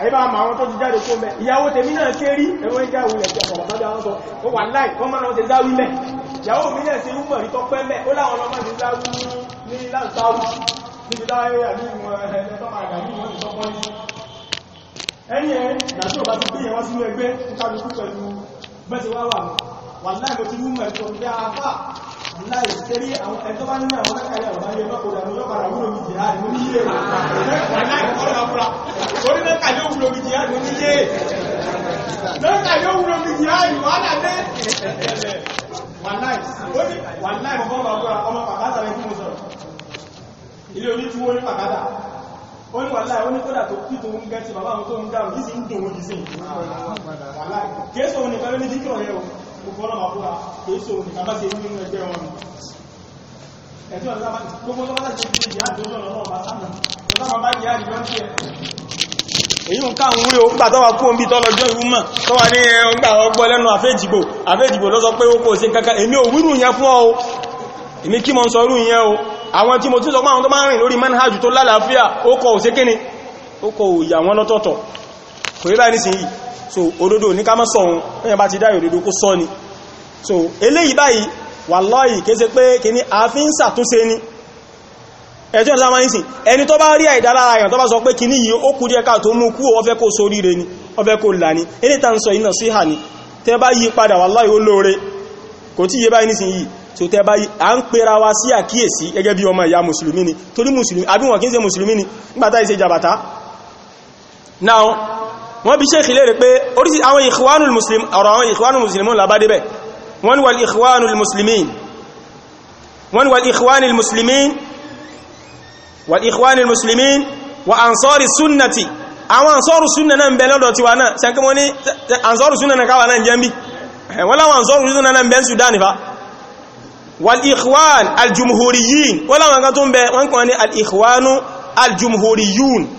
àyíbá àmà àwọn tó ti jáde kó mẹ́ ìyàwó tèmi náà kérí ẹwọ́n ìjáwó rẹ̀ jẹ́ ọ̀pọ̀ tọ́jú àwọn sọ ó wà láì kọ́ mọ́nà ti záwí mẹ́ ìyàwó mi náà ti rúmọ̀ rí tọ́pẹ́ mẹ́ ó láwọn ọmọ ti záwí ní láǹtáwù níbi láàárín àbí ìmọ̀ ẹ̀ẹ́dẹ́ tọ́mà àgbàmí wọn ti tọ́pọ́ ní ẹni ẹ̀ ìdájọ́ bá ti gbé yẹn wá sínú ẹgbẹ́ ń kájú pẹ̀lú bẹ́ẹ̀ ti wá wà wà láì mo ti rúmọ̀ ẹ̀kọ́ láì kéré àwọn ẹjọ́ bá nínú àwọn akáyà ọ̀bá yẹ lọ́pọ̀ ìdàmú yọ́ padà wúlò mi jìhá ìmú ní yé orí mẹ́ta yóò wúlò mi jìhá ìmú ní yé mẹ́ta yóò wúlò mi jìhá ìmú aládé wàláì ọmọ bàbá ọmọ pàkátà rẹ̀ kí mo sọ̀rọ̀ ilé oní tí wọ́n ní pàkátà ó ní wàláì ó ní kódà tó kí tó ń gẹ́ ti bàbá àwọn tó ń dáhùn yìí sì ń dòun yìí sí wàláì kéèsò òun nìkan ló ní kíkọ̀ rẹ̀ o gbogbo ọlọ́mà búra kìí sòrò nìkan bá ṣe nínú ẹgbẹ́ wọn ẹ̀tí ọ̀nà gbogbo ọlọ́mà èyí ń káàkùn rí òun gbà tọ́wà kú omi tọ́lọjọ́ ìwúmọ̀ tọ́wà ní ọgbà eh, ọgbọ́ lẹ́nu àfẹ́jìgbò àfẹ́jìgbò lọ́sọ pé ó kò sí kankan èmi ò wírù yẹn fún ọ èmi kí mọ́ ń sọrú yẹn o àwọn tí mo tí sọ pé àwọn tó máa ń rìn lórí so ododo ni ká má sọ ohun ẹ̀yàn bá ti dáyò òdodo kó sọ ni so eléyìí báyìí wàláhì kése pé kìíní àfi ń ṣàtúnṣe ni ẹjọ́ ìsáwá ní sí ẹni tó bá rí àìdálára àyàn tó bá sọ pé kìíní yìí ó kù díẹ̀ ká tó mú kú ó fẹ́ kó sórí rẹ ni ó fẹ́ kó là ní ilé ta ń sọ iná sí hà ní tẹ́ bá yí padà wàláhì ó lóore kò tí yé báyìí so tẹ́ bá yí à ń pera wa sí àkíyèsí gẹ́gẹ́ bí ọmọ ìyá mùsùlùmí ni torí mùsùlùmí àbí wọn kì í ṣe ni nígbàtá ìṣe jàbàtá now wọ́n bí ṣe kìlẹ̀ rẹ̀ pé oríṣi àwọn ikhwanul muslim ọ̀rọ̀ àwọn ikhwanul muslimun labade bẹ́ wọ́n wal ikhwanul muslimin wọ́n wal ikhwanul muslimin wal ikhwanul muslimin wa ansari sunnati àwọn ansọ́rù súnnà náà ń bẹ lọ́dọ̀ tiwa náà sẹ́kẹ́mọ́ ní ansọ́rù súnnà náà káwà náà jẹ́mbí wọ́n láwọn ansọ́rù al ikhwanu aljumhuriyun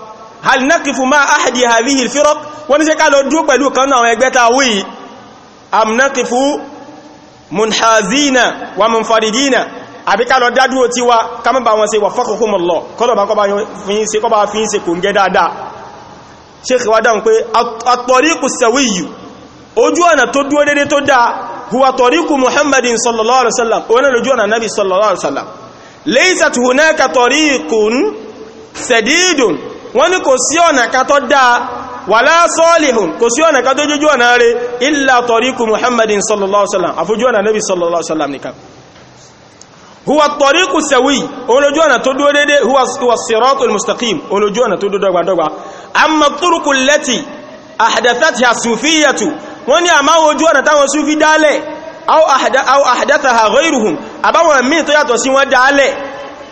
hal naqifu ma ahadi hadhihi al-firaq wọ́n ní ṣé ká lọ dúró pẹ̀lú kan náà ẹgbẹ́ tá wí am naqifu munhazina wa munfaridina àbí ká lọ dádúró tí wá ká mọ́ bá wọn ṣe wafaqakumullah kọ́lọ̀ bá kọba fi ń ṣe kọba fi ń ṣe kò ń gẹ́ dáadáa Sheikh wá dáhùn pé at-tariqu sawiyyu ojú ọ̀nà tó dúó dédé tó dáa huwa tariqu muhammadin sallallahu alaihi wasallam òun náà lójú ọ̀nà nabi sallallahu alaihi wasallam laysat hunaka tariqun sadidun wọ́n ní kò sí ọ̀nà kan tó dáa wàlá sọ́ọ̀lìhùn kò sí ọ̀nà kan tó jójú ọ̀nà rẹ̀ illa tọ̀ríkù muhammadin sallallahu alaihi wasallam àfojú nìkan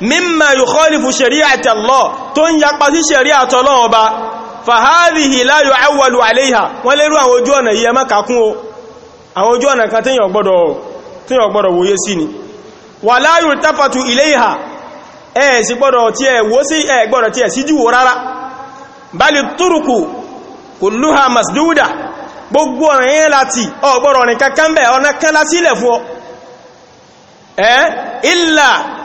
mímọ̀ yukhalifu shari'ata Allah tó ń yapa sí ṣẹ̀ríà Ọlọ́run Ọba fàhádìí la yu'awwalu 'alayha wọ́n lérú àwọn ojú ọ̀nà yìí ẹ má kàkún o àwọn ojú ọ̀nà kan tíyàn gbọ́dọ̀ wòye sí ni wà la yultafatu ilayha gbọ́dọ̀ tí ẹ̀ wó sí ẹ̀ gbọ́dọ̀ tí ẹ̀ síjú wò rárá bali turuku kulluha masduda gbogbo ọ̀nà yẹn láti ọ̀gbọ́dọ̀ rìn kankan bẹ̀ ọ̀nà kan láti fún ọ ẹ́ illa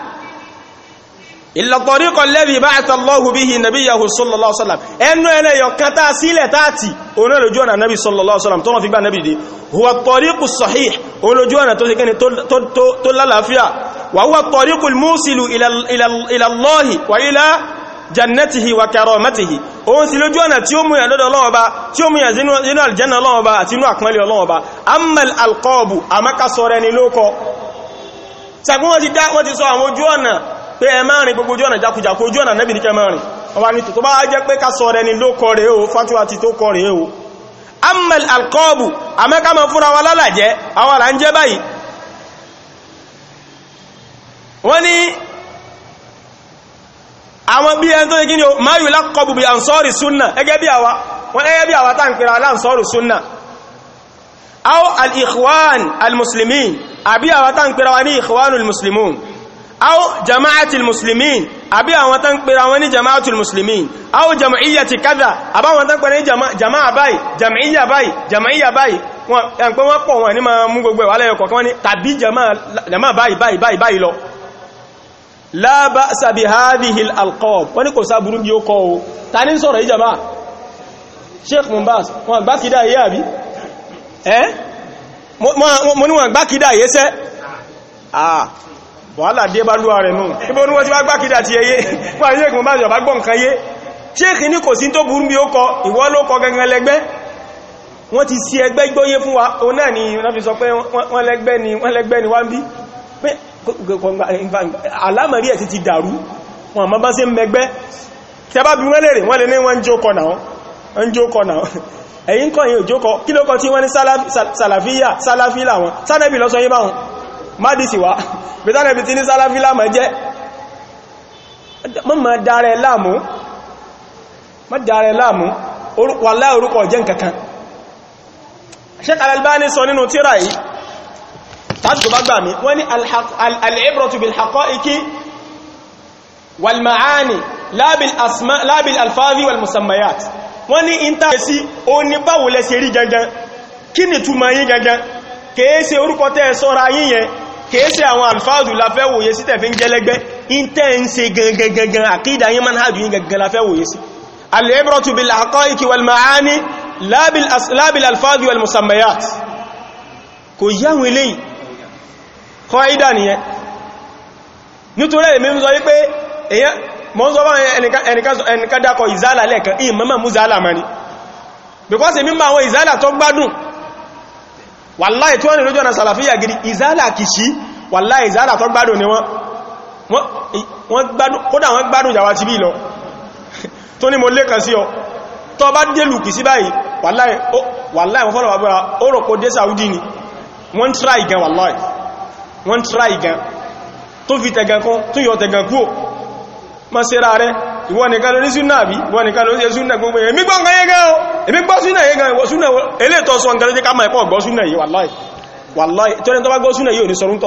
ìlọ̀tọ̀ríkọ̀ lẹ́bí bá àtàlọ́hù bí i nàbí yahu sallallahu alaihi wasallam ẹnu ẹlẹ́yọ̀ kan tàà sílẹ̀ tààtì olóòlójú ọ̀nà nàbí sallallahu alaihi wasallam tó wọ́n fi gbá nàbí dé huwa tọ̀ríkù sahih olójú ọ̀nà tó sikẹni tó lálàáfíà wà huwa tọ̀ríkù músìlù ilàlọ́hì wà ilá jannatihi wa karamatihi òun sì lójú ọ̀nà tí ó mú ìyàdọ́dọ̀ Ọlọ́run Ọba tí ó mú ìyà sínú aljanna Ọlọ́run Ọba àti inú àpẹẹlẹ̀ Ọlọ́run Ọba amal alqabu amakasọrẹ ni lókọ sàgbọ́n pé ẹ máa rìn gbogbo ojú ọ̀nà jákujàkú ojú ọ̀nà nẹ́bì ní kẹ máa rìn ọwà ní tó bá jẹ́ pé ká sọ rẹ ni ló kọ rẹ̀ o fatuwa ti tó kọ rẹ̀ o amal alkọ́ọ̀bù amẹ́ká mọ́ fúnra wa lálàjẹ́ àwọn àrà ń jẹ́ báyìí wọ́n ní àwọn bí ẹn tó yẹ kí aw jama'atul المسلمين àbí àwọn tán pèrè àwọn ní jama'atul muslimin aw jama'iyyati kadha àbá àwọn tán pèrè jama'a báyìí jama'iyya báyìí jama'iyya báyìí wọn ẹn pé wọ́n pọ̀ wọn ní ma mú gbogbo ẹ̀wà lẹ́yọ kọ̀kan ní tàbí jama'a báyìí báyìí báyìí báyìí lọ la ba'sa bi hadhihi al-alqab wọ́n ní kò sá burú bí ó o ta ní sọ̀rọ̀ jama'a sheikh mumbas wọn gbá kìdá yé àbí ẹ́ mo ní wọn gbá kìdá yé sẹ́ ah wàhálà dé bá lúwà rẹ̀ nù ibò ní wọ́n ti bá gbákidà ti ẹyẹ wà ní ẹkùn bá jọ bá gbọ́n kan yé ṣéèkì ní kò sí tó burú bí ó kọ ìwọ ló kọ gangan lẹ́gbẹ́ wọ́n ti sí ẹgbẹ́ gbóyé fún wa o náà ni wọ́n fi sọ pé wọ́n lẹ́gbẹ́ ni wọ́n lẹ́gbẹ́ ni wọ́n bí alámọ̀rí ẹ̀ ti ti dàrú wọn àmọ́ bá sí mẹgbẹ́ tí a bá bí wọ́n lè rè wọ́n lè ní wọ́n jókọ náà wọ́n jókọ náà ẹ̀yìn kọ̀ yìí òjókọ kí ló kọ tí wọ́n ní sàlàfíyà sàlàfílà wọn sánẹ́bì lọ́sọ yí bẹ̀tánà bí ti ní sálàfí láàmà jẹ́ mọ́ ma dára láàmú ma dára láàmú wàlá orúkọ jẹ́ nkankan Sheikh Al-Albani sọ nínú tírà yìí tàbí bá gbàmí wọ́n ni al-ibratu bil haqa'iqi wal ma'ani la bil asma la bil alfazi wal musammayat wọ́n ni túnmà yí kèése orúkọ tẹ́ sọ́ra yíyẹn kèése àwọn alfáàdù láfẹ́ wòye sí tẹ̀fẹ́ ń jẹ́lẹ́gbẹ́ ìntẹ́ ń ṣe gangan àkídà yí manhajù yí gangan láfẹ́ wòye sí al-ibratu bil haqa'iqi wal ma'ani la bil alfáàdù wal musammayat kò yáwọn ilé kọ́ ìdá nìyẹn nítorí èmi ń sọ wípé èyàn mọ́ wàláì tí wọ́n ni lójú ọ̀nà sàlàfíyà gidi ìzálà kìí wàláì ìzálà tó gbádùn ni wọ́n kódà wọ́n gbádùn jàwà ti bí lọ tó ní mo lékà sí ọ tó bá délù kìí sí báyìí wàláì wọ́n fọ́lọ̀ bàbára ó rò kó dé Saudi ni wọ́n tíra ìgan wàláì wọ́n tíra ìgan tó fi tẹ̀gàn kan tó yọ tẹ̀gàn kúò mọ́ sí ra rẹ̀ ìwọ nìkan ló ní súnà bí ìwọ nìkan ló ní súnà gbogbo èmi gbọ́ nǹkan yẹn gan o èmi gbọ́ súnà yẹn gan ìwọ súnà eléètọ́ sọ nǹkan ló jẹ́ ká máa ẹ̀pọ̀ gbọ́ súnà yìí wàláì wàláì tó ní bá gbọ́ súnà yìí ò ní sọrún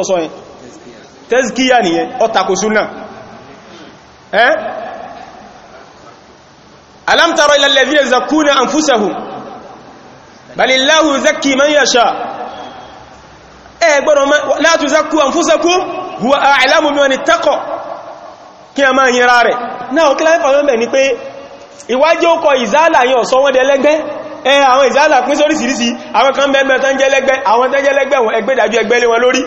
tọ́sọ kí a máa yẹra rẹ̀ náà kí láìfà yọ́ mẹ́ ni pé ìwájẹ́ ó kọ ìzálà yọ sọ wọ́n dẹlẹ́gbẹ́ ẹ àwọn ìzálà pín sóríṣìíríṣìí àwọn kan bẹ́ẹ̀ tán jẹ́lẹ́gbẹ́ àwọn tán jẹ́lẹ́gbẹ́ wọn ẹgbẹ́dájú ẹgbẹ́ lé wọn lórí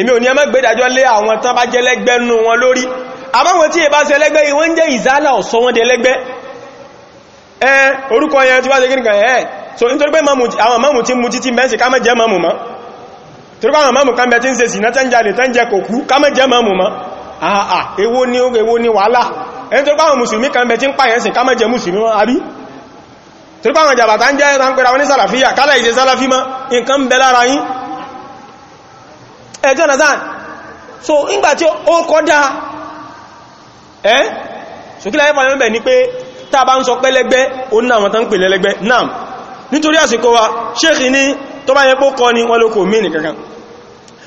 èmi ò ní ẹmọ́ gbẹ́dájọ́ lé àwọn tán bá jẹ́lẹ́gbẹ́ nú wọn lórí àbáwọn tí èbá sẹlẹ́gbẹ́ ìwọ́n jẹ́ ìzálà ọ̀sọ́ wọn dẹlẹ́gbẹ́ so nítorí pé àwọn mọ́mù tí mú títí mẹ́sì ká mọ́ jẹ́ mọ́mù mọ́ torí pé àwọn mọ́mù kan bẹ tí ń ṣe sì náà tán jalè tán jẹ kò kú ká mọ́ jẹ́ mọ́mù mọ́ àà ah, ah, èwo ni èwo ni wàhálà ẹni tó pàwọn mùsùlùmí kan bẹ tí ń pààyàn sí ká má jẹ mùsùlùmí wọn àbí tó pàwọn jàbàtà ń jẹ́ ẹran pẹ̀lú àwọn ní sàlàfíyà kálẹ̀ ìṣẹ́ sàlàfí mọ́ nǹkan bẹ lára yín ẹjọ́ nàzán so ìgbàtí ó kọ́dá ẹ́ ṣòkílẹ̀ ayẹ́fà yọ́mẹ́ ni pé tàbá ń sọ pẹ́lẹ́gbẹ́ ó ní àwọn tán pè lẹ́lẹ́gbẹ́ náà nítorí àsìkò wa ṣéèkì ní tó bá yẹ pó kọ́ ni wọ́n ló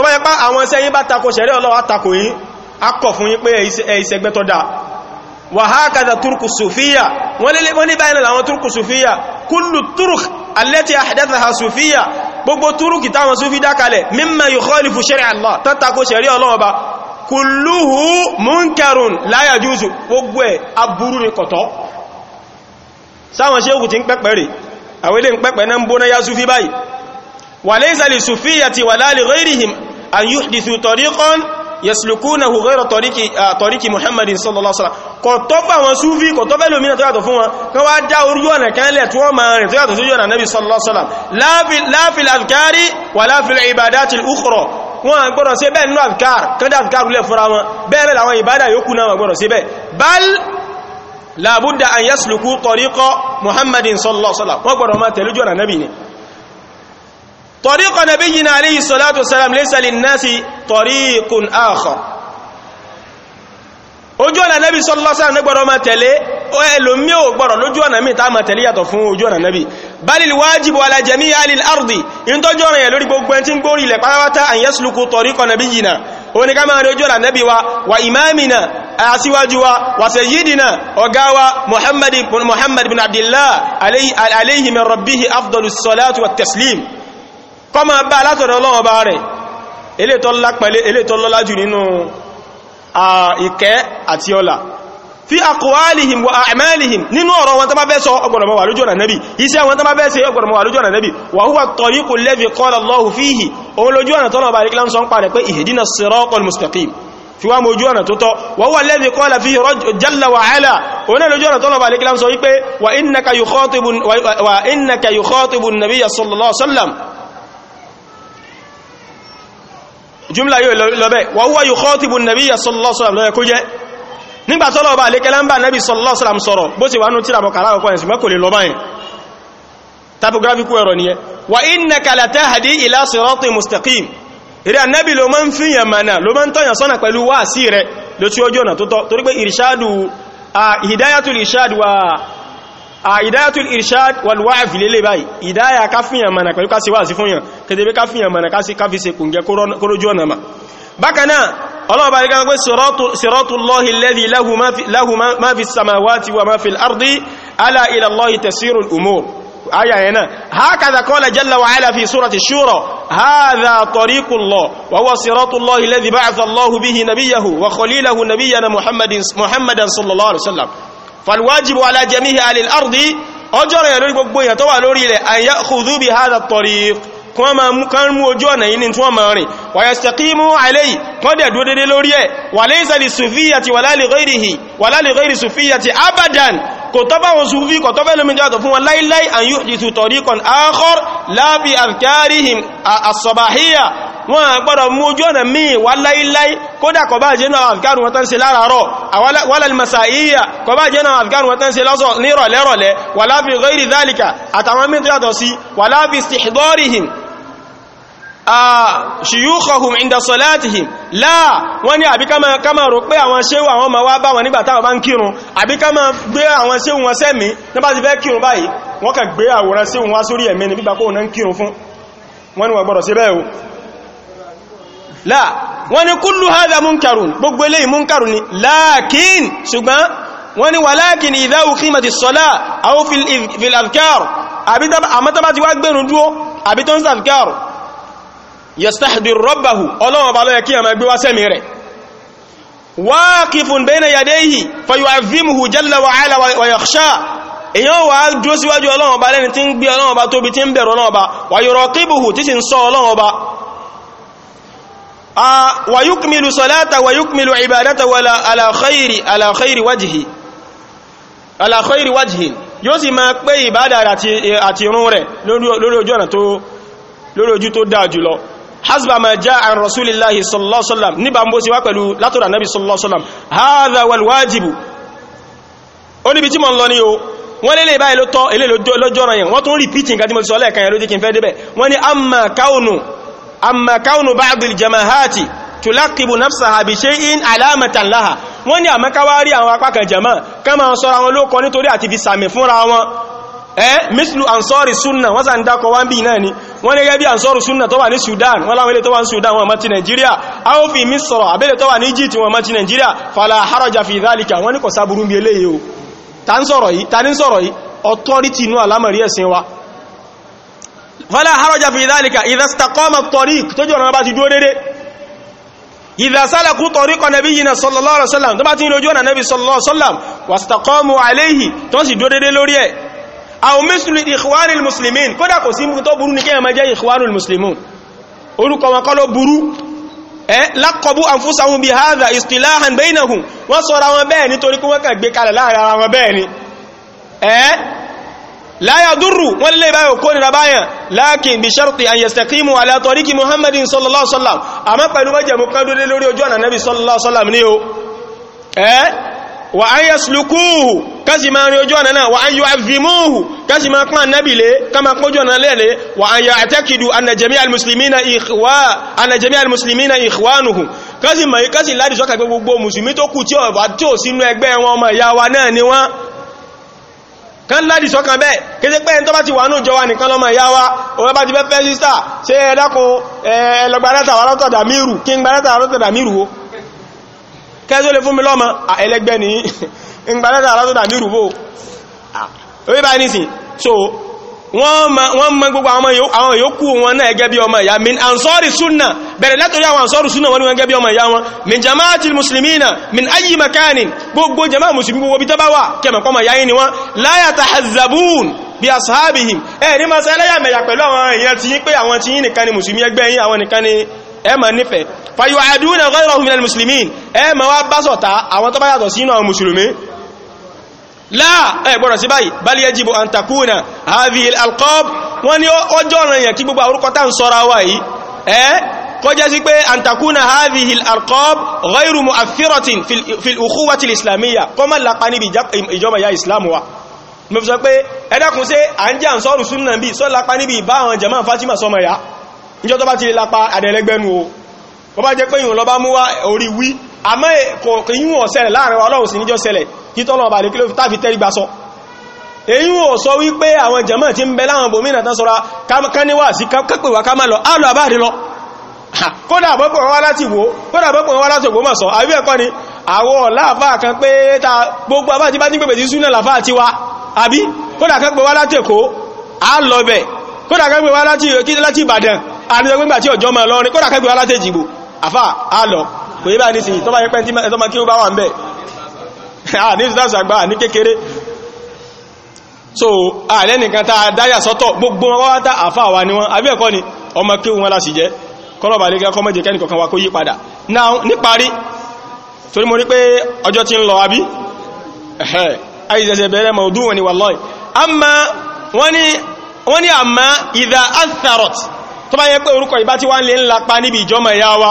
tó bá yẹ pá àwọn iṣẹ́ yín bá tako ṣẹ̀rẹ́ ọlọ́wà tako yín akọ̀ fún yín pé ẹ̀ìṣẹ́gbẹ́ tọ́dá wàhákàdà turku sufiya wọ́n lè wọ́n ní báyìí àwọn turku sufiya kullu turuk allati ahdathaha sufiya gbogbo turuki táwọn sufi dákalẹ̀ mimma yukhalifu shari'a Allah tàtàkó ṣẹ̀rẹ́ ọlọ́ọba kulluhu munkarun la yajuzu gbogbo ẹ̀ aburú ni kọ̀tọ́ sáwọn ṣe òkùtí ń pẹ́pẹ́ rẹ̀ an yuhdithu tariqan yaslukunahu ghayra tariqi ah, tariqi muhammadin sallallahu alaihi wasallam kò tọ́ bá wọn súfí kò tọ́ bẹ́ẹ̀ lómìnà tó yàtọ̀ fún wọn kọ́ wá dá orí ọ̀nà kẹ́lẹ̀ tí wọ́n máa rìn tó yàtọ̀ sójú ọ̀nà nabi sallallahu alaihi wasallam la fil adhkari wala fil ibadatil ukhra wọn gbọ́dọ̀ ṣe bẹ́ẹ̀ nínú adhkar طريق نبينا عليه الصلاة والسلام ليس للناس طريق آخر ojú ọ̀nà nẹ́bí sallallahu alaihi wasallam ní gbọ́dọ̀ máa tẹ̀lé ẹlòmí ò gbọ́dọ̀ lójú ọ̀nà míì tá máa tẹ̀lé yàtọ̀ fún ojú ọ̀nà nẹ́bí balil wájibu ala jami'i alil ardi in tọ́jú ọ̀nà yẹ̀ lórí gbogbo ẹn tí ń gbórí ilẹ̀ pátápátá an yasluku tariqa nabiyyina ó ní ká máa rí ojú ọ̀nà nẹ́bí wa wa imamina aṣíwájú wa wa sayyidina ọ̀gá wa muhammad ibn abdillah alayhi min rabbihi afdalus salatu wa taslim kọ́ ma bá látọ̀dọ̀ ọlọ́wọ́ bá rẹ̀ elétọ́lọ́lá jù nínú ìkẹ́ àti ọlá fi àkọwàlìhìm wa àmàlìhìm nínú ọ̀rọ̀ wọn tó bá fẹ́ sọ ọgbọ̀nàmọ̀ wà lójú ọ̀nà nẹ́bì iṣẹ́ wọn tó bá fẹ́ ṣe ọgbọ̀nàmọ̀ wà lójú ọ̀nà nẹ́bì wà húwà tọ̀ríkù lẹ́bì qala Allahu fíhì òun lójú ọ̀nà tọ́nà bá ríkílá ń sọ ń pàdé pé ihdina siratal mustaqim fi wá mojú ọ̀nà tó tọ́ wà húwà lẹ́bì qala fíhì lójú ọ̀nà tọ́nà bá ń sọ wípé wà innaka yukhatibu wa innaka yukhatibu an-nabiyya jùmlá yóò lọ́bẹ̀ wa huwa yukhatibu an-nabiyya sallallahu alaihi wasallam lọ́yẹ kó jẹ́ nígbàtọ́lọ̀ ọba àlékẹ́lá ń bá nabi sallallahu alaihi wasallam sọ̀rọ̀ bó sì wánú tíràbọ̀ kàrà ọkọ̀ ẹ̀sùn mẹ́kò lè lọ báyìí topographical ẹ̀rọ ni ẹ wa innaka latahdi ila siratin mustaqim ìrẹ́ annabi ló máa àìdáyàtul ah, irshad walwa'af lélè báyìí ìdáyà ká fíyàn mana pẹ̀lú ká sí wà sí fúnyàn kẹtẹ̀bẹ̀ ká fíyàn mana ká sí ká fi se kùngẹ kórójú ọ̀nà ma bákanáà ọlọ́ọ̀bá rí kan pé siratullahi alladhi lahu ma fi samawati wa ma fi al-ardi ala ila Allahi tasirul umur aya yana hakadha qala jalla wa ala fi surati shura hadha tariqullah wa huwa siratullahi alladhi ba'atha Allahu bihi nabiyahu wa khalilahu nabiyyana falwajibu ala jamihi alil ardi ọjọ́ rẹ̀ lórí gbogbo èèyàn tó wà lórí ilẹ̀ àyà kùzú bí hádà tọ̀rí kún ma mú kán mú ojú ọ̀nà yìí ni tí wọ́n ma rìn wà yà stakimu alayhi kọ́ dẹ̀ dúró dédé lórí ẹ̀ wà laysa li sufiyati wọ́n gbọ́dọ̀ mú ojú ọ̀nà míì wá láíláí kódà kọ̀bá jẹ́nà àfikàrù wọn tán ṣe láràárọ̀ wal masa'iyya kọ̀bá jẹ́nà àfikàrù wọn tán ṣe lọ́sọ̀ ní rọ̀lẹ́rọ̀lẹ́ wala fi ghairi dhalika àtàwọn mí tó yàtọ̀ sí wala fi istihdorihim ṣiyúkọ̀hùn inda sọlátihim láà wọ́n ní àbí ká máa rò pé àwọn ṣéwù àwọn ọmọ wá bá wọn nígbà táwọn bá ń kírun gbé àwọn ṣéwù wọn wá sórí ẹ̀mí bíbá kóhùn náà ń kírun fún wọ́n ní wọ́n gbọ́dọ̀ sí bẹ́ẹ̀ láà wọ́n ni kúlù hádà múnkarùn gbogbo eléyìí múnkarùn ni láàkín ṣùgbọ́n wọ́n ni wà láàkín ìdáwù kí mati sọ́lá àwọn filavkar àmátaba ti wá gbẹ̀rún dúó àbí tó ń sàfikar yastahdir rabbahu ọlọ́wọ́ bá lọ́yẹ kí a ويكمل صلاته ويكمل عبادته ولا على خير على خير وجهه على خير وجهه yóò sì máa pé ìbádà àti irun rẹ̀ lórí ojú ọ̀nà tó lórí ojú tó dáa jùlọ hasba ma jaa an rasulillahi sallallahu alaihi wasallam níbà mbó sí wá pẹ̀lú látọ̀dà nabi sallallahu alaihi wasallam hadha wal wajibu ó níbi tí mọ̀ ń lọ ní o wọ́n lè lè báyìí ló tọ́ ilé lójọ́ ọ̀nà yẹn wọ́n tún rí pítì nǹkan tí mo ti sọ lẹ́ẹ̀kan yẹn ló jẹ́ kí n fẹ́ débẹ̀ wọ́n ni amma kaunu amma kaunu ba'dil jama'ati tulaqibu nafsaha bi shay'in alamatan laha wọ́n ní àmọ́káwárí àwọn apákan jama ká máa sọ́ra wọn ló kọ nítorí àti fi sàmì fúnra wọn ẹ́ mislu ansori sunna wọ́n sàn dákọ̀ wá ń bí náà ni wọ́n ní gẹ́gẹ́ bí ansori sunna tó wà ní sudan wọ́n láwọn ilé tó wà ní sudan wọn mọ́tí nigeria a fi misra abẹ́lẹ̀ tó wà ní egypt wọn mọ́tí nigeria fala haraja fi dhalika wọ́n ní kò sáburú bí eléyìí o ta ń sọ̀rọ̀ yìí authority inú alámọ̀rí ẹ̀sìn wa fala haraja fi dhalika idha istaqama at-tariq tó jọ̀nà bá ti dúó dédé idha salaku tariqa nabiyyina sallallahu alaihi wasallam tó bá ti lójú ọ̀nà nabi sallallahu alaihi wasallam wastaqamu alaihi tó sì dúó dédé lórí ẹ̀ aw mislu ikhwanil muslimin kódà kò sí tó burú ní kéèyàn máa jẹ́ ikhwanul muslimun orúkọ wọn لا يضر ولا يكون ربايا لكن بشرط ان يستقيموا على طريق محمد صلى الله عليه وسلم اما pẹ̀lú maje mu kan dole lórí ojo Ànábì sallallahu alaihi wasallam ni o eh wa an yaslukuhu kasi ma ri ojo Ànábì wa an yu'azzimuhu kasi ma kan Ànábì le kama kan ojo Ànábì le wa an ya'taqidu anna jami'al muslimina ikhwa anna jami'al kasi ladi so ka gbogbo muslimi tó kù tí ó bá tí ó sínú ẹgbẹ́ wọn ọmọ ìyá wa náà ni wọ́n kan láti sọ́kàn bẹ́ẹ̀ kéde pé ẹni tó bá ti wà ní òjò wa nìkan lọ́mọ ìyá wa òwe bá ti fẹ́ fẹ́ sísà ṣe ẹ̀dàkùn ẹlọgbàdátà wà lọ́tọ̀ dàmírù kí n so wọ́n mọ gbogbo àwọn yòókù wọn náà gẹ́gẹ́ bí ọmọ ìyá min ansori sunna bẹ̀rẹ̀ látọ̀rí àwọn ansori sunna wọn gẹ́gẹ́ bí ọmọ ìyá wọn min jama'ati muslimina min ayi makanin gbogbo jama'a musulmi gbogbo bí tó kẹmọ̀kọ́ ma yayi ni wọ́n la yatahazzabun bí ashabihim ẹ̀ ní máa sẹ́lẹ́yà mẹ̀yà pẹ̀lú àwọn èèyàn ti yín pé àwọn ti yín nìkan ni musulmi ẹgbẹ́ yín àwọn nìkan ni ẹ ma nífẹ̀ẹ́ fayu'aduna ghayrahum min al-muslimin ẹ ma wá bá sọ̀tá àwọn tó bá yàtọ̀ sínú àwọn musulmi láà ẹgbọ́rọ̀ sí báyìí bali yajibu an takuna hadhihi al-alqab wọ́n ní ọjọ́ ọ̀rọ̀ èèyàn kí gbogbo àwọ́rúkọ tá ń sọ́ra wà yìí ẹ́ kọjá sí pé an takuna hadhihi al-alqab ghayru mu'affiratin fil ukhuwati islamiyya kọ́ má lápá níbi ìjọba ya islam wa mo fi sọ pé ẹ̀dàkùn sí à ń jẹ́ àǹsọ́rù súnnà bí sọ́ lápá níbi ìbá àwọn jama sọmọ ya níjọ́ tó bá ti lè lápá àdẹ̀lẹ́gbẹ́nu o bọ́ jẹ́ pé ìhùn lọ bá mú wá orí wí àmọ́ kò yíò ọ̀sẹ̀lẹ̀ láàrin wa ọlọ́run sí níjọ́ ṣẹlẹ̀ kí tọ́lọ̀ ọba àdékílò tàbí tẹ́rígbà sọ èyí ò sọ wípé àwọn jẹ̀mọ́ tí ń bẹ láwọn bòmínà tán sọ́ra káníwà sí kápẹ̀ wà kámà lọ alọ́ àbáàrí lọ kódà bọ́pọ̀ wá láti wò kódà bọ́pọ̀ wá láti ògbó mọ̀sán àbí ẹ̀kọ́ ni àwọ̀ láàfà kan pé ta gbogbo àbájí bá ní lọ kò yí bá ní sí tó bá yẹ pẹ́ tí ẹ̀tọ́ ma kí ó bá wà ń bẹ̀ ah, ní ìsìtàṣì àgbà ní kékeré so ààrẹ nìkan tá a dáyà sọ́tọ̀ gbogbo wọn àfà wa ni wọn àbí ẹ̀kọ́ ni ọmọ kí wọn láti jẹ́ kọ́lọ̀bà lè gẹ́kọ́ mo rí pé ọjọ́ ti ń amma wọ́n atharot tó bá yẹ pé orúkọ ìbá tí wá ń lè ńlapa níbi ìjọmọ̀ ìyá wa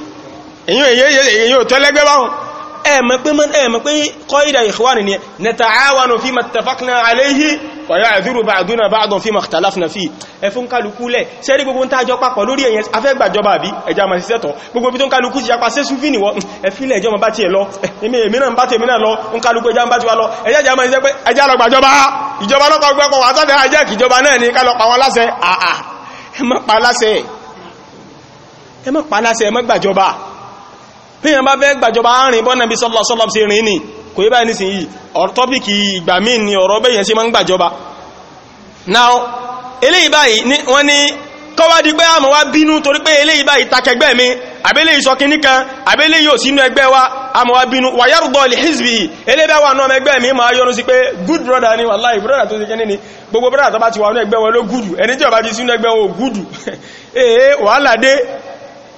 èyí ò tẹ́lẹ́gbẹ́ báhùn ẹ̀mọ̀ pé ẹ̀mọ̀ pé kọ́ìdà ìkwáni ni nata'awanu fi mattafaqna alayhi wa ya'dhuru ba'duna ba'dan fi makhtalafna fi ẹfún kálukú lẹ̀ sẹ́rí gbogbo tàjọ papọ̀ lórí ẹ̀yẹn afẹ́gbàjọba àbí ẹja ma ṣiṣẹ́ tọ̀ gbogbo bí tó ń kálukú sí japa sí súnfí nìwọ́ ẹfílẹ̀ ẹjọ́ ma bá ti ẹ̀ lọ èmi èmìnà ń bá ti èmìnà lọ ń kálukú ẹja ń bá ti wá lọ ẹjá ma ṣiṣẹ́ pé ẹjá lọ gbàjọba ìjọba lọ́kọ̀ gbẹ́kọ̀ wà sọ́dẹ̀ ajẹ́ kìjọba náà ní gbàjọba píyàn bá baa gbàjọba àárín bọ́nà bí sallallahu alaihi wasallam sí rìn ní kò yíbá ní sí yìí ọ̀tọ́pìkì ìgbà ni ọ̀rọ̀ bẹ́yẹn sí ma ń gbàjọba now eléyìí báyìí wọ́n ní kọ́wádìí pé àmọ́ bínú torí pé mi kan yóò sínú ẹgbẹ́ wa bínú ma yọrù sí pé good brother ni brother tó ti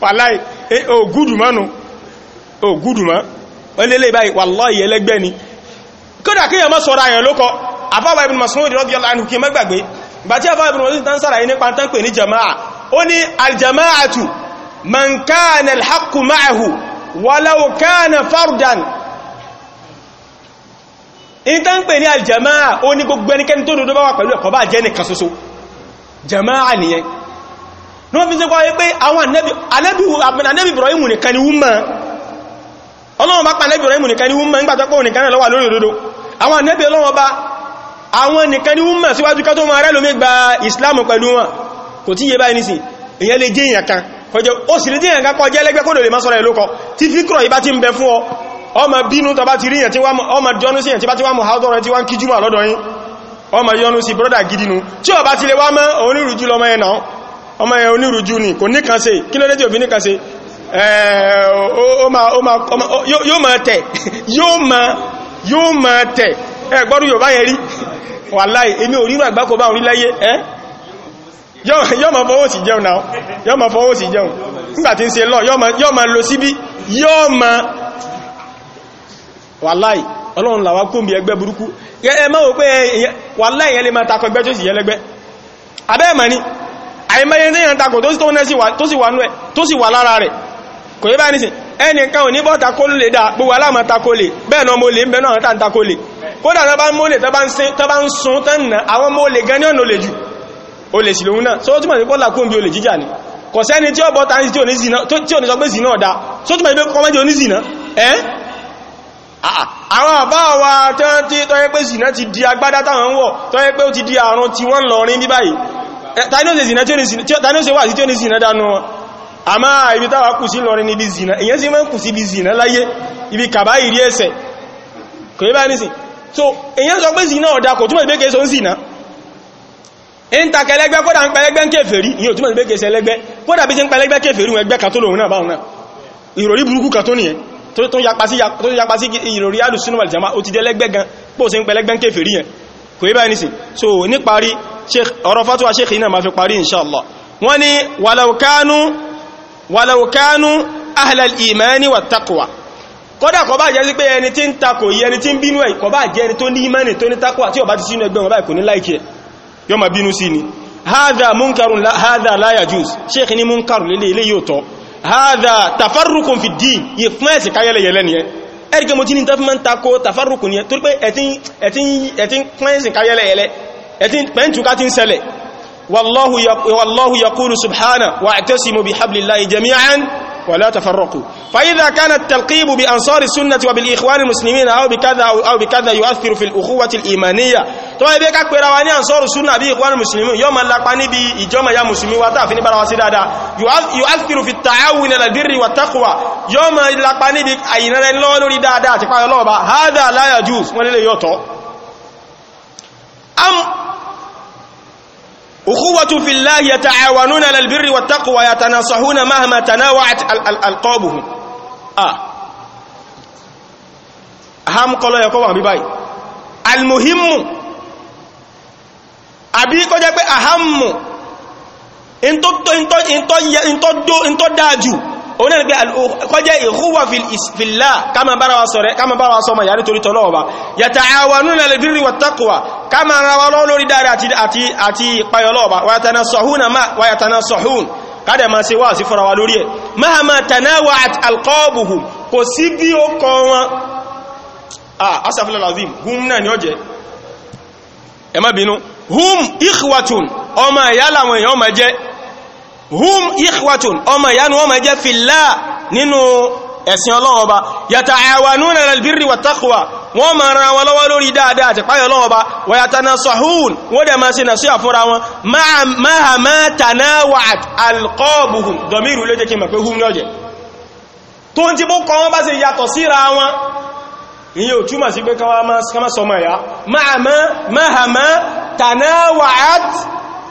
wàláì e, o gúdù mọ́nu o gúdù mọ́ o lè lè báyìí wàláì ẹlẹ́gbẹ́ ni kódà kí yẹmọ́ sọ́ra yẹn lókọ àfáwà ibn Mas'ud radiyallahu anhu kí mẹ́gbàgbé ìgbà tí àfáwà ibn Mas'ud tán sára yìí nípa tán pè ní jama'a ó ní aljama'atu man kana alhaqqu ma'ahu walau kana fardan in tán pè ní aljama'a ó ní gbogbo ẹnikẹ́ni tó dodo bá wà pẹ̀lú ẹ̀kọ́ bá jẹ́ nìkan ṣoṣo jama'a nìyẹn ní wọ́n fi ṣe kọ́ pé àwọn anẹ́bì Ibrahim nìkan ni wúmọ́ ọlọ́wọ́n bá pa anẹ́bì Ibrahim nìkan ni wúmọ́ nígbàtọ́pọ̀ nìkan náà ló wà lórí òdodo àwọn anẹ́bì ọlọ́wọ́n bá àwọn nìkan ni wúmọ́ síwájú ká tó máa rẹ́ lómi gba Islam pẹ̀lú wọn kò tí yé báyìí nìsìn èyàn lè jẹ́ èyàn kan kọjọ ó sì lè jẹ́ èyàn kan kọjá ẹlẹ́gbẹ́ kó lè má sọ́rọ̀ ìlú kọ tí fíkọ̀ ìbá ti ń bẹ fún ọ ọmọ bínú tọba ti ríyàn tí wá ọmọ jọnú sí èyàn tí bá ti wá mọ̀ háùtọ́ rẹ̀ ọmọ ẹ̀ onírújú ni kò ní kan ṣe kí ló dé tí òbí ní kan ṣe yóò máa tẹ̀ yóò máa tẹ̀ ẹ gbọ́rú Yorùbá yẹn rí wàláì èmi ò rírò àgbákò bá orí láyé ẹ́ ma fọwọ́ sí jẹun ma nígbàtí ń lọ ma lo síbí yọ́ ma wàláì ọlọ́run làwá kóòmì ẹgbẹ́ burúkú ẹ mọ́ wò pé ma ni àìmẹ́yẹ tí èyàn takò tó sì wà nú ẹ̀ tó sì wà lára rẹ̀ kò yí bá ní sin ẹnìkan ò ní bọ́ takò lè dá gbogbo aláàmà takò lè bẹ́ẹ̀ náà mo lè ń bẹ́ẹ̀ náà tàn takò lè kódà tó bá ń mólè tó bá ń sun tán nà àwọn mólè gan ní ọ̀nà olè jù ni kò sẹ́ni tí ó bọ́ tán tí ò ní sọ pé sí náà dá so túnmọ̀ wa tán tí tọ́yẹ́ pé sí náà ti di agbádá táwọn ń wọ̀ tọ́yẹ́ pé ó ti di àrùn tí wọ́n lọ rin bí báyìí Eh, tàní ó ṣe wà sí tí ó zina dánú wọn a máa ibi táwà zina èyàn sí mọ́ kù sí ibi zina láyé ibi kàbá so èyàn sọ pé zina ọ̀dá kò zina in takẹ lẹ́gbẹ́ kódà ń pẹlẹ́gbẹ́ kéfèrí ìyàn túnmọ̀ ìgbékèé sẹ lẹ́gbẹ́ kódà bí sí ń pẹlẹ́gbẹ́ kéfèrí wọn ẹgbẹ́ kan tó lòun náà báwọn náà ìròrí burúkú kan tó nìyẹn tó yapa sí ìròrí kò yí báyìí nísìn so ní parí ọ̀rọ̀ fatuwa sheikh iná ma fi parí inṣáàlá wọ́n ni wàlàukánu ahlal imani wa takwa kódà kò bá jẹ́ sí pé ẹni tí ń takò yí ẹni tí ń bínú ẹ̀ kò bá jẹ́ ẹni tó ní imani tó ní takwa tí ó bá ti sínú ẹgbẹ́ wọn báyìí kò ní láìkẹ́ yóò ma bínú sí ni hadha munkarun hadha la yajuz sheikh ni munkarun lele ile yóò tọ́ hadha tafarrukun fi din yìí fún ẹ̀sì káyẹlẹyẹlẹ nìyẹn ẹ̀ríkẹ́ mo tí ní tọ́fí ma ń takò tàfàrùkù ní ẹ torí pé ẹ̀tín pẹ́ǹsìn káyẹlẹ̀yẹlẹ ẹ̀tín pẹ́ǹtùká tí ń ṣẹlẹ̀ wallahu yaqulu subhana wa atasimu bi hablillahi jami'an ولا تفرقوا فإذا كان التلقيب بأنصار السنة وبالإخوان المسلمين أو بكذا أو, أو بكذا يؤثر في الأخوة الإيمانية tó bá ibé ká pèrà wa ní àǹsọ́rù súnà bí ìkwọ́n musulmi yóò ma lápá níbi ìjọmọ̀ ya musulmi wa tààfin ní bára wa sí dáadáa yu'athiru fi at-ta'awun ala al-birri wa taqwa yóò ma lápá níbi àyìnrẹ́ lọ́wọ́ lórí dáadáa àti pàyọ lọ́ọ̀bá hadha la yajuz wọ́n lè yọ́tọ̀ أخوة في الله يتعاونون على البر والتقوى يتناصحون مهما تناوعت ألقابهم آه أهم قال يقوى بباي المهم àbí kọjá pé àhámù in tó dájú òun náà pé kọjẹ́ ìhúwà fìlá kama bára wa sọ̀rẹ́ kama bára wa sọmọ yàrí torí tọ́lọ́ ọba yàtà àwọn nínú lẹ́lẹ́bìnrin wà taqwa kama ara wa lọ́wọ́ lórí dáadáa àti àti àti payọlọ́ ọba wàyàtàna sọ̀hún àmà wàyàtàna sọ̀hún kádẹ̀ máa ṣe wá sí fọ́ra wa lórí ẹ̀ ọmọ ìyá làwọn èèyàn máa jẹ́ hum ikhwatun ọmọ ìyanu ọmọ jẹ́ fìlá nínú ẹ̀sìn ọlọ́wọ́ ba yàtà àwà núnà albirri wa takwa wọ́n ma ra wọn lọ́wọ́ lórí dáadáa àti páyọ̀ lọ́wọ́ ba wà yàtà na sahun wọ́n dẹ̀ ma ṣe na sí àfúnra wọn máa ma tàná wà alkọ́ọ̀bùhùn dọ̀míru ló jẹ́ kí n mọ̀ pé máa sọmọ̀ ya wà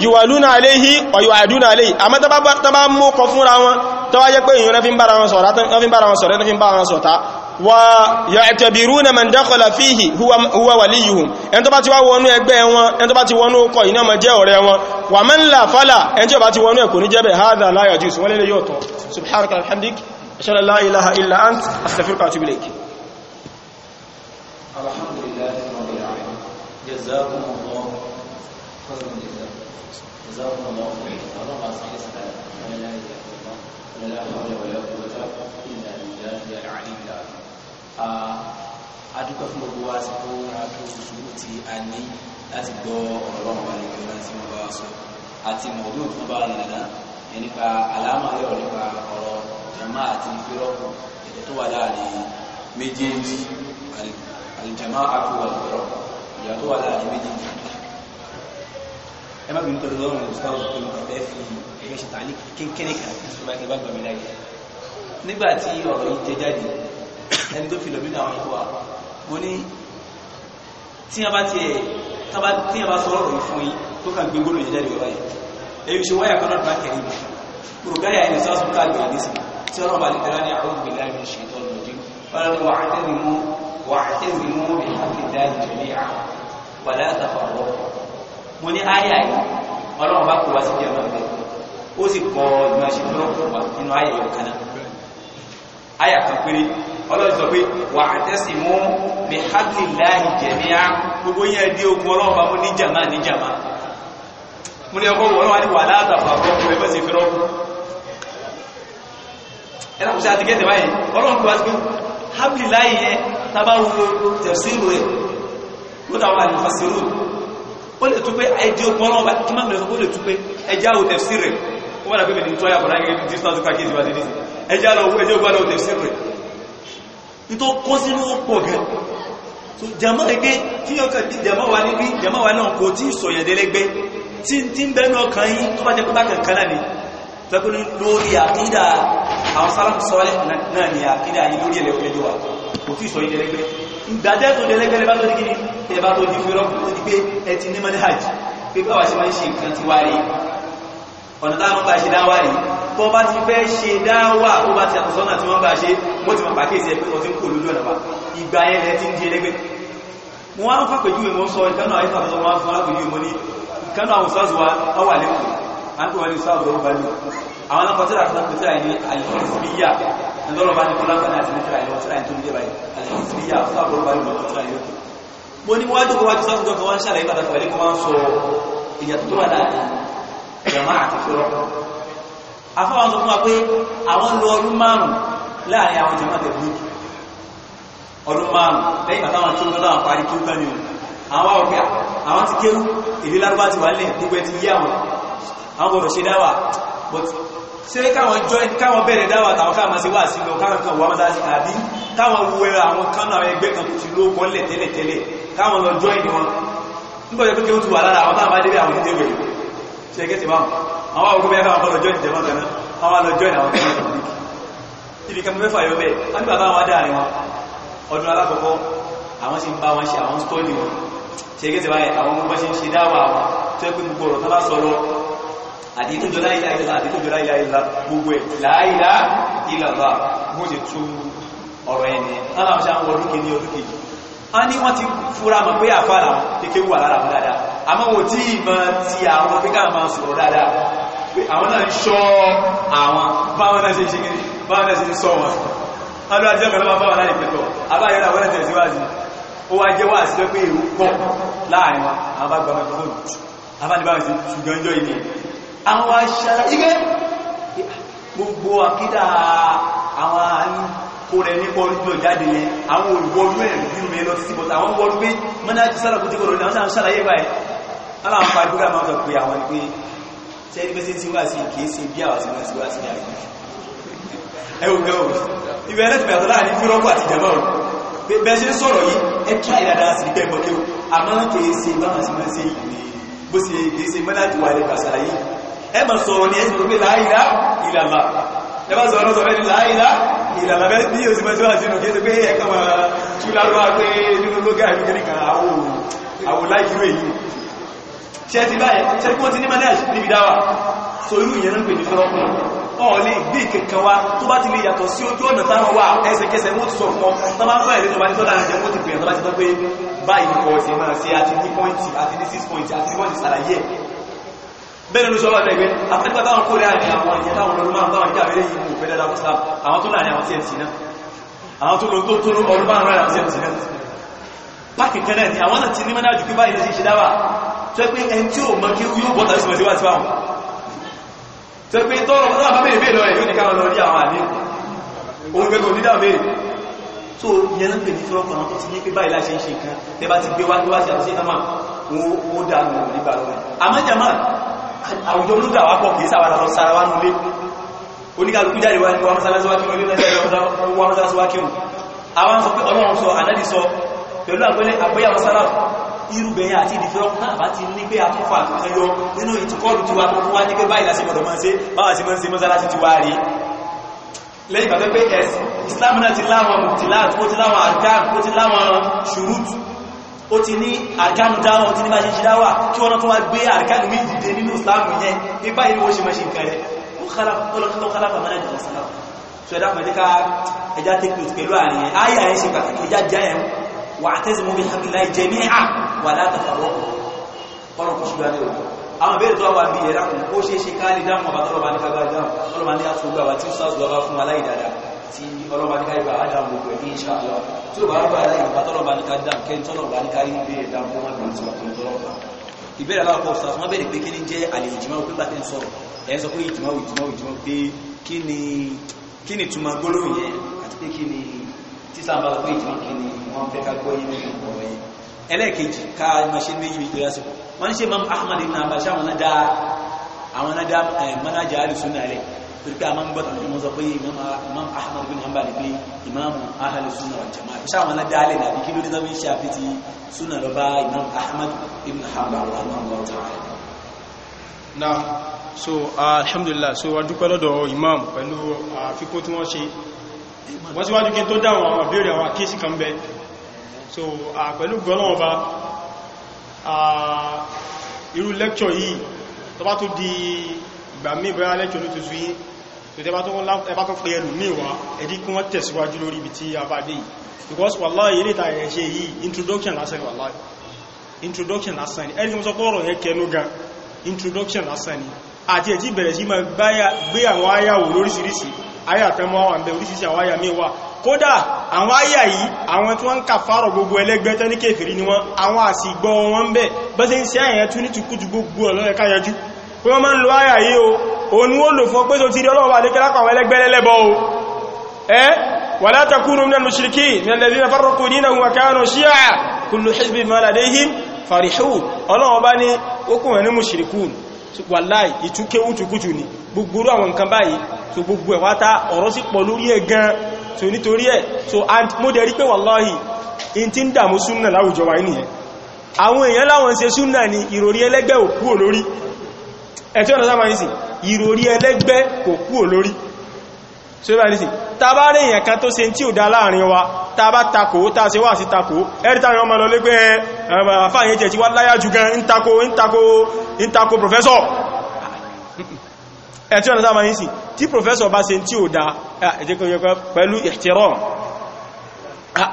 yíwàlúnà aléhì ọ̀yọ̀ àdúnà aléhì àmọ́ tó bá mú kọ fúnra wọn tó wáyé pé èèyàn fi ń bára wọn sọ̀rọ̀ fi ń bára wọn sọ̀tá wà yàtẹ̀bìrú na mẹ́ndẹ́kọ̀lá fíhì huwa wà líyìhùn ẹn tó bá جزاكم الله خيرا اللهم صل وسلم على لا اله الا الله ولا حول ولا قوه الا بالله العلي العظيم adúpẹ́ fún gbogbo wa sí fún àtò sùúrù tí a ní láti gbọ́ ọ̀rọ̀ wà ní ìgbìmọ̀ tí wọ́n bá wá sọ àti mọ̀ọ́dún tí wọ́n bá rìn lẹ́nà nípa aláàmàlẹ́ ọ̀rọ̀ nípa ọ̀rọ̀ jama àti ìfẹ́rọ̀kù ètò tó wà láàrin méjèèjì àlìjàmá àkúwà ìfẹ́rọ̀kù ìyà tó wà láàrin méjèèjì ẹ má bínú tọ́lọ́ lọ́rùn ìsìláwò tó ń bẹ̀ fi ẹgbẹ́ ṣe tààlì kékeré kan tó bá ẹgbẹ́ gbàmí láyé nígbà tí ọ̀rọ̀ yìí jẹ jáde ẹni tó fi lọ bínú àwọn ìfọwà mo ní tí a bá tiẹ̀ tí a bá sọ ọ̀rọ̀ yìí fún yín tó kàn gbé gbólóyè jáde wọ́n báyìí èyí ṣe wáyà kan náà bá kẹrin mi rògbáyà ẹni sásùn káàgbé àdísìn tí ọlọ́run bá lè tẹ́lá ní àwọn òbí láì ní ṣètò ọ̀nà òjì ọlọ́run mo ní àyà yìí ọlọ́run bá kó wá sí ìjọba bẹ́ẹ̀ ó sì kọ ìgbà ṣe tó rọ́pò wá nínú àyà yìí kan náà àyà kan péré ọlọ́run sọ pé wà á tẹ́sí mú bí hákì láì jẹ̀míà gbogbo yẹn dé ogun ọlọ́run bá mú ní jàmá ní jàmá mo ní ọkọ̀ wọ́n wá wà látàfà rọ́pò ẹgbẹ́ sì fi rọ́pò ẹ̀nà kùsí àti gẹ́tẹ̀ báyìí ọlọ́run kùwá sí pé hábìlì láì yẹn tábà wo tẹ̀síìrò rẹ̀ ó dáwọn àlùfàṣírò ó lè tún pé ẹjẹ́ okun ọlọ́wọ́ bá kí máa mẹ́rin ó lè tún pé ẹjẹ́ àwò tẹ̀fsí rẹ̀ ó wà lábẹ́ mẹ́rin tó yàbọ̀ láyé ní tí sáàtúkà kí ìjọba dé nìsí ẹjẹ́ àlọ́wọ́ ẹjẹ́ okun àlọ́wọ́ tẹ̀fsí rẹ̀ ní tó kó sínú pọ̀ gan so jama ẹgbẹ́ tí ọkà tí jama wa níbi jama wa náà kò tí sọ̀yẹ̀dẹ́lẹ́gbẹ́ tí tí ń bẹ́nu ọkàn yìí tó bá jẹ́ pé bákan kan náà ni tẹ́kùn lórí àkídà àwọn sálàmù sọ́ọ́lẹ̀ náà ni àkídà yìí lórí ẹ̀lẹ́gbẹ́jọ́ wa kò tí sọ̀yẹ̀dẹ́lẹ́gbẹ́ ìgbàjẹ́ tó dẹ̀lẹ́gbẹ̀rẹ̀ bá tó ní kíní ẹ̀bá tó di fẹ́rọ tó di pé ẹ ti ní mọ́ní hajj pé bá wà sí máa ṣe nǹkan ti wáyé ọ̀nà táwọn bá ṣe dáwà yìí tó bá ti fẹ́ ṣe dáwà tó bá ti àtọ̀sọ́nà tí wọ́n bá ṣe wọ́n ti mọ̀ pàkíyèsí ẹ̀ wa ìgbà yẹn lẹ́ ti ń di ẹlẹ́gbẹ̀ mo wá ń fà pẹ̀jú ìmọ̀ sọ ìkánà àyíká tó wọ́n fún alápẹ̀jú ìmọ̀ ní ìkánà àwọn sáàzù wa ọ wà lẹ́kọ̀ọ́ àwọn akọ̀wé ní sáàzù ọ̀rọ̀ balẹ̀ àwọn akọ̀tẹ́rà kan pẹ̀tẹ́rà ní àlìfẹ́sìbíyà ẹ̀lọ́rọ̀ bá ní kọ́ lágbàdá àti mẹ́tẹ̀rà ìwọ̀n tíra ìtò ní báyìí àlẹ́kìtìríyà fún àbúrò báyìí lọ́kọ̀ tíra ìlú mo ní wájú kọ́ wájú sáfùjọ kan wá ń ṣàlàyé pàtàkì pẹ̀lú kan wá ń sọ ìyàtọ̀ tó wà láàrin jama àti fúrọ́ afọ́wọ́n sọ fún wa pé àwọn lọ ọdún márùn láàrin àwọn jama tẹ̀lú ọdún márùn lẹ́yìn bàtà wọn ni o àwọn wá òkè àwọn ti kéwú ìdílárúbá ti wà nílẹ̀ gbogbo ẹ ti yí àwọn ṣe káwọn jọ káwọn bẹ̀rẹ̀ dáwà tàwọn káwọn sí wà sí lọ káwọn kan wà mọ́sáàsì àbí káwọn wo àwọn kan náà ẹgbẹ́ kan tó ti ló kọ́lẹ̀ tẹ́lẹ̀tẹ́lẹ̀ káwọn lọ jọ ìní wọn nígbàjẹ́ pé kí ó ti wà lára àwọn táwọn bá débẹ̀ àwọn ìdíwẹ̀ ṣe gẹ́sì báwọn àwọn àwọn ọgbẹ́ káwọn lọ jọ ìní jẹmọ́ kan náà àwọn lọ jọ ìní àwọn kan ibi kan mẹ́fà yọ bẹ́ẹ̀ wọ́n ní bàbá wọn dáàrin wọn ọdún alákọ̀ọ́kọ́ àwọn sì ń bá wọn ṣe àwọn stọ́ọ̀dì wọn ṣe gẹ́sì báyìí àwọn ọmọ bá ṣe ń ṣe dáwà àwọn tó ẹgbẹ́ gbogbo ọ̀rọ̀ tó bá sọ̀rọ̀ àti tó jọ láìlá ìlà àti tó jọ láìlá ìlà gbogbo ẹ̀ láìlá ìlàlá mú sí tú ọ̀rọ̀ ẹni aláwọ̀ṣá wọ́n lókè ní ọdún kejì a ní wọ́n ti fúra mọ̀ pé àfàrà kéèké wà lára wọn dáadáa àmọ́ wò tí ìmọ̀ ti àwọn pé káà máa sọ̀rọ̀ dáadáa pé àwọn náà ń ṣọ́ àwọn báwọn náà ṣe ṣe báwọn àwọn aṣàlá igẹ́ gbogbo àkídà àwọn kò rẹ̀ nípa olùgbò jáde yẹn àwọn olùwọ́lú ẹ̀ nínú ẹ lọ títí bọ̀tà àwọn wọ́lú pé mọ́nájú sára kò tí kò rọ̀ ní àwọn sàlàyé báyìí aláǹfà ìgbóra máa sọ pé àwọn ìpé tẹ́lí pẹ́sí tí wà sí kìí wà ní pàṣàlàyé ẹ ma sọ̀rọ̀ ní ẹ̀sìn tó pé láàílá ìlàlá ẹ sọ̀rọ̀ sọ̀rọ̀ ní láàílá ìlàlá bẹ́ bí o sì mẹ́sọ́ àti ìnù kéèsì pé ẹ̀kọ́ ma túláwà pé nínú lóga ìrìnkìrìkà báyìí kọ́ ọ̀sẹ̀ ṣe àti ní pọ́ìntì àti ní 6 pọ́ìntì àti ní pọ́ìntì sàlàyé bẹ́ẹ̀ ló sọ́wọ́ tẹ́gbẹ́ afẹ́gbà táwọn kó láàrin àwọn ìyẹn táwọn olórúmọ̀ táwọn ìjà abẹ́rẹ́ yìí kò fẹ́ dáadáa fún sáà àwọn tó láàrin àwọn tẹ́ẹ̀tì náà àwọn tó lóòótọ́ tó olórúmọ̀ àwọn ìyẹn tẹ́ẹ̀tì náà páàkì kẹ́lẹ̀ ni àwọn náà ti ní mẹ́nájú kí báyìí ṣe dáwà tó pé ẹni tí ó mọ kí yóò bọ́ tàbí sọmọ síwá síwá wọn tó pé tọ́rọ tó wà bẹ́ẹ̀ bẹ́ẹ̀ lọ ẹ̀ yóò ní káwọn lọ rí àwọn àdé òun gbẹ́gbẹ́ onídà bẹ́ẹ̀ tó yẹn ń pè ní tí wọ́n kọ̀ àwọn tó ti ní pé báyìí láṣẹ ń ṣe nǹkan tẹ́ bá ti gbé wájú wájú àti ìtàmà wọn ó dà nù nígbà lọ́wọ́ àmọ́ jàmáà àwùjọ ló dà wá pọ̀ kìí sàwàdà lọ sára wá nulé oníkàlùkù jáde wá ní wọ́n mọ́sálásí wá kírun wọ́n mọ́sálásí wá kírun àwọn sọ pé ọlọ́run sọ ànábì sọ pẹ̀lú àgbẹ́lẹ̀ àgbẹ́yàwó sára irúgbẹ̀yà àti ìdìfẹ́rọ́kùn náà bá ti ní pé àtúnfà kan yọ nínú ìtùkọ́lù tiwa tó wá ní pé báyìí láti gbọdọ̀ máa ṣe báwa sí máa ń ṣe mọ́sálásí ti wá rí lẹ́yìn bàbẹ́ pé ẹ̀sìn Islam náà ti láwọn mùtìláàtì ó ti láwọn àdáàkì ó ti láwọn ṣùrùtù ó ti ní àrkánu dáwà ó ti ní bá ṣe ṣe dáwà kí wọ́n tó wá gbé àrkánu méjì dìde nínú ìsìláàmù yẹn ipá ìlú oṣù mẹ́ṣin kẹrẹ ó kálàfà mẹ́rin ìjọ ìsìláàmù so ẹ̀dá pẹ̀lú ṣe pàtàkì ẹjá jẹ́ jami'a wà látàfàwọ́ ọ̀rọ̀ kọ́ ṣùgbọ́n lẹ́wọ̀ àwọn ìbéèrè tó wà bí ẹ̀rá kò ṣeé ṣe ká lè dáhùn ọba tọ́lọ́ba ní ká ó sáàsù lọ́ba tí ọlọ́ba ní káyìí bá adam gbogbo ẹ̀ ní ìṣàlọ́ tí ó bá rọ́bà lẹ́yìn bá tọ́lọ́ba ní káyìí dam kẹ́ tọ́lọ́ba ní káyìí bèèrè dam kó má bèèrè tí wà tó tọ́lọ́ba ìbéèrè aláwọ̀ sọ wọ́n bèèrè pé kí ni jẹ́ àlè ìjìmá òpin bá tẹ́ ń sọ̀rọ̀ ẹ̀ sọ pé ìjìmá ìjìmá ìjìmá pé kí ni kí ni túmọ̀ gbólóhùn yẹn àti pé kí ni tí sáà bá sọ pé ìjìmá kí ni wọ́n fẹ́ ká gbọ́ yín nínú ọ̀rọ̀ yẹn ẹlẹ́ẹ̀kejì ká máa ṣe méjì méjì lásìkò wọ́n ń ṣe mam ahmad torípé a máa ń gbọ́ tàbí mọ́ sọ imam ahmad bin hanbal pé imam ahal sunna wal jamaa iṣẹ́ àwọn aládàálẹ̀ nàbí kí ló dé tàbí ṣe àfi ti sunna lọ bá imam ahmad ibn hanbal rahimahullahu ta'ala na so ah, alhamdulillah so wájú pẹ́ lọ́dọ̀ imam pẹ̀lú ah, àfikún tí wọ́n ṣe wọ́n síwájú kí tó dáwọn ah, lecture yìí tó bá tó di ìgbà mí bẹ́rẹ̀ lecture ló ti sú yìí tó tẹba tó pẹ̀lú níwá ẹ̀dí kún wọ́n tẹ̀síwájú lórí ibi tí a bá dé yìí because wallahi ilé ìta ẹ̀rẹ̀ ṣe yìí introduction lásán ni wallahi introduction lásán ni ẹni sọ pọ́rọ̀ yẹ kẹnu gan introduction lásán ni àti ẹ̀tí bẹ̀rẹ̀ sí ma gbé àwọn ayáwò lóríṣiríṣi ayà tẹ́mọ́ àwọn àbẹ̀ oríṣiríṣi àwọn ayà míì wà kódà àwọn ayà yìí àwọn tí wọ́n ń kà fárọ̀ ni wọ́n àwọn àsìgbọ́ wọn bẹ̀ bẹ́sẹ̀ ń ṣe òun ó lò fún pé so ti rí ọlọ́wọ́ alékẹ́lá wa kanu shi'a kullu hizbin bima ladayhim farihun ọlọ́wọ́ bá ní okùn ẹni mushrikun wàláì ìtúkéwútukútù ni gbogbo àwọn nǹkan báyìí so gbogbo ẹ̀ wátá ọ̀rọ̀ sí pọ̀ lórí ẹ̀ gan so nítorí ẹ̀ so and mo dẹ̀ rí pé wàláì in ti ń dàmú súnnà láwùjọ wa nìyẹn àwọn èèyàn láwọn ṣe súnnà ni ìròrí ẹlẹ́gbẹ́ òkú olórí ẹ̀ tí ọ̀nà sáà máa ìròrí ẹlẹ́gbẹ́ kò kú olórí so bá nìsí tàbá rí èyàn kan tó ṣe tí ò dá láàrin wa tàbá takò tàà ṣe wà sí takò ẹ̀rítà àwọn ọmọ lọlẹ́gbẹ́ àfáàyẹ jẹ̀ tí wá láyá jù gan ń takò professor ẹ̀tí ọ̀nà sáà máa ń sì tí professor bá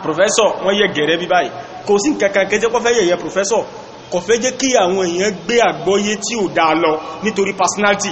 professor wọ́n yẹ gẹ̀rẹ́ bí báyìí kò sí kankan kẹjẹ́ professor kò fẹ́ jẹ́ kí àwọn èèyàn gbé àgbọ́yé tí ò dá lọ nítorí personality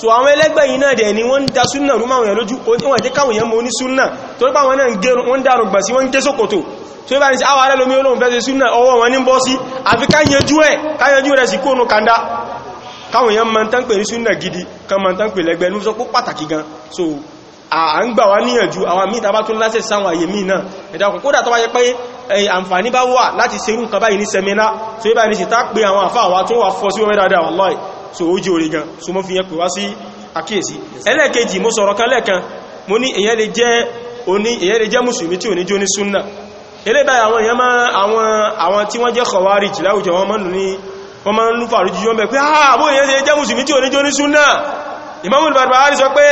so àwọn ẹlẹ́gbẹ́ yìí náà dẹ̀ ni wọ́n ń da súnà rú máwọn ẹ̀lójú wọ́n jẹ́ káwọn èèyàn mọ́ ní súnà tó rí pàwọn náà wọ́n dárò gbà sí wọ́n ń gé sókòtò tó rí bá ní sí àwọn arẹ́lómi olóhun fẹ́ súnà ọwọ́ wọn ní bọ́ kanda káwọn èèyàn máa ń gidi kan máa ń tán pè lẹ́gbẹ́ so à ń gbà wá níyànjú àwọn míì tàbá tún lásẹ̀ sáwọn àyè míì náà ẹ̀dàkùn kódà tó bá yẹ pé àǹfààní bá wà láti serú nǹkan báyìí ní sẹmínà tó yẹ báyìí so ó jí orí gan so mọ́ fi yẹn pè wá sí àkíyèsí ẹlẹ́ẹ̀kejì mo sọ̀rọ̀ kan lẹ́ẹ̀kan mo ní èyàn lè jẹ́ oní èyàn lè jẹ́ mùsùlùmí tí ò ní jó ní súnnà eléba àwọn èyàn máa àwọn àwọn tí wọ́n jẹ́ kọ̀wárì jì láwùjọ wọn máa ń ní wọ́n máa ń lú fàrú jíjọ́ mẹ́ pé ààbò ah, èyàn lè jẹ́ mùsùlùmí tí ò ní jó ní súnnà Imamul Barbahari sọ pé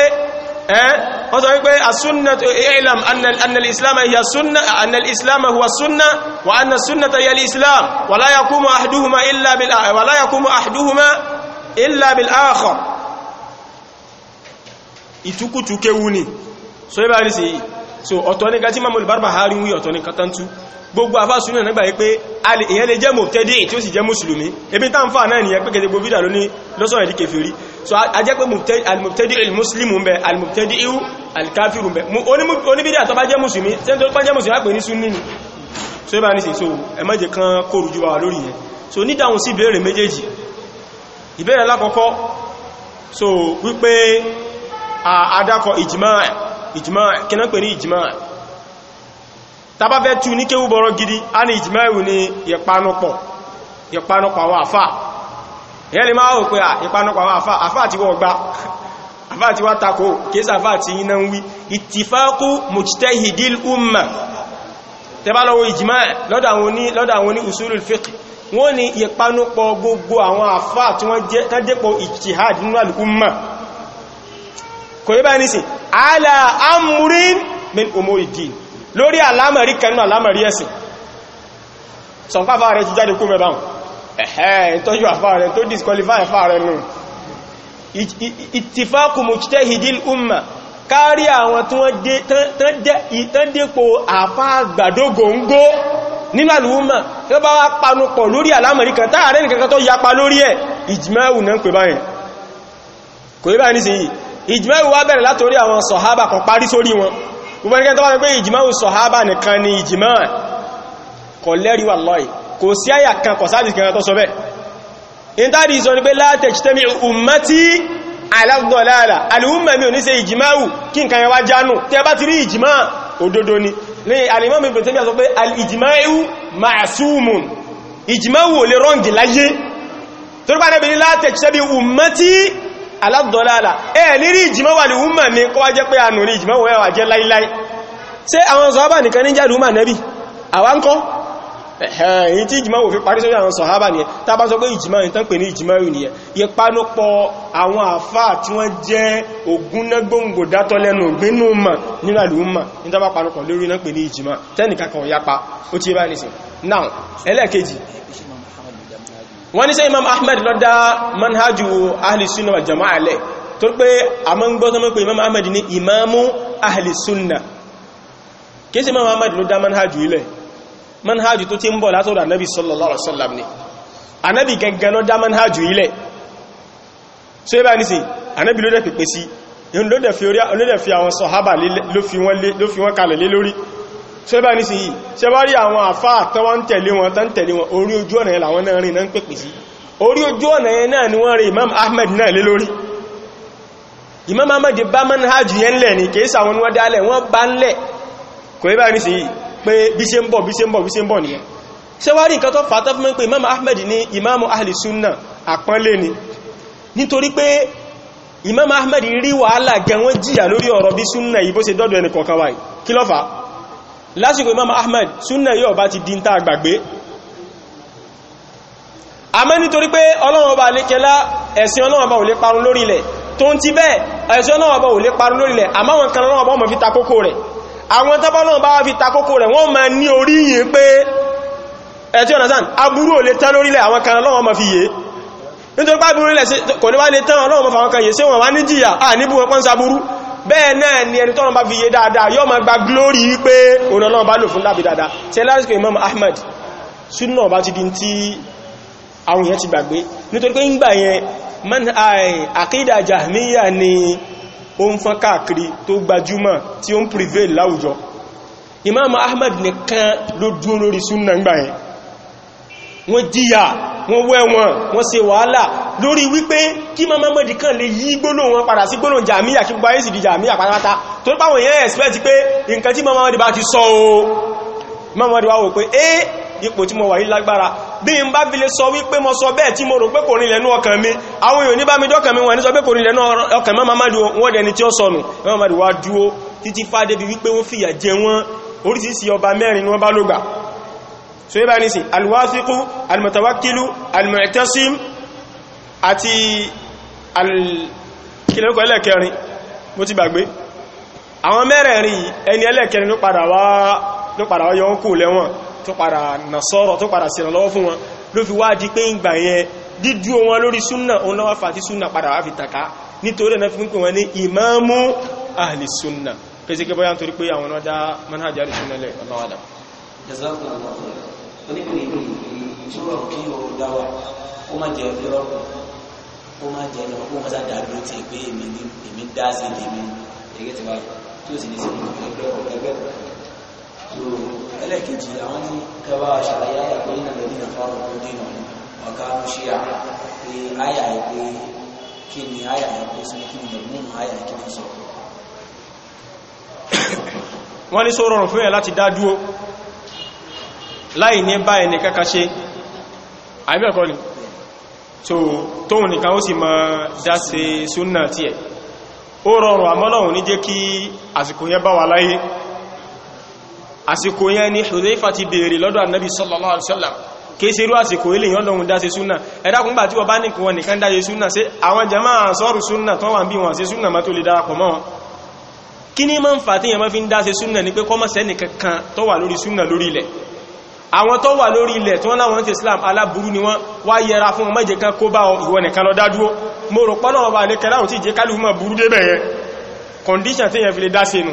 ẹ́ wọ́n sọ wípé asúnnàtò ilam annal islam hiya sunna annal islam huwa sunna wa anna sunnata hiya al islam wa la yaqumu ahaduhuma illa bil wa la yaqumu ahaduhuma illa bil akhar ìtukùtù kéwú ni so ibá rí sí so ọ̀tọ̀ ní gajima mọ̀lù bárbà harí wí ọ̀tọ̀ ní katantu gbogbo afásúnà nígbà yí pé ìyẹn lè jẹ́ mọ̀tẹ́dì tí ó sì jẹ́ mùsùlùmí ebi tá ń fà náà nìyẹn pẹ́kẹ́ gbogbo fídà lóní lọ́sọ̀rọ̀ ìdí kèfèrí so a jẹ́ pé alìmọ̀tẹ́dì ilmùsùlùmù bẹ alìmọ̀tẹ́dì ihu alìkáfírù bẹ Oni tó bá jẹ́ mùsùlùmí tí ó bá jẹ́ mùsùlùmí pè ní súnni ni so ibá ní sí so ẹ má jẹ́ kan kóru ju wa lórí yẹn so nídàhùn sí ìbéèrè méjèèjì ìbéèrè lákọ́kọ́ so wípé àdákọ̀ ìjìmáà ìjìmáà kí náà pè ní ìjìmáà tàbá fẹ́ tú ní kéwú bọ̀rọ̀ gidi a ní ìjìmáà ìwò ní ìpanupọ̀ ìpanupọ̀ àwọn àfà ìyẹ́ lè máa rò pé ìpanupọ̀ àwọn àfà àfà àti wọ́n gbá àfà àti wá takò kéèsà àfà àti iná ń wí ìtìfákú mujtahidil umma tẹ́bá lọ́wọ́ ìjìmáà lọ́dọ̀ àwọn wọ́n ní ìpanúpọ̀ gbogbo àwọn àfá tí wọ́n jẹ́pọ̀ ìjìhàd nínú al'umma kò yí bá ní sí ala amúrin min omoridi lórí alamari kanú alamari ẹ̀sìn sọ̀fáfá rẹ̀ ti jáde kú mẹ́bàun ẹ̀hẹ́ tọ́jú àfá rẹ̀ tó disqualify àfá rẹ̀ nù ìtìfákù mujtahidil umma kárí àwọn tí wọ́n dépò àfá àgbàdógóngó nínú àlùwúmà tí ó bá wá panupọ̀ lórí àlámọ̀rí kan táàrẹ́ nìkankan tó yapa lórí ẹ̀ ìjìmáwù náà ń pè báyìí kò yí báyìí nísìnyí ìjìmáwù wá bẹ̀rẹ̀ látorí àwọn sọ̀hábà kan parí sórí wọn gbogbo ẹnikẹ́ni tó wá pé ni ìjìmá kò lẹ́rí wallahi kò sí àyà kan kò sáàdì kan tó sọ ni pé la tajtami'u ummati ala dalala àlùwúmà mi ò ní ṣe ìjìmáwù kí nǹkan yẹn wá jánu tẹ́ bá ti rí ìjìmá òdodo ni ní al-Imam Ibn Taymiyyah sọ pé al-ijma'u ma'sumun ìjìmáwò lè rọ́ǹgì láyé torípa náà bèèrè la tajtabi'u ummati ala ad-dalala ẹ̀ lérí ìjìmáwò lè wùmà ní kọwàá jẹ́ pé ànù ní ìjìmáwò ẹwà jẹ́ ní jẹ́ èyí tí ìjìmá wò fi parí sórí àwọn sọ̀hábà ní tàbá sọ pé ìjìmá ìtàn pè ní ìjìmá ìrìn yẹ ìpanúpọ̀ àwọn àfá tí wọ́n jẹ́ ògúnná gbóngbò dátọ́ lẹ́nu gbínú mà nínú àlúmà ní tàbá panúpọ̀ lórí iná pè ní ìjìmá tẹ́nìkàkọ̀ yapa ó ti bá nìsìn now ẹlẹ́ẹ̀kejì wọ́n ní sẹ́ Imam Ahmed lọ dá manhajú ahli sunna wal jama'a lẹ́ tó pé a mọ́ ń gbọ́ sọmọ́ pé Imam Ahmed ní imamu ahli sunna kí sí Imam Ahmed lọ dá manhajú ilẹ̀ manhajù tó ti ń bọ̀ látọ̀dọ̀ anábì sallallahu alaihi wasallam ni anábì gangan ló dá manhajù ilẹ̀ so ibá nísìn anábì ló dẹ̀ pèpè sí ló dẹ̀ fi àwọn sọ̀hábà ló fi wọ́n kalẹ̀ lé lórí so ibá nísìn yìí ṣe bá rí àwọn àfáà tán wọ́n tẹ̀lé wọn tán tẹ̀lé wọn orí ojú ọ̀nà yẹn làwọn náà rìn náà ń pèpè sí orí ojú ọ̀nà yẹn náà ni wọ́n rí Imam Ahmed náà lé lórí Imam Ahmed ní kèésà wọn wọ́n dálẹ̀ wọ́n bá ń lẹ̀ kò ibá nísìn yìí pé bí ṣe ń bọ̀ bí Se ń bọ̀ bí ṣe ń bọ̀ nìyẹn ṣe wá rí nǹkan tó fàtọ́ fún pé imam ahmed ni imam ahli sunna àpọ́nlé ni nítorí pé imam ahmed rí wàhálà gan wọ́n jìyà lórí ọ̀rọ̀ bí sunna yìí se ṣe dọ́dọ̀ ẹni kọ̀ọ̀kan wáyìí kí ló fà lásìkò imam ahmed sunna yóò bá ti dín tá àgbàgbé àmọ́ nítorí pé ọlọ́run ọba lékẹlá ẹ̀sìn ọlọ́run ọba ò lè parun lórí ilẹ̀ tó ń ti bẹ́ẹ̀ ẹ̀sìn ọlọ́run ọba ò lè parun lórí ilẹ̀ àmáwọn kan ọlọ́run ọba ọmọ fi ta rẹ̀ àwọn tábánà bá fi takókò rẹ̀ wọ́n ma ní orí yìí pé ẹ̀tí ọ̀nàtàn aburú ò lè tán lórílẹ̀ àwọn kan lọ́wọ́ ma fi yé nítorí bá aburú ilẹ̀ kò ní wá lè àwọn ni ẹni tọ́nà bá fi yé glory wípé òun náà bá lò fún dábì Imam Ahmad súnà bá ti di tí àwọn èèyàn ti gbàgbé nítorí pé ń gbà yẹn man àkídà jahmiya ni ó ń fán káàkiri tó gbajúmọ̀ tí ó ń prevail láwùjọ Imam Ahmad nìkan ló dúró lórí súnnà ń gbà yẹn wọ́n jíyà wọ́n wẹ́wọ̀n wọ́n ṣe wàhálà lórí wípé kí Imam Ahmad kan lè yí gbólò wọn padà sí gbólò jàmíyà kí gbogbo ayé sì di jàmíyà pátápátá tó ní pàwọn èèyàn expect pé nǹkan tí Imam Ahmad bá ti sọ o Imam Ahmad wá wò pé é ipò tí mo wà yí lágbára bí n bá fi lè sọ wípé mo sọ bẹ́ẹ̀ tí mo rò pé kò rí lẹ́nu ọkàn mi àwọn èèyàn ní bá mi dọ́kàn mi wọ́n ní sọ pé kò rí lẹ́nu ọkàn mọ́ mamadu wọ́n dẹni tí ó sọnù mamadu wá ni wọ́n bá lógbà so yíba ní sí alwáfíkú almutawakilu almu'tasim àti alkìlẹ́kọ̀ọ́ ẹlẹ́kẹrin mo ti gbàgbé àwọn mẹ́rẹ̀ẹ̀rin ẹni ẹlẹ́kẹrin ló padà wá yọ ń kù lẹ́wọ̀n tó padà nàṣọ́rọ̀ tó padà ṣèrànlọ́wọ́ fún wọn ló fi wá di pé ìgbà yẹn dídú wọn lórí súnà òun lọ́wọ́ fàtí súnà padà wá fi tàká nítorí ẹ̀nà fi ń pè wọn ní ìmáàmù ahli súnà pèsè kí bọ́yá nítorí pé àwọn ọdá manhajj ahli súnà lẹ̀ ọlọ́wọ́dà ó ẹlẹ́kejì àwọn ní kẹwàá aṣàlàyé àyàpé iná lórí ìfọ́rọ̀ tó dínà ọ̀ká ṣe àyà pé àyà ìpé kí ni àyà ìpé sí kí ni lọ́gbọ́n àyà ìkí wọ́n sọ wọ́n ní sọ̀rọ̀ rùn fún ẹ̀ láti dádúó láì ní bá ẹni kaka ṣe àìbẹ̀kọ́ ni tó tóun nìkan ó sì mọ́ dá ṣe súnnà tí ẹ̀ ó rọrùn àmọ́lọ́hun ní jẹ́ kí àsìkò yẹn bá wà láyé àsìkò yẹn ni Hudhayfa ti béèrè lọ́dọ̀ annabi sallallahu alaihi wasallam kìí ṣe irú àsìkò ilé yọ́n lọ́hun dáṣe súnà ẹ̀dàkùn gbà tí wọ́n bá ní kí wọ́n nìkan dáṣe súnà sí àwọn jàmáà sọ́rù súnà tó wà ń bí wọ́n ṣe súnà má tó lè darapọ̀ mọ́ wọn kí ní máa ń fà tí yẹmọ́ fi ń dáṣe súnà ní lórí ilẹ̀ tó wà tí Islam aláburú ni wọ́n wá yẹra fún ọmọ ìjẹkan kó bá ìwọ nìkan lọ dádúó mo rò pọ́lọ̀ ọba àlékẹ́láhùn tí ìjẹ́kálù mọ̀ burú débẹ̀ yẹn condition tí yẹn fi lè dá sínú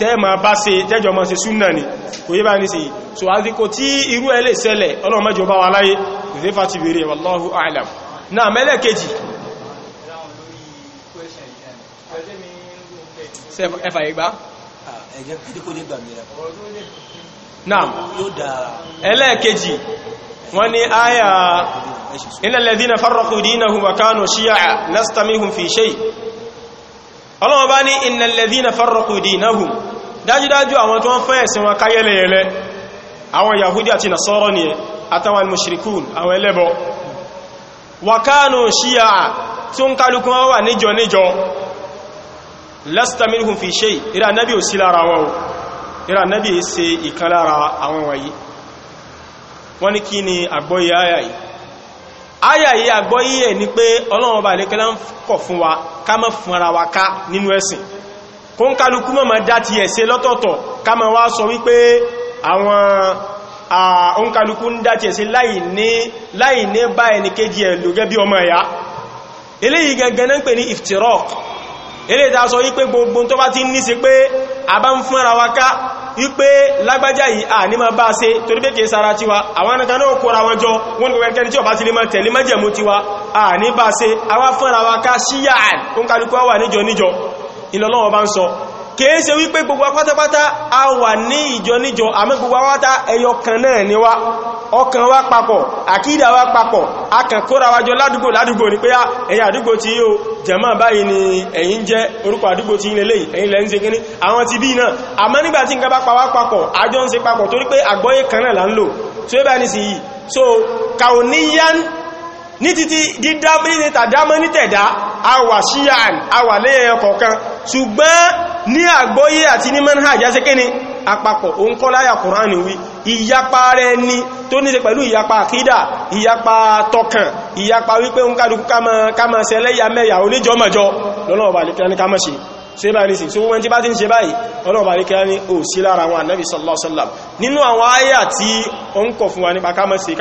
tẹ́ẹ̀mà bá ṣe tẹ́jọ mọ́ ṣe súnnà ni kò yí bá ní sí so àdíkò tí irú ẹ lè ṣẹlẹ̀ ọlọ́run mẹ́jọ bá wà láyé ìfẹ́fà ti bèèrè wallahu a'lam náà mẹ́lẹ̀ kejì wọ́n ní áyà innal ladhina farraqu dinahum wa fi shay' ọlọ́wọ́ bá ní innal ladhina farraqu dinahum dájúdájú àwọn tó wọ́n fẹ́ ẹ̀sìn wọn káyẹ́lẹ̀yẹlẹ́ àwọn yahudi àti nasọ́rọ̀ ni àtàwọn mushrikun àwọn ẹlẹ́bọ wa kanu shiya'a tí ó ń kálukú wọn wà níjọ níjọ lasta minhum fi shay ìrà àyà yìí àgbọ́ yíyẹ̀ ni pé ọlọ́run ọba ìlékẹ́lá ń kọ̀ fún wa ká má fúnra wa ká nínú ẹ̀sìn kó ń kálukú mọ̀ mọ̀ dá ti ẹ̀ṣẹ̀ lọ́tọ̀ọ̀tọ̀ ká má wá sọ wípé àwọn òǹkálukú ń dá ti ẹ̀ṣẹ̀ láì ní bá ẹnìkejì ẹ̀ lò gẹ́bí ọmọ ẹ̀yà ilé ìta sọ wípé gbogbo tó bá ti ní sí pé a bá ń fúnra wa ká wípé lágbájá yìí à ní ma bá ṣe torí pé kìí sára tiwa àwọn ẹnìkan náà kóra wọn jọ wọn ni kẹkẹrẹ tí ọba ti lè mọ tẹ̀lé mẹ́jẹ̀mú tiwa à ní bá ṣe àwọn fúnra wa ká síyà àn kó ń kálukú wà níjọ níjọ ìlọlọ́wọ́ bá ń sọ kìí ṣe wípé gbogbo apátápátá a wà ní ìjọ níjọ àmọ́ gbogbo apátá ẹyọ kan náà ni wá ọkàn wa papọ̀ àkídà wa papọ̀ akàn kóra wájọ ládùúgbò ládùúgbò ní pé á ah, ẹ̀yà àdúgbò tí yíò jẹ̀mọ́ báyìí ni ẹ̀yin jẹ́ orúkọ àdúgbò tí ilẹ̀ lẹ́yìn ẹ̀yin lẹ́yìn ṣe kíní àwọn ti bí náà àmọ́ nígbà tí nǹkan bá pa wá papọ̀ àjọ ń ṣe papọ̀ torí pé àgbọ́yé kan là ń lò tí ó bá ní sí yìí so kauniyan ní títí dídámínì tàdámínì tẹ̀dá àwà ṣíyàn àwà lẹ́yẹn kọ̀ọ̀kan ṣùgbọ́n ní àgbọ́yé àti ní manhaj jẹ́ kíni àpapọ̀ òun kọ́ láyà kùránì wí ìyapa rẹ̀ ní tó ní ṣe pẹ̀lú ìyapa àkídà ìyapa tọkàn ìyapa wípé ń kálukú kámọ́ sẹlẹ́yà mẹ́yà oníjọmọ̀jọ lọ́nà ọba àlekẹ́ ní kámọ́ ṣe ṣe bá ní sí so wọ́n tí bá ti ń sallallahu alaihi wasallam nínú àwọn àyà tí ó ń kọ̀ fún wa nípa kámọ́sí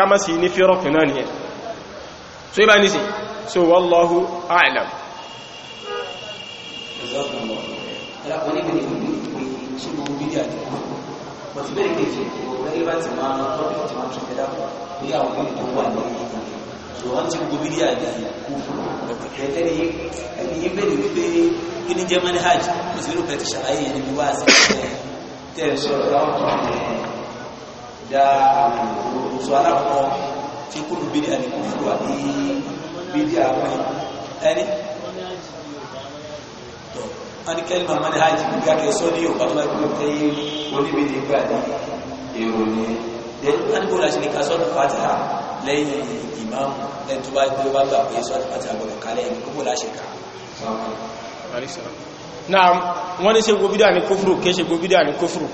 so yíba ní sí so wallahu a'lam wọ́n ti gbogbo bídí àdáyé kú fún ẹ̀tẹ́ ni ẹni yí bẹ̀rẹ̀ wípé kí ní german hajj mùsùlùmí pẹ̀tù ṣàlàyé yẹn níbi wá sí tẹ́ẹ̀ sọ̀rọ̀ láwọn tó ń dá àwọn òṣù alákọ̀ọ́ tí kúrò bí ẹni kò fún wa ní bídí àwọn ẹni anikẹ́lì màmá ní hajj bí káàkiri sọ ní yorùbá tó bá gbogbo tẹ́ yé oníbìdí gbà ní èrò ní ẹ̀yìn àdúgbò láti ní ká sọ́dún fatiha lẹ́yìn ìmáàmù ẹni tó bá gbé wá gbà pé sọ́dún fatiha gbọ́dọ̀ kálẹ̀ ẹni gbogbo láṣẹ ká naam wọ́n ní ṣe gbogbo ní kófùrù kéṣe gbogbo ní kófùrù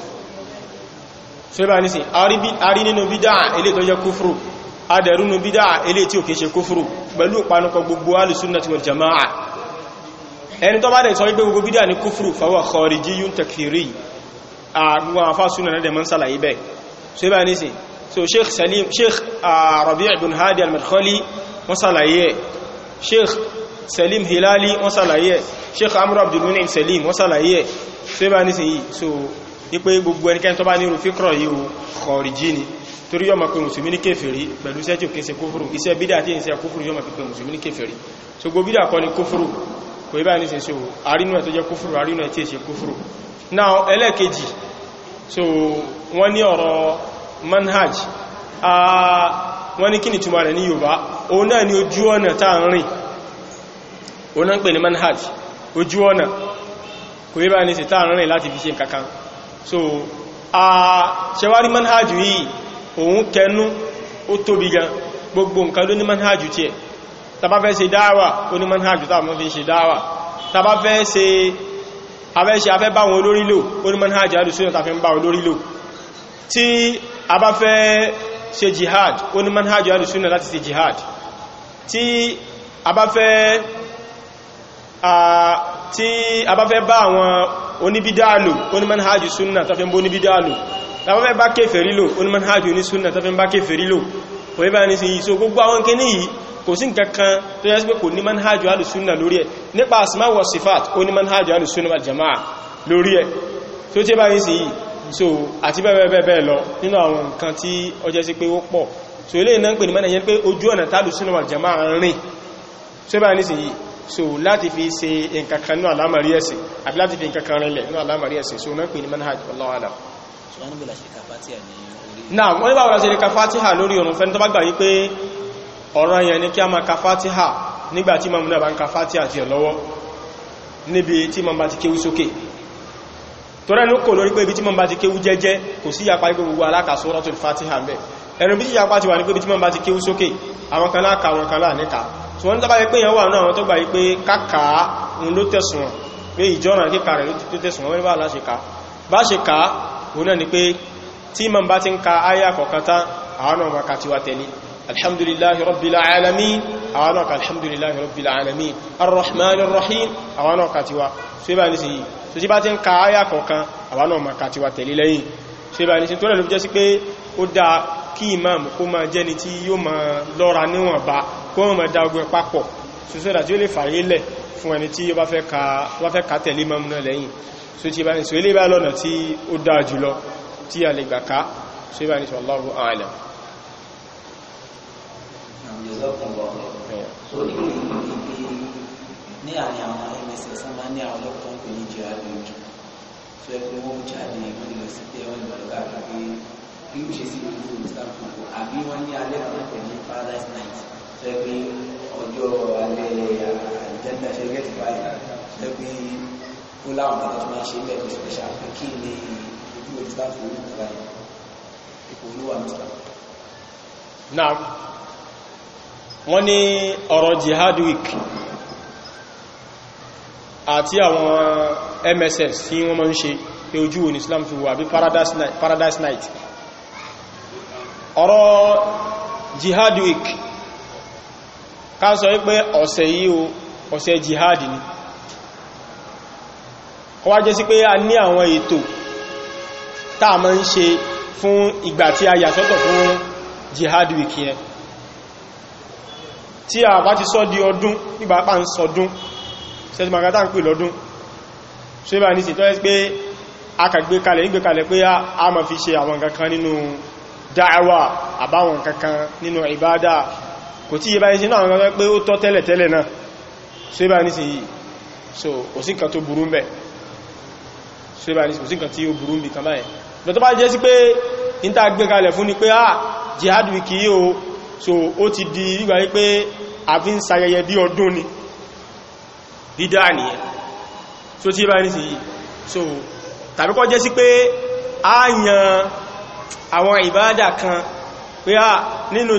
ṣe bá ní sí àrí nínú bídá ilé tó jẹ́ kófùrù adẹ̀rúnú bídá ilé tí ò kìí ṣe kúfúrú pẹ̀lú ìpanukọ gbogbo alìsúnnà tí wal jama'a ẹni tó bá dẹ̀ sọ wípé gbogbo bídá ní kúfúrú fáwọ̀ kọrìjí yún takfiri àwọn afásúnnà náà dẹ̀ mọ́ sálàyé bẹ̀ so ibá ní sí so sheikh salim sheikh rabi' ibn hadi al-madkhali wọ́n sálàyé sheikh salim hilali wọ́n torí yọ́ ma pé musulmi ní kéfèrí pẹ̀lú iṣẹ́ tí ò kí ṣe kófúrú iṣẹ́ bídá tí ń ṣe kófúrú yọ́ ma pé musulmi ní kéfèrí so gbogbo bídá kọ́ ni kófúrú kò ibá ní ṣe àrínú ẹ̀ tó jẹ́ kófúrú àrínú ẹ̀ tí ṣe kófúrú now ẹlẹ́ẹ̀kejì so wọ́n ní ọ̀rọ̀ manhaj wọ́n ní kí ni túnmà rẹ̀ ni ojú ọ̀nà tá ń rìn òun náà ń pè ní manhaj ojú ọ̀nà so a ṣẹwárí manhaj yìí òun kẹnu ó tóbi gan gbogbo nǹkan ló ní manhajù tí ẹ̀ tàbá fẹ́ ṣe dáwà ó ní manhajù tàbá mọ́ fi ṣe dáwà tàbá fẹ́ ṣe afẹ́ṣe afẹ́ bá wọn olórí lò ó ní manhajù alùsùnà tàfẹ́ ń bá wọn olórí lò tí a bá fẹ́ ṣe jihad ó ní manhajù alùsùnà láti ṣe jihad tí a bá fẹ́ tí a bá fẹ́ bá àwọn oníbídá lò ó ní manhajù sunna tàfẹ́ ń bó oníbídá lò tàbí fẹ́ bá kéfèrí lò ó ní manhaj oní súnà tó fẹ́ bá kéfèrí lò kò yí ní sí yìí so gbogbo àwọn kí ní yìí kò sí nǹkankan tó yẹ́ sí pé kò ní manhaj alùsúnà lórí ẹ̀ nípa asma wa sifat ó ní manhaj alùsúnà jamaa lórí ẹ̀ tó tí bá ní sí yìí so àti bẹ́ẹ̀bẹ́ẹ̀ lọ nínú àwọn nǹkan tí ó jẹ́ sí pé ó pọ̀ so ilé iná ń pè ní mẹ́nà yẹn pé ojú ọ̀nà so láti fi ṣe nǹkankan ní àlámàrí ẹ̀sìn àti láti fi nǹkankan rìnlẹ̀ ní àlámàrí ẹ̀sìn so náà pè ní manhaj wallahu alam náà wọ́n ní báwọn láti lè ka fatiha lórí ọ̀run fẹ́ni tó bá gbà wípé ọ̀ràn yẹn ni kí a máa ka fatiha nígbàtí mamu náà bá ń ka fatiha ti ẹ̀ lọ́wọ́ níbi tí mamu bá ti kéwú sókè torẹ́ ní kò lórí pé ibi tí mamu bá ti kéwú jẹ́jẹ́ kò sí yapa ipò gbogbo aláka suratul fatiha ń ẹnu bí yapa ti wà ní pé ibi tí mamu bá ti kéwú sókè àwọn kan láka àwọn kan láàníka tí wọ́n tábà pé yẹn wà náà àwọn tó gbà wípé káka ń ló tẹ̀sùn pé ìjọ́ràn kíkà rẹ̀ ló tẹ̀sùn wọ́n bá láṣe ká bá ṣe ká òun náà ni pé tí imam bá ti ń ka ayé àkọ́kọ́ tán àwọn náà ma ka tiwa tẹ̀lé alhamdulillahi rabbil alamin àwọn náà ka alhamdulillahi rabbil alamin arrahmanir rahim àwọn náà ka tiwa so ibà nísìnyí so tí bá ti ń ka ayé àkọ́kọ́ àwọn náà ma ka tiwa tẹ̀lé lẹ́yìn so ibà nísìnyí tó rẹ̀ ló jẹ́ sí pé ó dáa kí imam kó máa jẹ́ni tí yóò máa lọ́ra níwọ̀nba kó máa da ogun papọ̀ sọ́sọ́dà tí ó lè fàyè fún ẹni tí ó bá fẹ́ ka tẹ̀lé imam náà lẹ́yìn so ti bá ní so ilé bá lọ́nà tí ó dáa jùlọ tí a lè gbà ká so ibá ní so Allahu a'lam ní àárín àwọn mss máa ní àwọn ọlọ́pàá ń pè ní jihad ojú tó ẹ pé wọ́n ń jáde wọ́n lọ sí pé wọ́n lọ káàkiri pé kí ó ṣe sí ìlú islam gbogbo àbí wọ́n ní alẹ́ kan pè ní paradise night tó ẹ pé ọjọ́ alẹ́ àjẹ́ńdà ṣẹ́gẹ́tì báyìí tó ẹ pé ó láwọn ọ̀nà tó máa ṣe ń bẹ̀rẹ̀ ìṣẹ̀ṣà pé kí ni ojú ojú bá orí ìgbà yìí olúwa mìíràn. náà wọ́n ní ọ̀rọ̀ jihad week àti àwọn mss tí wọ́n máa ń ṣe pé ojú wo Islam fi wà bí paradise night ọ̀rọ̀ jihad week ká sọ wípé ọ̀sẹ̀ yìí o ọ̀sẹ̀ jihad ni kọwa jẹ́ sí pé a ní àwọn ètò táà mọ́ ń ṣe fún ìgbà tí a yàsọ́tọ̀ fún jihad week yẹn tí a bá ti sọ́ di ọdún nígbà pà ń sọdún sẹ́tí magata ń pè lọ́dún so ibà ní ìtọ́ ẹ́ pé a kàgbé kalẹ̀ nígbé kalẹ̀ pé a ma fi ṣe àwọn kankan nínú dáẹwà àbáwọn kankan nínú ìbádà kò tí ibà ìṣẹ́ náà pé ó tọ́ tẹ́lẹ̀ tẹ́lẹ̀ náà so ibà ní sí yìí so kò tó burú mbẹ̀ ṣe bá ní sí nǹkan tí ó burú ń bí kan báyẹ̀ lọ tó bá jẹ́ ah, jihadu wiki so ó di ìgbà wípé àfi ń sayẹyẹ ni dídá so tí bá ní so tàbí kọ́ jẹ́ sí pé a yan àwọn ìbádà kan ah,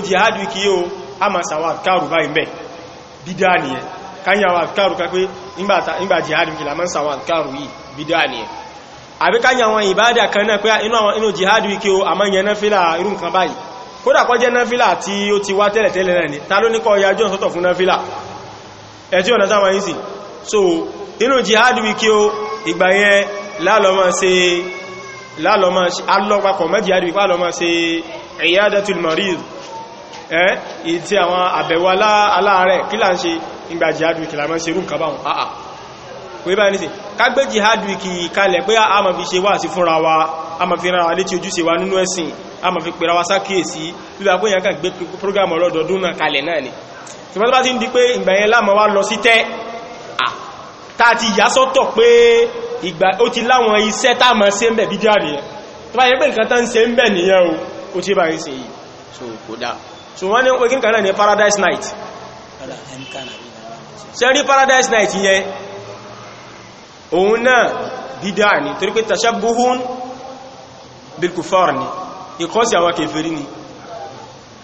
jihadu wiki yíò a ma sàwọn àkàrù báyìí bẹ́ dídá nìyẹn káyàwó àkàrù jihadu wiki la ma ń sàwọn àkàrù yìí àbí ká ní àwọn ìbádà kan náà pé ah, inú jihadu ike o àmọ́ yẹn náfílà irú nǹkan báyìí kódà kó náfílà tí ó ti wá tẹ́lẹ̀tẹ́lẹ̀ náà ni ta ló ní kọ́ yájọ́ sọ́tọ̀ fún náfílà ẹ̀tí ọ̀nà táwọn yìí sì so inú jihadu ike o ìgbà yẹn lálọ́mọ́ ṣe lálọ́mọ́ alọ́papọ̀ mọ́ jihadu ike alọ́mọ́ ṣe iyadatul marid ẹ́ ìtí àwọn àbẹ̀wọ̀ aláàárẹ̀ kí là ń ṣe ìgbà kò yí báyìí nísìn kágbé jihad wiki kalẹ̀ pé a ma fi ṣe wá sí fúnra wa a ma fi ran wa létí ojúṣe wa nínú ẹ̀sìn a ma fi pèrà wa sákèèsí bíbá pé yẹn kàn gbé program ọlọ́dọọdún náà kalẹ̀ náà ni ṣùgbọ́n tó bá ti ń di pé ìgbà yẹn láàmọ́ lọ sí tẹ́ tá so kò so wọ́n ní pé kí n Paradise Night ṣe Paradise Night yẹn òun náà bídá ní torí pé tashabbuhun bilkufar ni ìkọ́sí àwọn kèfèrí ni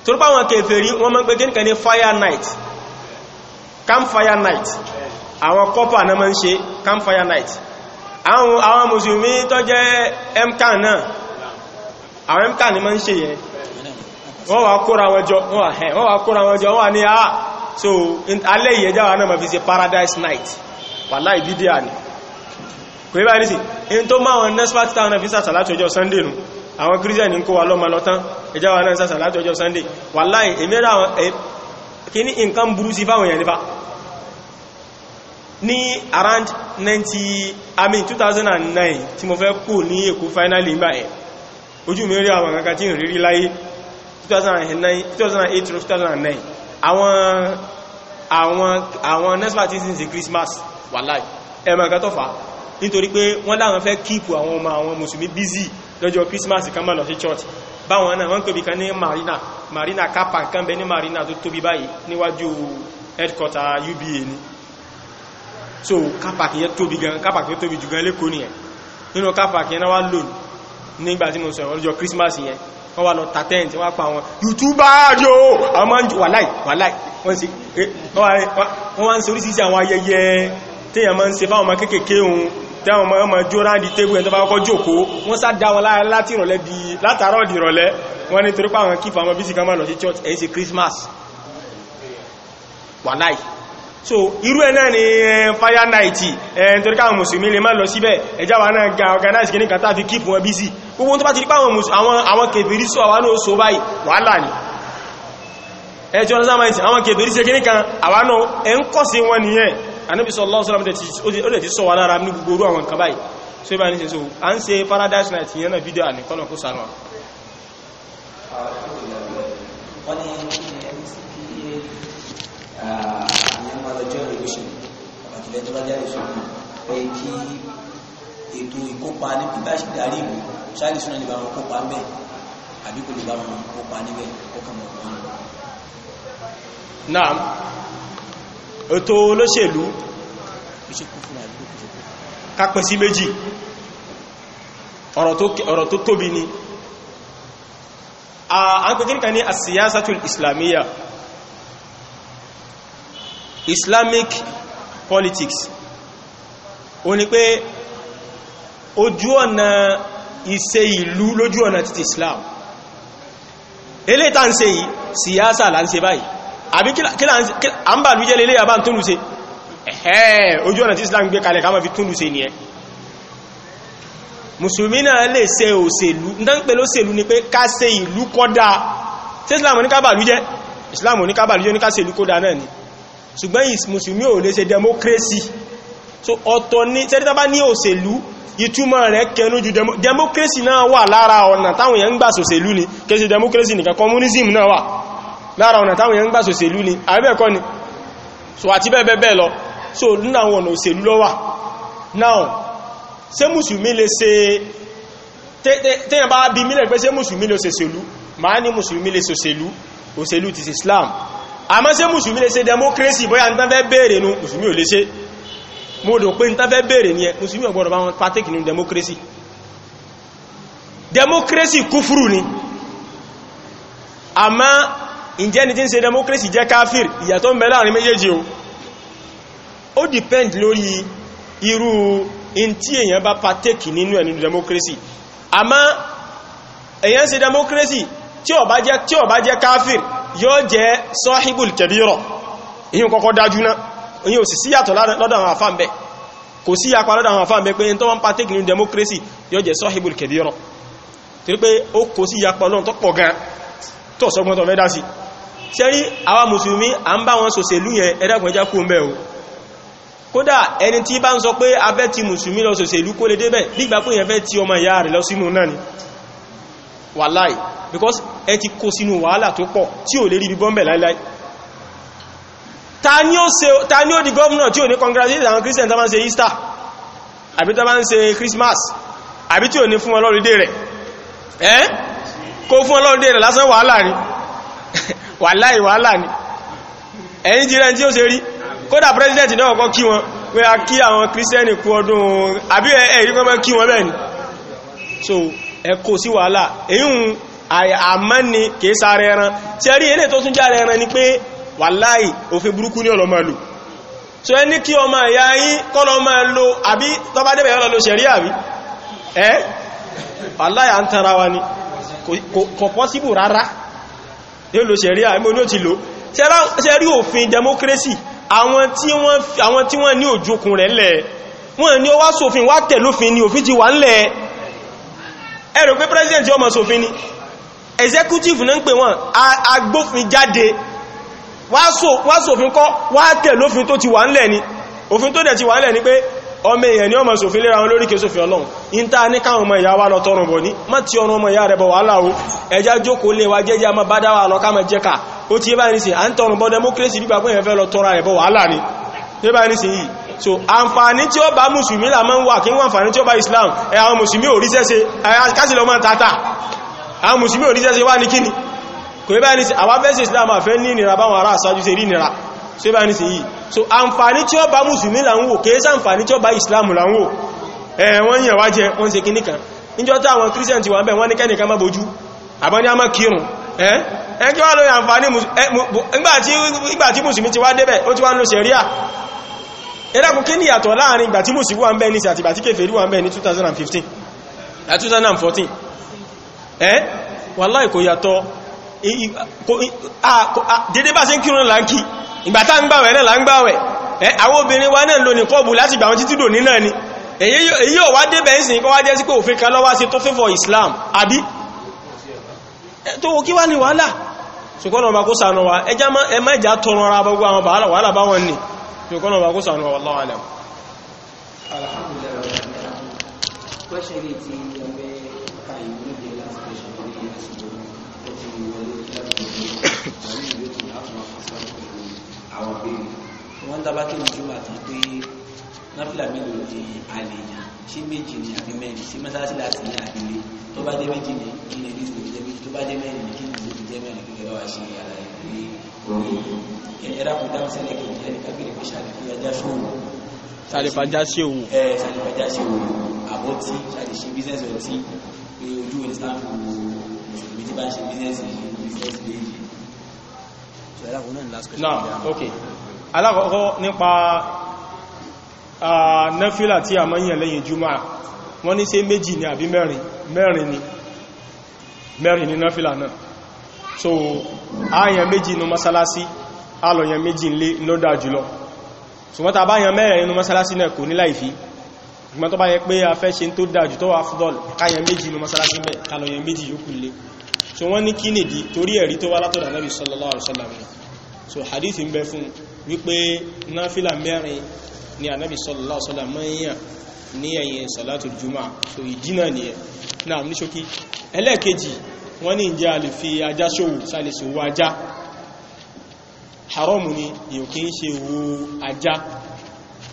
torí pàwọn kèfèrí wọ́n mọ́ pé kínkà ní fire night campfire night àwọn kọ́pà náà mọ́ ń ṣe campfire night àwọn mùsùlùmí tó jẹ́ mkan náà àwọn mkan ni mọ́ ń ṣe yẹn wọ́n wá kóra wọn jọ wọ́n wá kóra wọn jọ wọ́n wá ní àà ah, so alẹ́ ìyẹjáwà náà ma fi ṣe paradise night wàláì bídíà ni kò ibá nìsí in tó máa wọn nẹ́sìpàtí táwọn náà fi sàtà láti ọjọ́ sunday nù àwọn christian ń kó wa lọ́mà lọ́tán ẹjá wa náà sàtà láti ọjọ́ sunday wàláhì èmẹ́rà kí ní nǹkan burú sí fáwọn èèyàn nípa ní around 90 i 2009 tí mo fẹ́ kú ní èkó finally ń báyẹ̀ ojú mi rí àwọn kankan tí ń rírí láyé 2008-2009 àwọn àwọn àwọn nẹ́sìpàtí sí christmas wàláhì ẹ̀mọ̀ kan tó fàá nítorí pé wọ́n láwọn fẹ́ kíìpù àwọn ọmọ àwọn mùsùlùmí bízì lọ́jọ́ Christmas kan máa lọ sí church báwọn náà wọ́n tóbi kan ní marina marina kappa kan bẹ ní marina tó tóbi báyìí níwájú headquarter UBA ni so kappa kìí tóbi gan kappa kìí tóbi jù gan lẹ́kọ́ ni ẹ̀ nínú kappa kìí náà wá lòun nígbà tí mo sọ̀rọ̀ lọ́jọ́ Christmas yẹn wọ́n wá lọ ta tent wọ́n pa wọn yùtúbáàjò àwọn máa ń jù wàláì wàláì eh, wọ́n wá ń ṣe oríṣiríṣi àwọn ayẹyẹ téèyàn máa ń ṣe fáwọn ọmọ kéékèèké òun táwọn ọmọ ọmọ jó ráńdì tébù ẹni tó bá kọ́kọ́ jókòó wọ́n sá dá láti ìrọ̀lẹ́ di látàárọ̀ ìrọ̀lẹ́ wọ́n ní torípa àwọn kífà ọmọ bísí kan máa lọ sí church ẹ̀yìn Christmas wàláì so irú ẹ̀ náà fire night ẹ̀yìn torípa àwọn mùsùlùmí lè máa Ànábì sallallahu alaihi wasallam ó dẹ̀ ti sọ wà lára ní gbogbo orú àwọn nǹkan báyìí so ibà ní sẹ́sọ́ à ń ṣe paradise night yẹn náà fídíò àní kọ́nà kó sànà wọ́n ní ètò ìkópa ní bí bá ṣe darí ìlú ṣáàlì súnà lè bá wọn kópa ń bẹ̀ àbí kò lè bá wọn kópa níbẹ̀ ọkàn mọ̀ wọn. náà ètò olóṣèlú kápẹ́ sí méjì ọ̀rọ̀ tó tóbi ni a ń pè kíríkà ní asiyasatul islamiyya islamic politics ó ní pé ojú ọ̀nà ìṣe ìlú lójú ọ̀nà títí islam eléta ń ṣe yìí siyasa là ń ṣe báyìí àbí à ń bà lújẹ́ lélé àbá ń túnlù ṣe ẹ̀ẹ́ ojú ọ̀nà tí Islam gbé kalẹ̀ ká má fi túnlù ṣe nìyẹn mùsùlùmí náà lè ṣe òṣèlú ń dán pẹ̀lú òṣèlú ni pé ká ṣe ìlú kọ́dá tí Islam ní ká bà lújẹ́ Islam ní ká bà lújẹ́ ní ká ṣe ìlú kọ́dá náà ni ṣùgbọ́n mùsùlùmí ò lè ṣe democracy so ọ̀tọ̀ ní tẹ́rítà bá ní òṣèlú ìtumọ̀ rẹ̀ kẹnu ju democracy náà wà lára ọ̀nà táwọn èèyàn ń gbà sòṣèlú ni kẹsì democracy nìkan communism náà wà lára ọ̀nà táwọn èèyàn ń gbà sòṣèlú ni àbẹ́ẹ̀kọ́ ni so àti bẹ́ẹ̀ bẹ́ẹ̀ lọ so nínú àwọn ọ̀nà òṣèlú ló wà now ṣé mùsùlùmí lè ṣe tẹ́yàn bá bí mílẹ̀ pé ṣé mùsùlùmí lè ṣòṣèlú máa ní mùsùlùmí lè ṣòṣèlú Islam àmọ́ ṣé mùsùlùmí lè ṣe democracy bóyá nǹkan fẹ́ bèèrè mo dò pé nǹkan fẹ́ bèèrè ni ẹ mùsùlùmí ò gbọ́dọ̀ bá wọn partake ǹjẹ́ ni tí ń ṣe democracy jẹ́ káfíìr ìyàtọ̀ ń bẹ láàrin méjèèjì o ó depend lórí irú in tí èyàn bá partake nínú ẹ̀ nínú democracy àmọ́ èyàn ṣe democracy tí ó bá jẹ́ tí ó bá jẹ́ káfíìr yóò jẹ́ sọ́híbùl kẹbírọ̀ èyàn kọ́kọ́ dájú náà èyàn ò sì síyàtọ̀ lọ́dọ̀ àwọn àfáà ń bẹ kò sí yapa lọ́dọ̀ àwọn àfáà ń bẹ pé tó wọ́n partake nínú democracy yóò jẹ́ sọ́híbùl kẹbírọ̀ torí pé ó kò sí yapa ọlọ́run tó pọ̀ gan tó sọgbọ́n tó fẹ́ dá sí i ṣẹ́rí àwa mùsùlùmí à ń bá wọn sòṣèlú yẹn ẹ̀dàkùn ẹjá kó mẹ́ o kódà ẹni tí bá ń sọ pé abẹ́ ti mùsùlùmí lọ sòṣèlú kó lè débẹ̀ nígbà pé yẹn fẹ́ ti ọmọ ìyá rẹ̀ lọ sínú náà ni wàláì because ẹ ti kó sínú wàhálà tó pọ̀ tí ò lè rí ibi bọ́m̀bẹ̀ láíláí ta ni ó di gọ́ọ̀nà tí ò ní congratulate christmas àbí tí ò ní fún wọn lọ́rùdé rẹ̀ ẹ́ kó fún wọn lọ́rùdé rẹ̀ lásán wàláì wàhálà ni ẹ̀yìn jíra tí ó ṣe rí kódà president náà kọ́ kí wọn pé a kí àwọn kírísítẹ́nì kú ọdún àbí ẹ̀rí kọ́ kí wọn bẹ́ẹ̀ ni so ẹ kò sí wàhálà èyún àmọ́ni kìí sáré ẹran tí ẹrí eré tó tún járe ẹran ni pé wàláì òfin burúkú ní ọlọ́mọ so ẹ ní kí ọmọ ìyá yín kọ́lọ máa lo àbí tọ́bá débẹ̀ yọ́ lọ lo ṣẹ̀rí àbí ẹ́ wàláì à ń tara wa ni kò pọ́síbù rárá yóò lo ṣẹ̀ríà ẹmọ́ ní ó ti lò ṣẹ̀rí òfin democracy àwọn tí wọ́n ní òjòkun rẹ̀ lẹ̀ wọ́n ní ó wá sófin wá tẹ̀lófin ni òfin ti wà ńlẹ̀ ẹ rò pé president yóò mọ̀ sófin ni executive náà ń pè wọ́n agbófin jáde wá sófin kọ́ wá tẹ̀lófin tó ti wà ńlẹ̀ ni òfin tó dẹ̀ ti wà ńlẹ̀ ni pé ọmọ èèyàn ni ọmọ sòfin lera wọn lórí kèsòfin ọlọ́run in ta ní káwọn ọmọ ìyá wa lọ tọrùn bọ̀ ní má ti ọ̀nà ọmọ ìyá rẹ̀ bọ̀ wàhálà o ẹjá jókòó lè wa jẹ́jẹ́ ọmọ bá dáwà jẹ́ka ó ti yé ni yé báyìí so àǹfààní tí ó bá mùsùlùmí là máa Islam ẹ àwọn mùsùlùmí ò ríṣẹ́ṣe kásìlọ máa tata àwọn mùsùlùmí ò ríṣẹ́ṣe wá ní kíni kò yẹ báyìí nísìn àwọn afẹ́sì Islam àfẹ́ ní ìnira báwọn ará àṣájú sí rí ṣe bá ní sí yìí so àǹfààní tí ó bá mùsùlùmí là ń wò kìí sàǹfààní tí ó bá ìsìláàmù là ń wò ẹ̀wọ́n yẹ̀wà jẹ wọ́n ṣe kíní kan níjọ́ tí àwọn christian ti wà bẹ̀ wọ́n ní kẹ́nìkan má bojú àbọ́n ní a má kírun ẹ́ kí wá lórí àǹfààní 2015 àti 2014 ẹ́ wàláì kò yàtọ̀ dédé bá ṣe ń kírun láńkí ìgbàtà ń gbàwẹ̀ náà là ń gbàwẹ̀ ẹ àwọn obìnrin wa náà lò ní kọ́ọ̀bù láti gbà wọn títí dò ní náà ni èyí ò wá débẹ̀ ń sìn kọ́ wá jẹ́ sí pé òfin kan lọ́wọ́ sí tó fẹ́ fọ́ Islam àbí tó wò kí wá ní wàhálà ṣùgbọ́n ọba kó sànà wa ẹmọ́ ìjà tọrọ ara gbogbo àwọn wàhálà báwọn ní ṣùgbọ́n ọba kó sànà wa wallahu alam question is ti ọbẹ̀ ka ìwé ní the last question ní ẹ̀sùn tó ti wọlé láti ọdún àwọn pé wọ́n dábàá kí ní jùmọ̀ àtàn pé náfìlà mélòó ni àlèyàn ṣé méjì ni àbí mẹ́rin ṣé mẹ́sàásì láti ní àbílé tó bá jẹ́ méjì ni kí ni ìdíje òbí jẹ́ méjì tó bá jẹ́ mẹ́rin ni kí ni ìdíje jẹ́ mẹ́rin kí ni bá wa ṣe àlàyé pé ẹ̀rọ kò dáhùn sílẹ̀ kì í jẹ́ ẹnì kábìrì pé ṣàlùfẹ́ ajá ṣòwò. ṣàlùfàjá ṣe òun. ẹ ṣàlùfàjá ṣe òun àbọ̀ tí ṣàlùṣe bísẹ̀sì ọtí pé ojú ìsìlámù mùsùlùmí ti bá ń ṣe bísẹ̀sì bísẹ̀sì léyìí alákọ̀ọ́kọ́ nípa náfílà tí a mọ́ yàn lẹ́yìn jùmọ́ wọ́n ní ṣé méjì ni àbí mẹ́rin mẹ́rin ni mẹ́rin ni náfílà náà so àyàn méjì inú mọ́sálásí alọ̀yàn méjì nlé ló dáa jùlọ ṣùgbọ́n tá bá yàn mẹ́rin inú masalasi náà kò ní láìfí ṣùgbọ́n tó bá yẹ pé a fẹ́ ṣe tó dáa jù tó wà fúdọ́l káyàn méjì inú mọ́sálásí bẹ́ẹ̀ kalọ̀yàn méjì yókù lé so wọ́n ní kí nìdí torí ẹ̀rí tó wá látọ̀dọ̀ Ànábì sallallahu alaihi wasallam so hadith ń bẹ fún wípé náfílà mẹ́rin ni Ànábì sallallahu alaihi wasallam yàn ní ẹ̀yìn salatul juma so ìdínà nìyẹn náà ní ṣókí ẹlẹ́ẹ̀kejì wọ́n ní ìjẹ́ a lè fi ajá ṣòwò sálẹ̀ ṣòwò ajá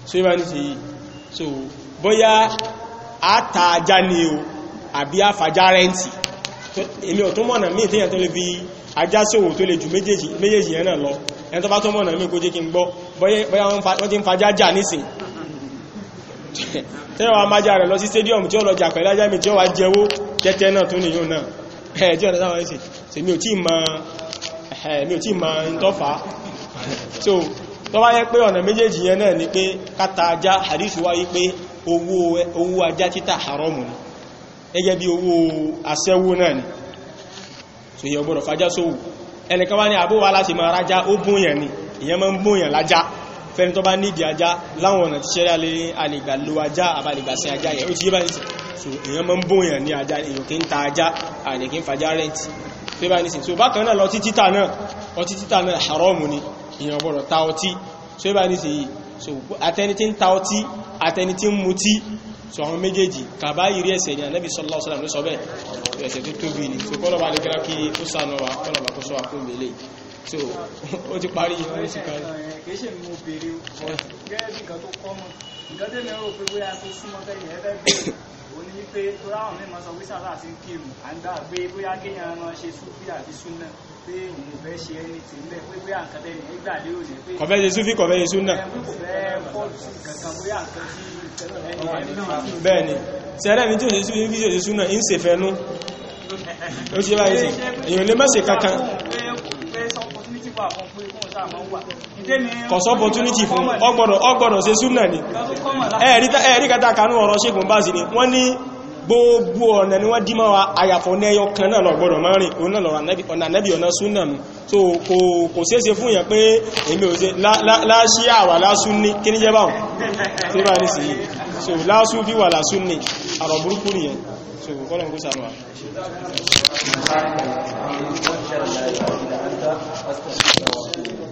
so yíba so bóyá a ta ajá ni àbí a fàjá èmi ò tó mọ̀nà míì tí yẹn tó lè fi ajásòwò tó lè ju méjèèjì yẹn náà lọ ẹni tó bá tó mọ̀nà míì kó jẹ́ kí n gbọ́ bóyá wọ́n ti ń fajá jà nísìn tẹ́rọ wa máa jà rẹ̀ lọ sí stadium tí ó lọ jà pẹ̀lú ajá mi tí ó wá jẹ́wó tẹ́tẹ́ náà tó nìyàn náà ẹ̀ tí ó lọ sáwọn ẹ̀sìn tí mi ò tí ma mi ò tí ma ń tọ́fà so tó bá yẹ pé ọ̀nà méjèèjì yẹn náà ni pé gẹ́gẹ́ bí owó aṣẹ́wó náà ni so yẹ ọgbọ́dọ̀ fajá sówò ẹnìkan wá ní àbúwà láti máa rájá ó búnyàn ni ìyẹn máa ń búnyàn lájá fẹ́ni tó bá nídi ajá láwọn ọ̀nà tí ṣẹ́rẹ́ alẹ́gbà lo ajá àbálẹ́gbàsẹ́ ajá yẹ ó ti yé bá nìsìn so èyàn máa ń bóyàn ní ajá èyàn kí ń ta ajá àlè kí ń fajá rent tó bá nìsìn so bákan náà lọtí so àwọn méjèèjì kàbá ìrí ẹ̀ṣẹ̀ ni ànábì sallallahu alaihi wasallam ló sọ bẹ́ẹ̀ ẹ̀ṣẹ̀ tó tóbi ni so kọ́lọ̀bà lè kíra kí ó sànà wa kọ́lọ̀bà kó sọ wa kó mẹ́lẹ̀ so ó ti parí ó ti parí nǹkan tẹ́mi pé òun fẹ́ ṣe ẹni tí jésù fi kọ̀fẹ́ jésù náà bẹ́ẹ̀ni tí ẹ̀rẹ́ tí fi jésù náà ń ó ṣe èyàn lè kankan fún ọgbọ̀dọ̀ ṣe súnà ni ọ̀rọ̀ ṣe ni wọ́n ní gbogbo ọ̀nà ni wọ́n dímọ́ wa àyàfọ̀ ní ẹyọ kan náà lọ́gbọ́dọ̀ máa rìn òun náà ọ̀nà nẹ́bì ọ̀nà súnà nù so kò ṣeéṣe fún èèyàn pé èmi ò ṣe láṣí àwà lásún ní kí ní jẹ́ báwọn tí bá ní sí yìí so lásún bí wà lásún ní àrọ̀ burúkú nìyẹn so kọ́lọ̀ kó sàrọ̀